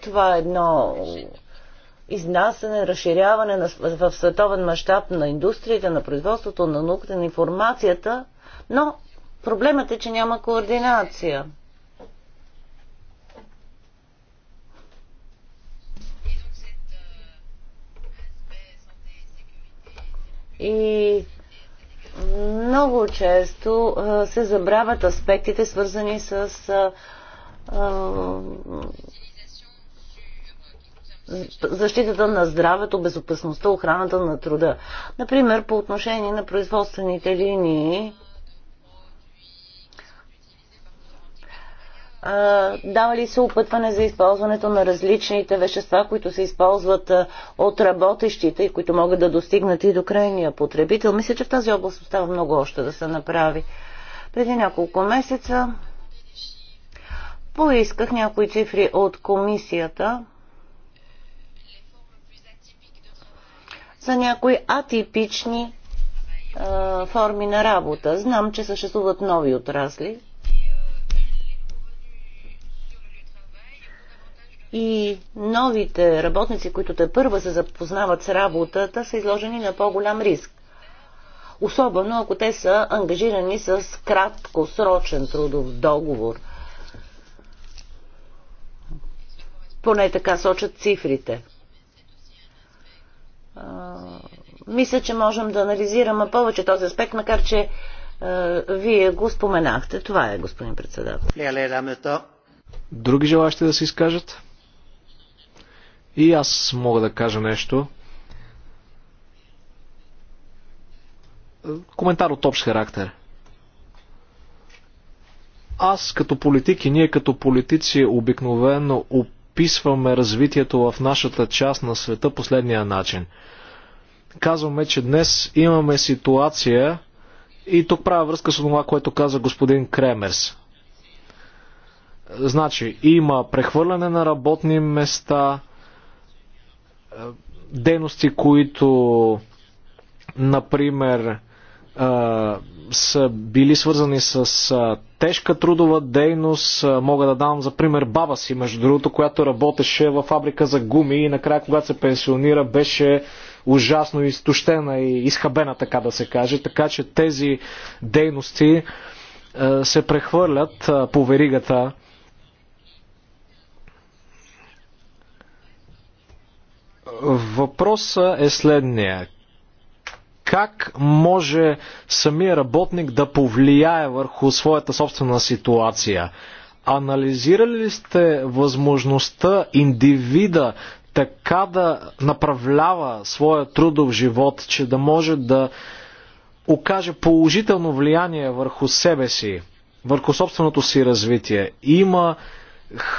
Това е едно изнасяне, разширяване на, в световен мащаб на индустрията, на производството, на науката, на информацията, но проблемът е, че няма координация. И много често се забравят аспектите, свързани с защитата на здравето, безопасността, охраната на труда. Например, по отношение на производствените линии, Давали се опътване за използването на различните вещества, които се използват от работещите и които могат да достигнат и до крайния потребител. Мисля, че в тази област остава много още да се направи. Преди няколко месеца поисках някои цифри от комисията за някои атипични форми на работа. Знам, че съществуват нови отрасли, и новите работници, които те първа се запознават с работата, са изложени на по-голям риск. Особено ако те са ангажирани с краткосрочен трудов договор. Поне така сочат цифрите. А, мисля, че можем да анализираме повече този аспект, макар че а, вие го споменахте. Това е, господин председател. Други желащи да се изкажат? И аз мога да кажа нещо. Коментар от общ характер. Аз като политик и ние като политици обикновено описваме развитието в нашата част на света последния начин. Казваме, че днес имаме ситуация и тук правя връзка с това, което каза господин Кремерс. Значи, има прехвърляне на работни места, дейности, които, например, са били свързани с тежка трудова дейност. Мога да дам за пример баба си, между другото, която работеше в фабрика за гуми и накрая, когато се пенсионира, беше ужасно изтощена и изхабена, така да се каже. Така че тези дейности се прехвърлят по веригата Въпросът е следния. Как може самия работник да повлияе върху своята собствена ситуация? Анализирали ли сте възможността индивида така да направлява своя трудов живот, че да може да окаже положително влияние върху себе си, върху собственото си развитие? Има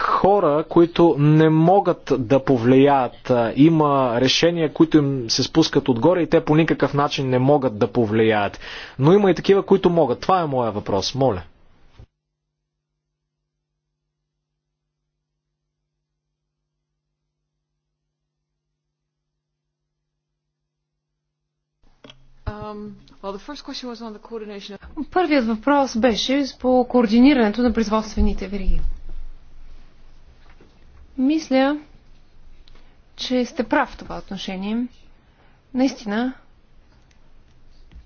хора, които не могат да повлияят. Има решения, които им се спускат отгоре и те по никакъв начин не могат да повлияят. Но има и такива, които могат. Това е моя въпрос. Моля. Um, Първият въпрос беше по координирането на производствените вериги. Мисля, че сте прав в това отношение. Наистина,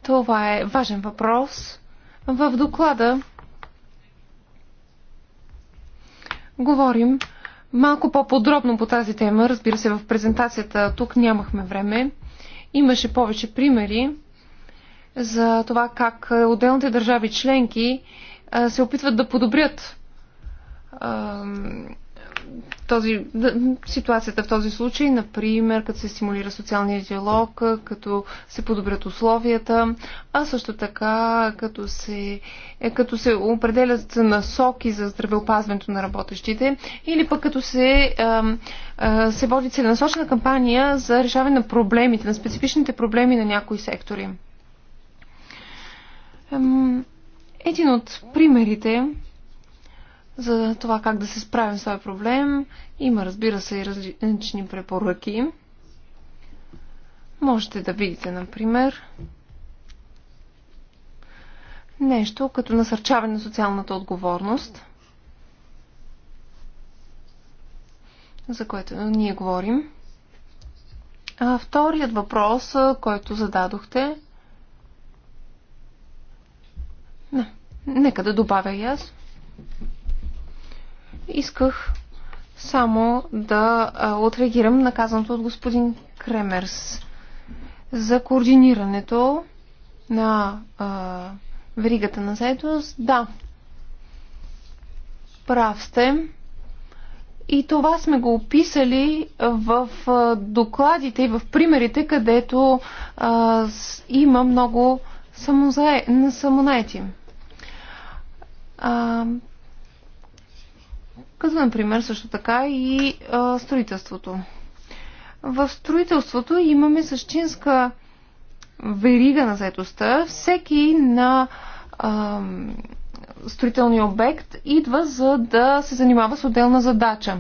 това е важен въпрос. В доклада говорим малко по-подробно по тази тема. Разбира се, в презентацията тук нямахме време. Имаше повече примери за това как отделните държави членки се опитват да подобрят този, ситуацията в този случай, например, като се стимулира социалния диалог, като се подобрят условията, а също така като се, е, като се определят насоки за здравеопазването на работещите или пък като се, се води целенасочена кампания за решаване на проблемите, на специфичните проблеми на някои сектори. Един от примерите за това как да се справим с този проблем. Има, разбира се, и различни препоръки. Можете да видите, например, нещо като насърчаване на социалната отговорност, за което ние говорим. А, вторият въпрос, който зададохте. Не, нека да добавя и аз. Исках само да отреагирам наказаното от господин Кремерс за координирането на а, веригата на заедост. Да, прав сте. И това сме го описали в докладите и в примерите, където а, има много самозае... самонаети. А, Казвам, пример също така и а, строителството. В строителството имаме същинска верига на заедостта. Всеки на а, строителния обект идва за да се занимава с отделна задача.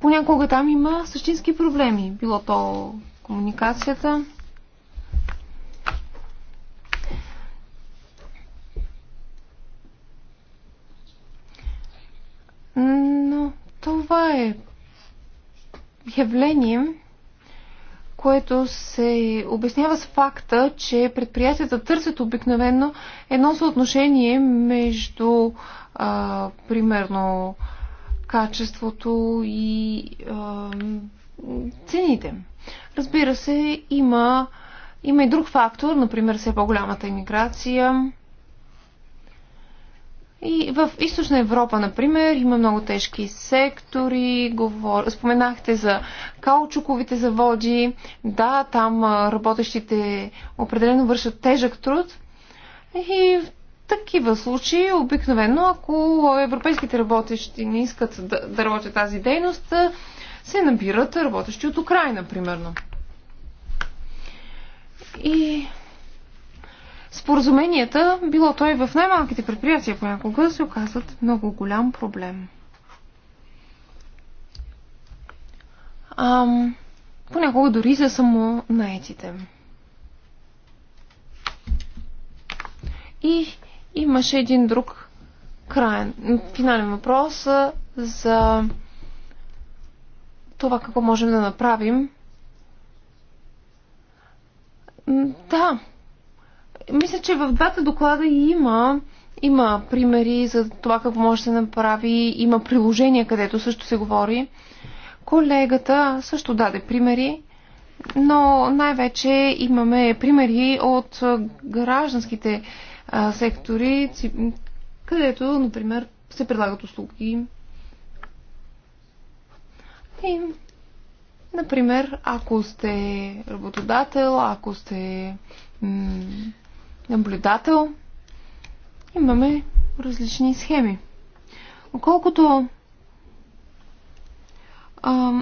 Понякога там има същински проблеми. Било то комуникацията, Това е явление, което се обяснява с факта, че предприятията търсят обикновено едно съотношение между, а, примерно, качеството и а, цените. Разбира се, има, има и друг фактор, например, все по-голямата иммиграция и в Източна Европа, например, има много тежки сектори. Говор... Споменахте за каучуковите заводи. Да, там работещите определено вършат тежък труд. И в такива случаи, обикновено, ако европейските работещи не искат да, да работят тази дейност, се набират работещи от Украина, примерно. И споразуменията, било той в най-малките предприятия понякога, се оказват много голям проблем. Ам, понякога дори за само наетите. И имаше един друг краен, финален въпрос за това какво можем да направим. Да, мисля, че в двата доклада има, има примери за това какво може да се направи, има приложения, където също се говори. Колегата също даде примери, но най-вече имаме примери от гражданските а, сектори, където, например, се предлагат услуги. И, например, ако сте работодател, ако сте наблюдател, имаме различни схеми. Колкото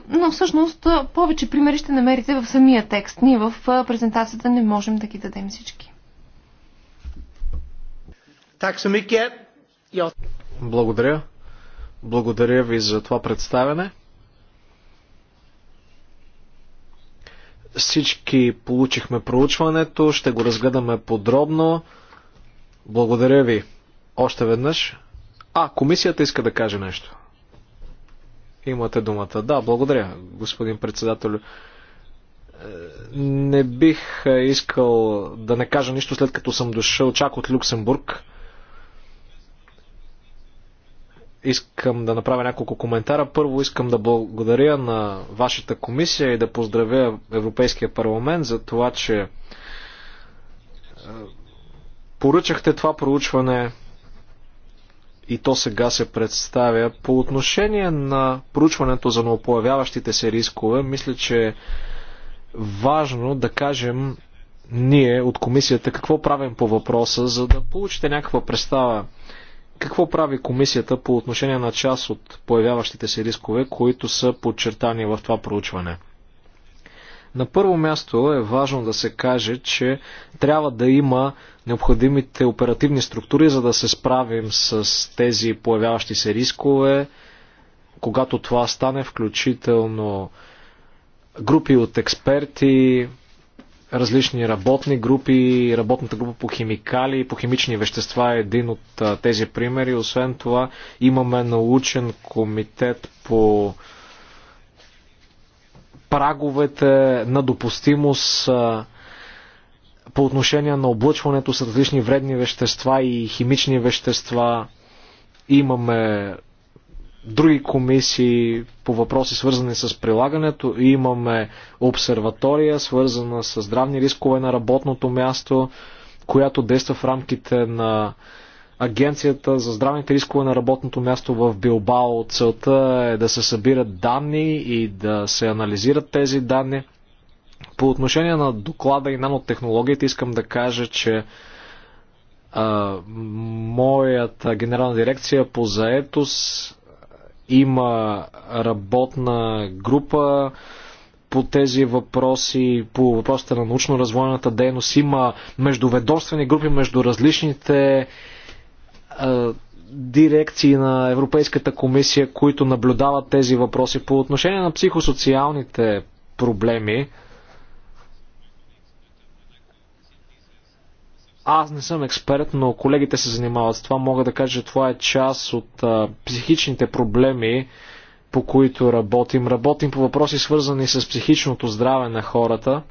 но всъщност повече примери ще намерите в самия текст. Ние в презентацията не можем да ги дадем всички. Благодаря. Благодаря ви за това представяне. Всички получихме проучването, ще го разгледаме подробно. Благодаря ви още веднъж. А, комисията иска да каже нещо. Имате думата. Да, благодаря, господин председател. Е, не бих е, искал да не кажа нищо след като съм дошъл чак от Люксембург. искам да направя няколко коментара. Първо искам да благодаря на вашата комисия и да поздравя Европейския парламент за това, че е, поръчахте това проучване и то сега се представя. По отношение на проучването за новопоявяващите се рискове, мисля, че е важно да кажем ние от комисията какво правим по въпроса, за да получите някаква представа какво прави комисията по отношение на част от появяващите се рискове, които са подчертани в това проучване? На първо място е важно да се каже, че трябва да има необходимите оперативни структури, за да се справим с тези появяващи се рискове, когато това стане, включително групи от експерти, различни работни групи, работната група по химикали и по химични вещества е един от тези примери. Освен това имаме научен комитет по праговете на допустимост по отношение на облъчването с различни вредни вещества и химични вещества. Имаме други комисии по въпроси свързани с прилагането. И имаме обсерватория, свързана с здравни рискове на работното място, която действа в рамките на Агенцията за здравните рискове на работното място в Билбао. Целта е да се събират данни и да се анализират тези данни. По отношение на доклада и нанотехнологията искам да кажа, че а, моята генерална дирекция по заетост има работна група по тези въпроси, по въпросите на научно-развойната дейност. Има междуведомствени групи между различните дирекции на Европейската комисия, които наблюдават тези въпроси. По отношение на психосоциалните проблеми, Аз не съм експерт, но колегите се занимават с това. Мога да кажа, че това е част от а, психичните проблеми, по които работим. Работим по въпроси, свързани с психичното здраве на хората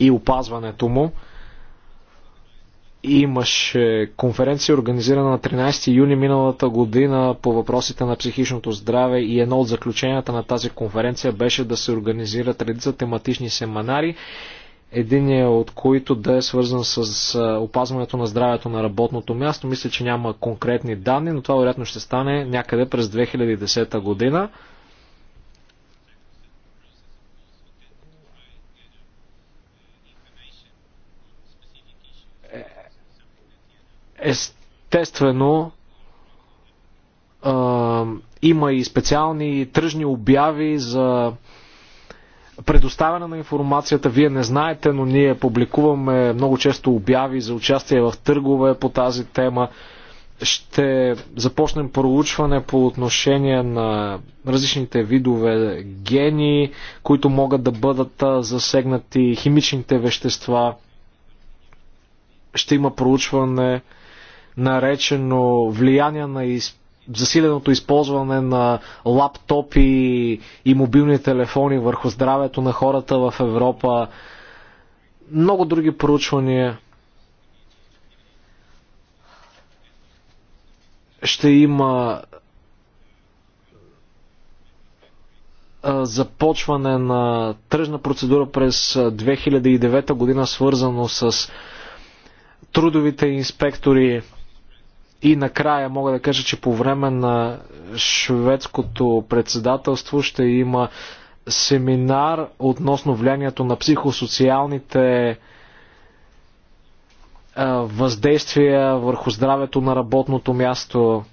и опазването му. Имаше конференция, организирана на 13 юни миналата година по въпросите на психичното здраве и едно от заключенията на тази конференция беше да се организират редица тематични семинари единия от които да е свързан с опазването на здравето на работното място. Мисля, че няма конкретни данни, но това вероятно ще стане някъде през 2010 година. Е, естествено, има и специални тръжни обяви за предоставяне на информацията. Вие не знаете, но ние публикуваме много често обяви за участие в търгове по тази тема. Ще започнем проучване по отношение на различните видове гени, които могат да бъдат засегнати, химичните вещества. Ще има проучване наречено влияние на изпълнението засиленото използване на лаптопи и мобилни телефони върху здравето на хората в Европа. Много други проучвания. Ще има започване на тръжна процедура през 2009 година, свързано с трудовите инспектори. И накрая мога да кажа, че по време на шведското председателство ще има семинар относно влиянието на психосоциалните въздействия върху здравето на работното място.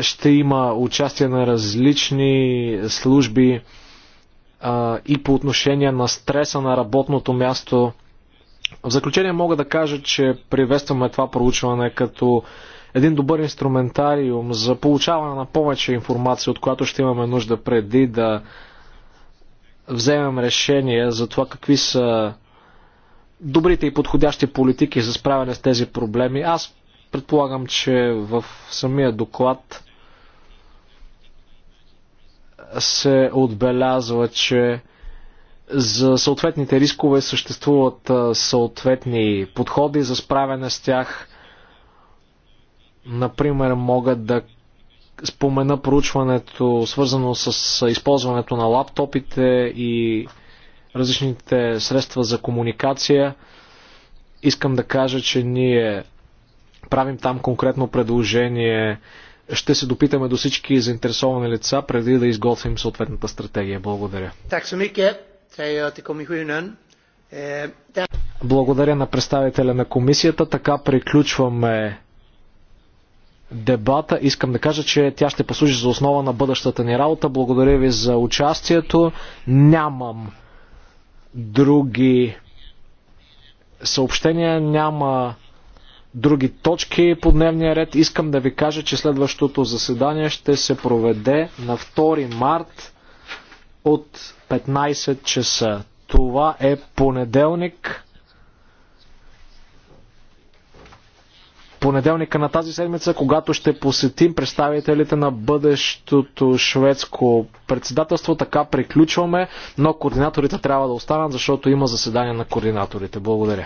Ще има участие на различни служби и по отношение на стреса на работното място. В заключение мога да кажа, че приветстваме това проучване като един добър инструментариум за получаване на повече информация, от която ще имаме нужда преди да вземем решение за това какви са добрите и подходящи политики за справяне с тези проблеми. Аз предполагам, че в самия доклад се отбелязва, че за съответните рискове съществуват съответни подходи за справяне с тях. Например, мога да спомена проучването, свързано с използването на лаптопите и различните средства за комуникация. Искам да кажа, че ние правим там конкретно предложение. Ще се допитаме до всички заинтересовани лица преди да изготвим съответната стратегия. Благодаря. Так, е, Благодаря на представителя на комисията. Така приключваме дебата. Искам да кажа, че тя ще послужи за основа на бъдещата ни работа. Благодаря ви за участието. Нямам други съобщения, няма други точки по дневния ред. Искам да ви кажа, че следващото заседание ще се проведе на 2 март от 15 часа. Това е понеделник. Понеделника на тази седмица, когато ще посетим представителите на бъдещото шведско председателство, така приключваме, но координаторите трябва да останат, защото има заседание на координаторите. Благодаря.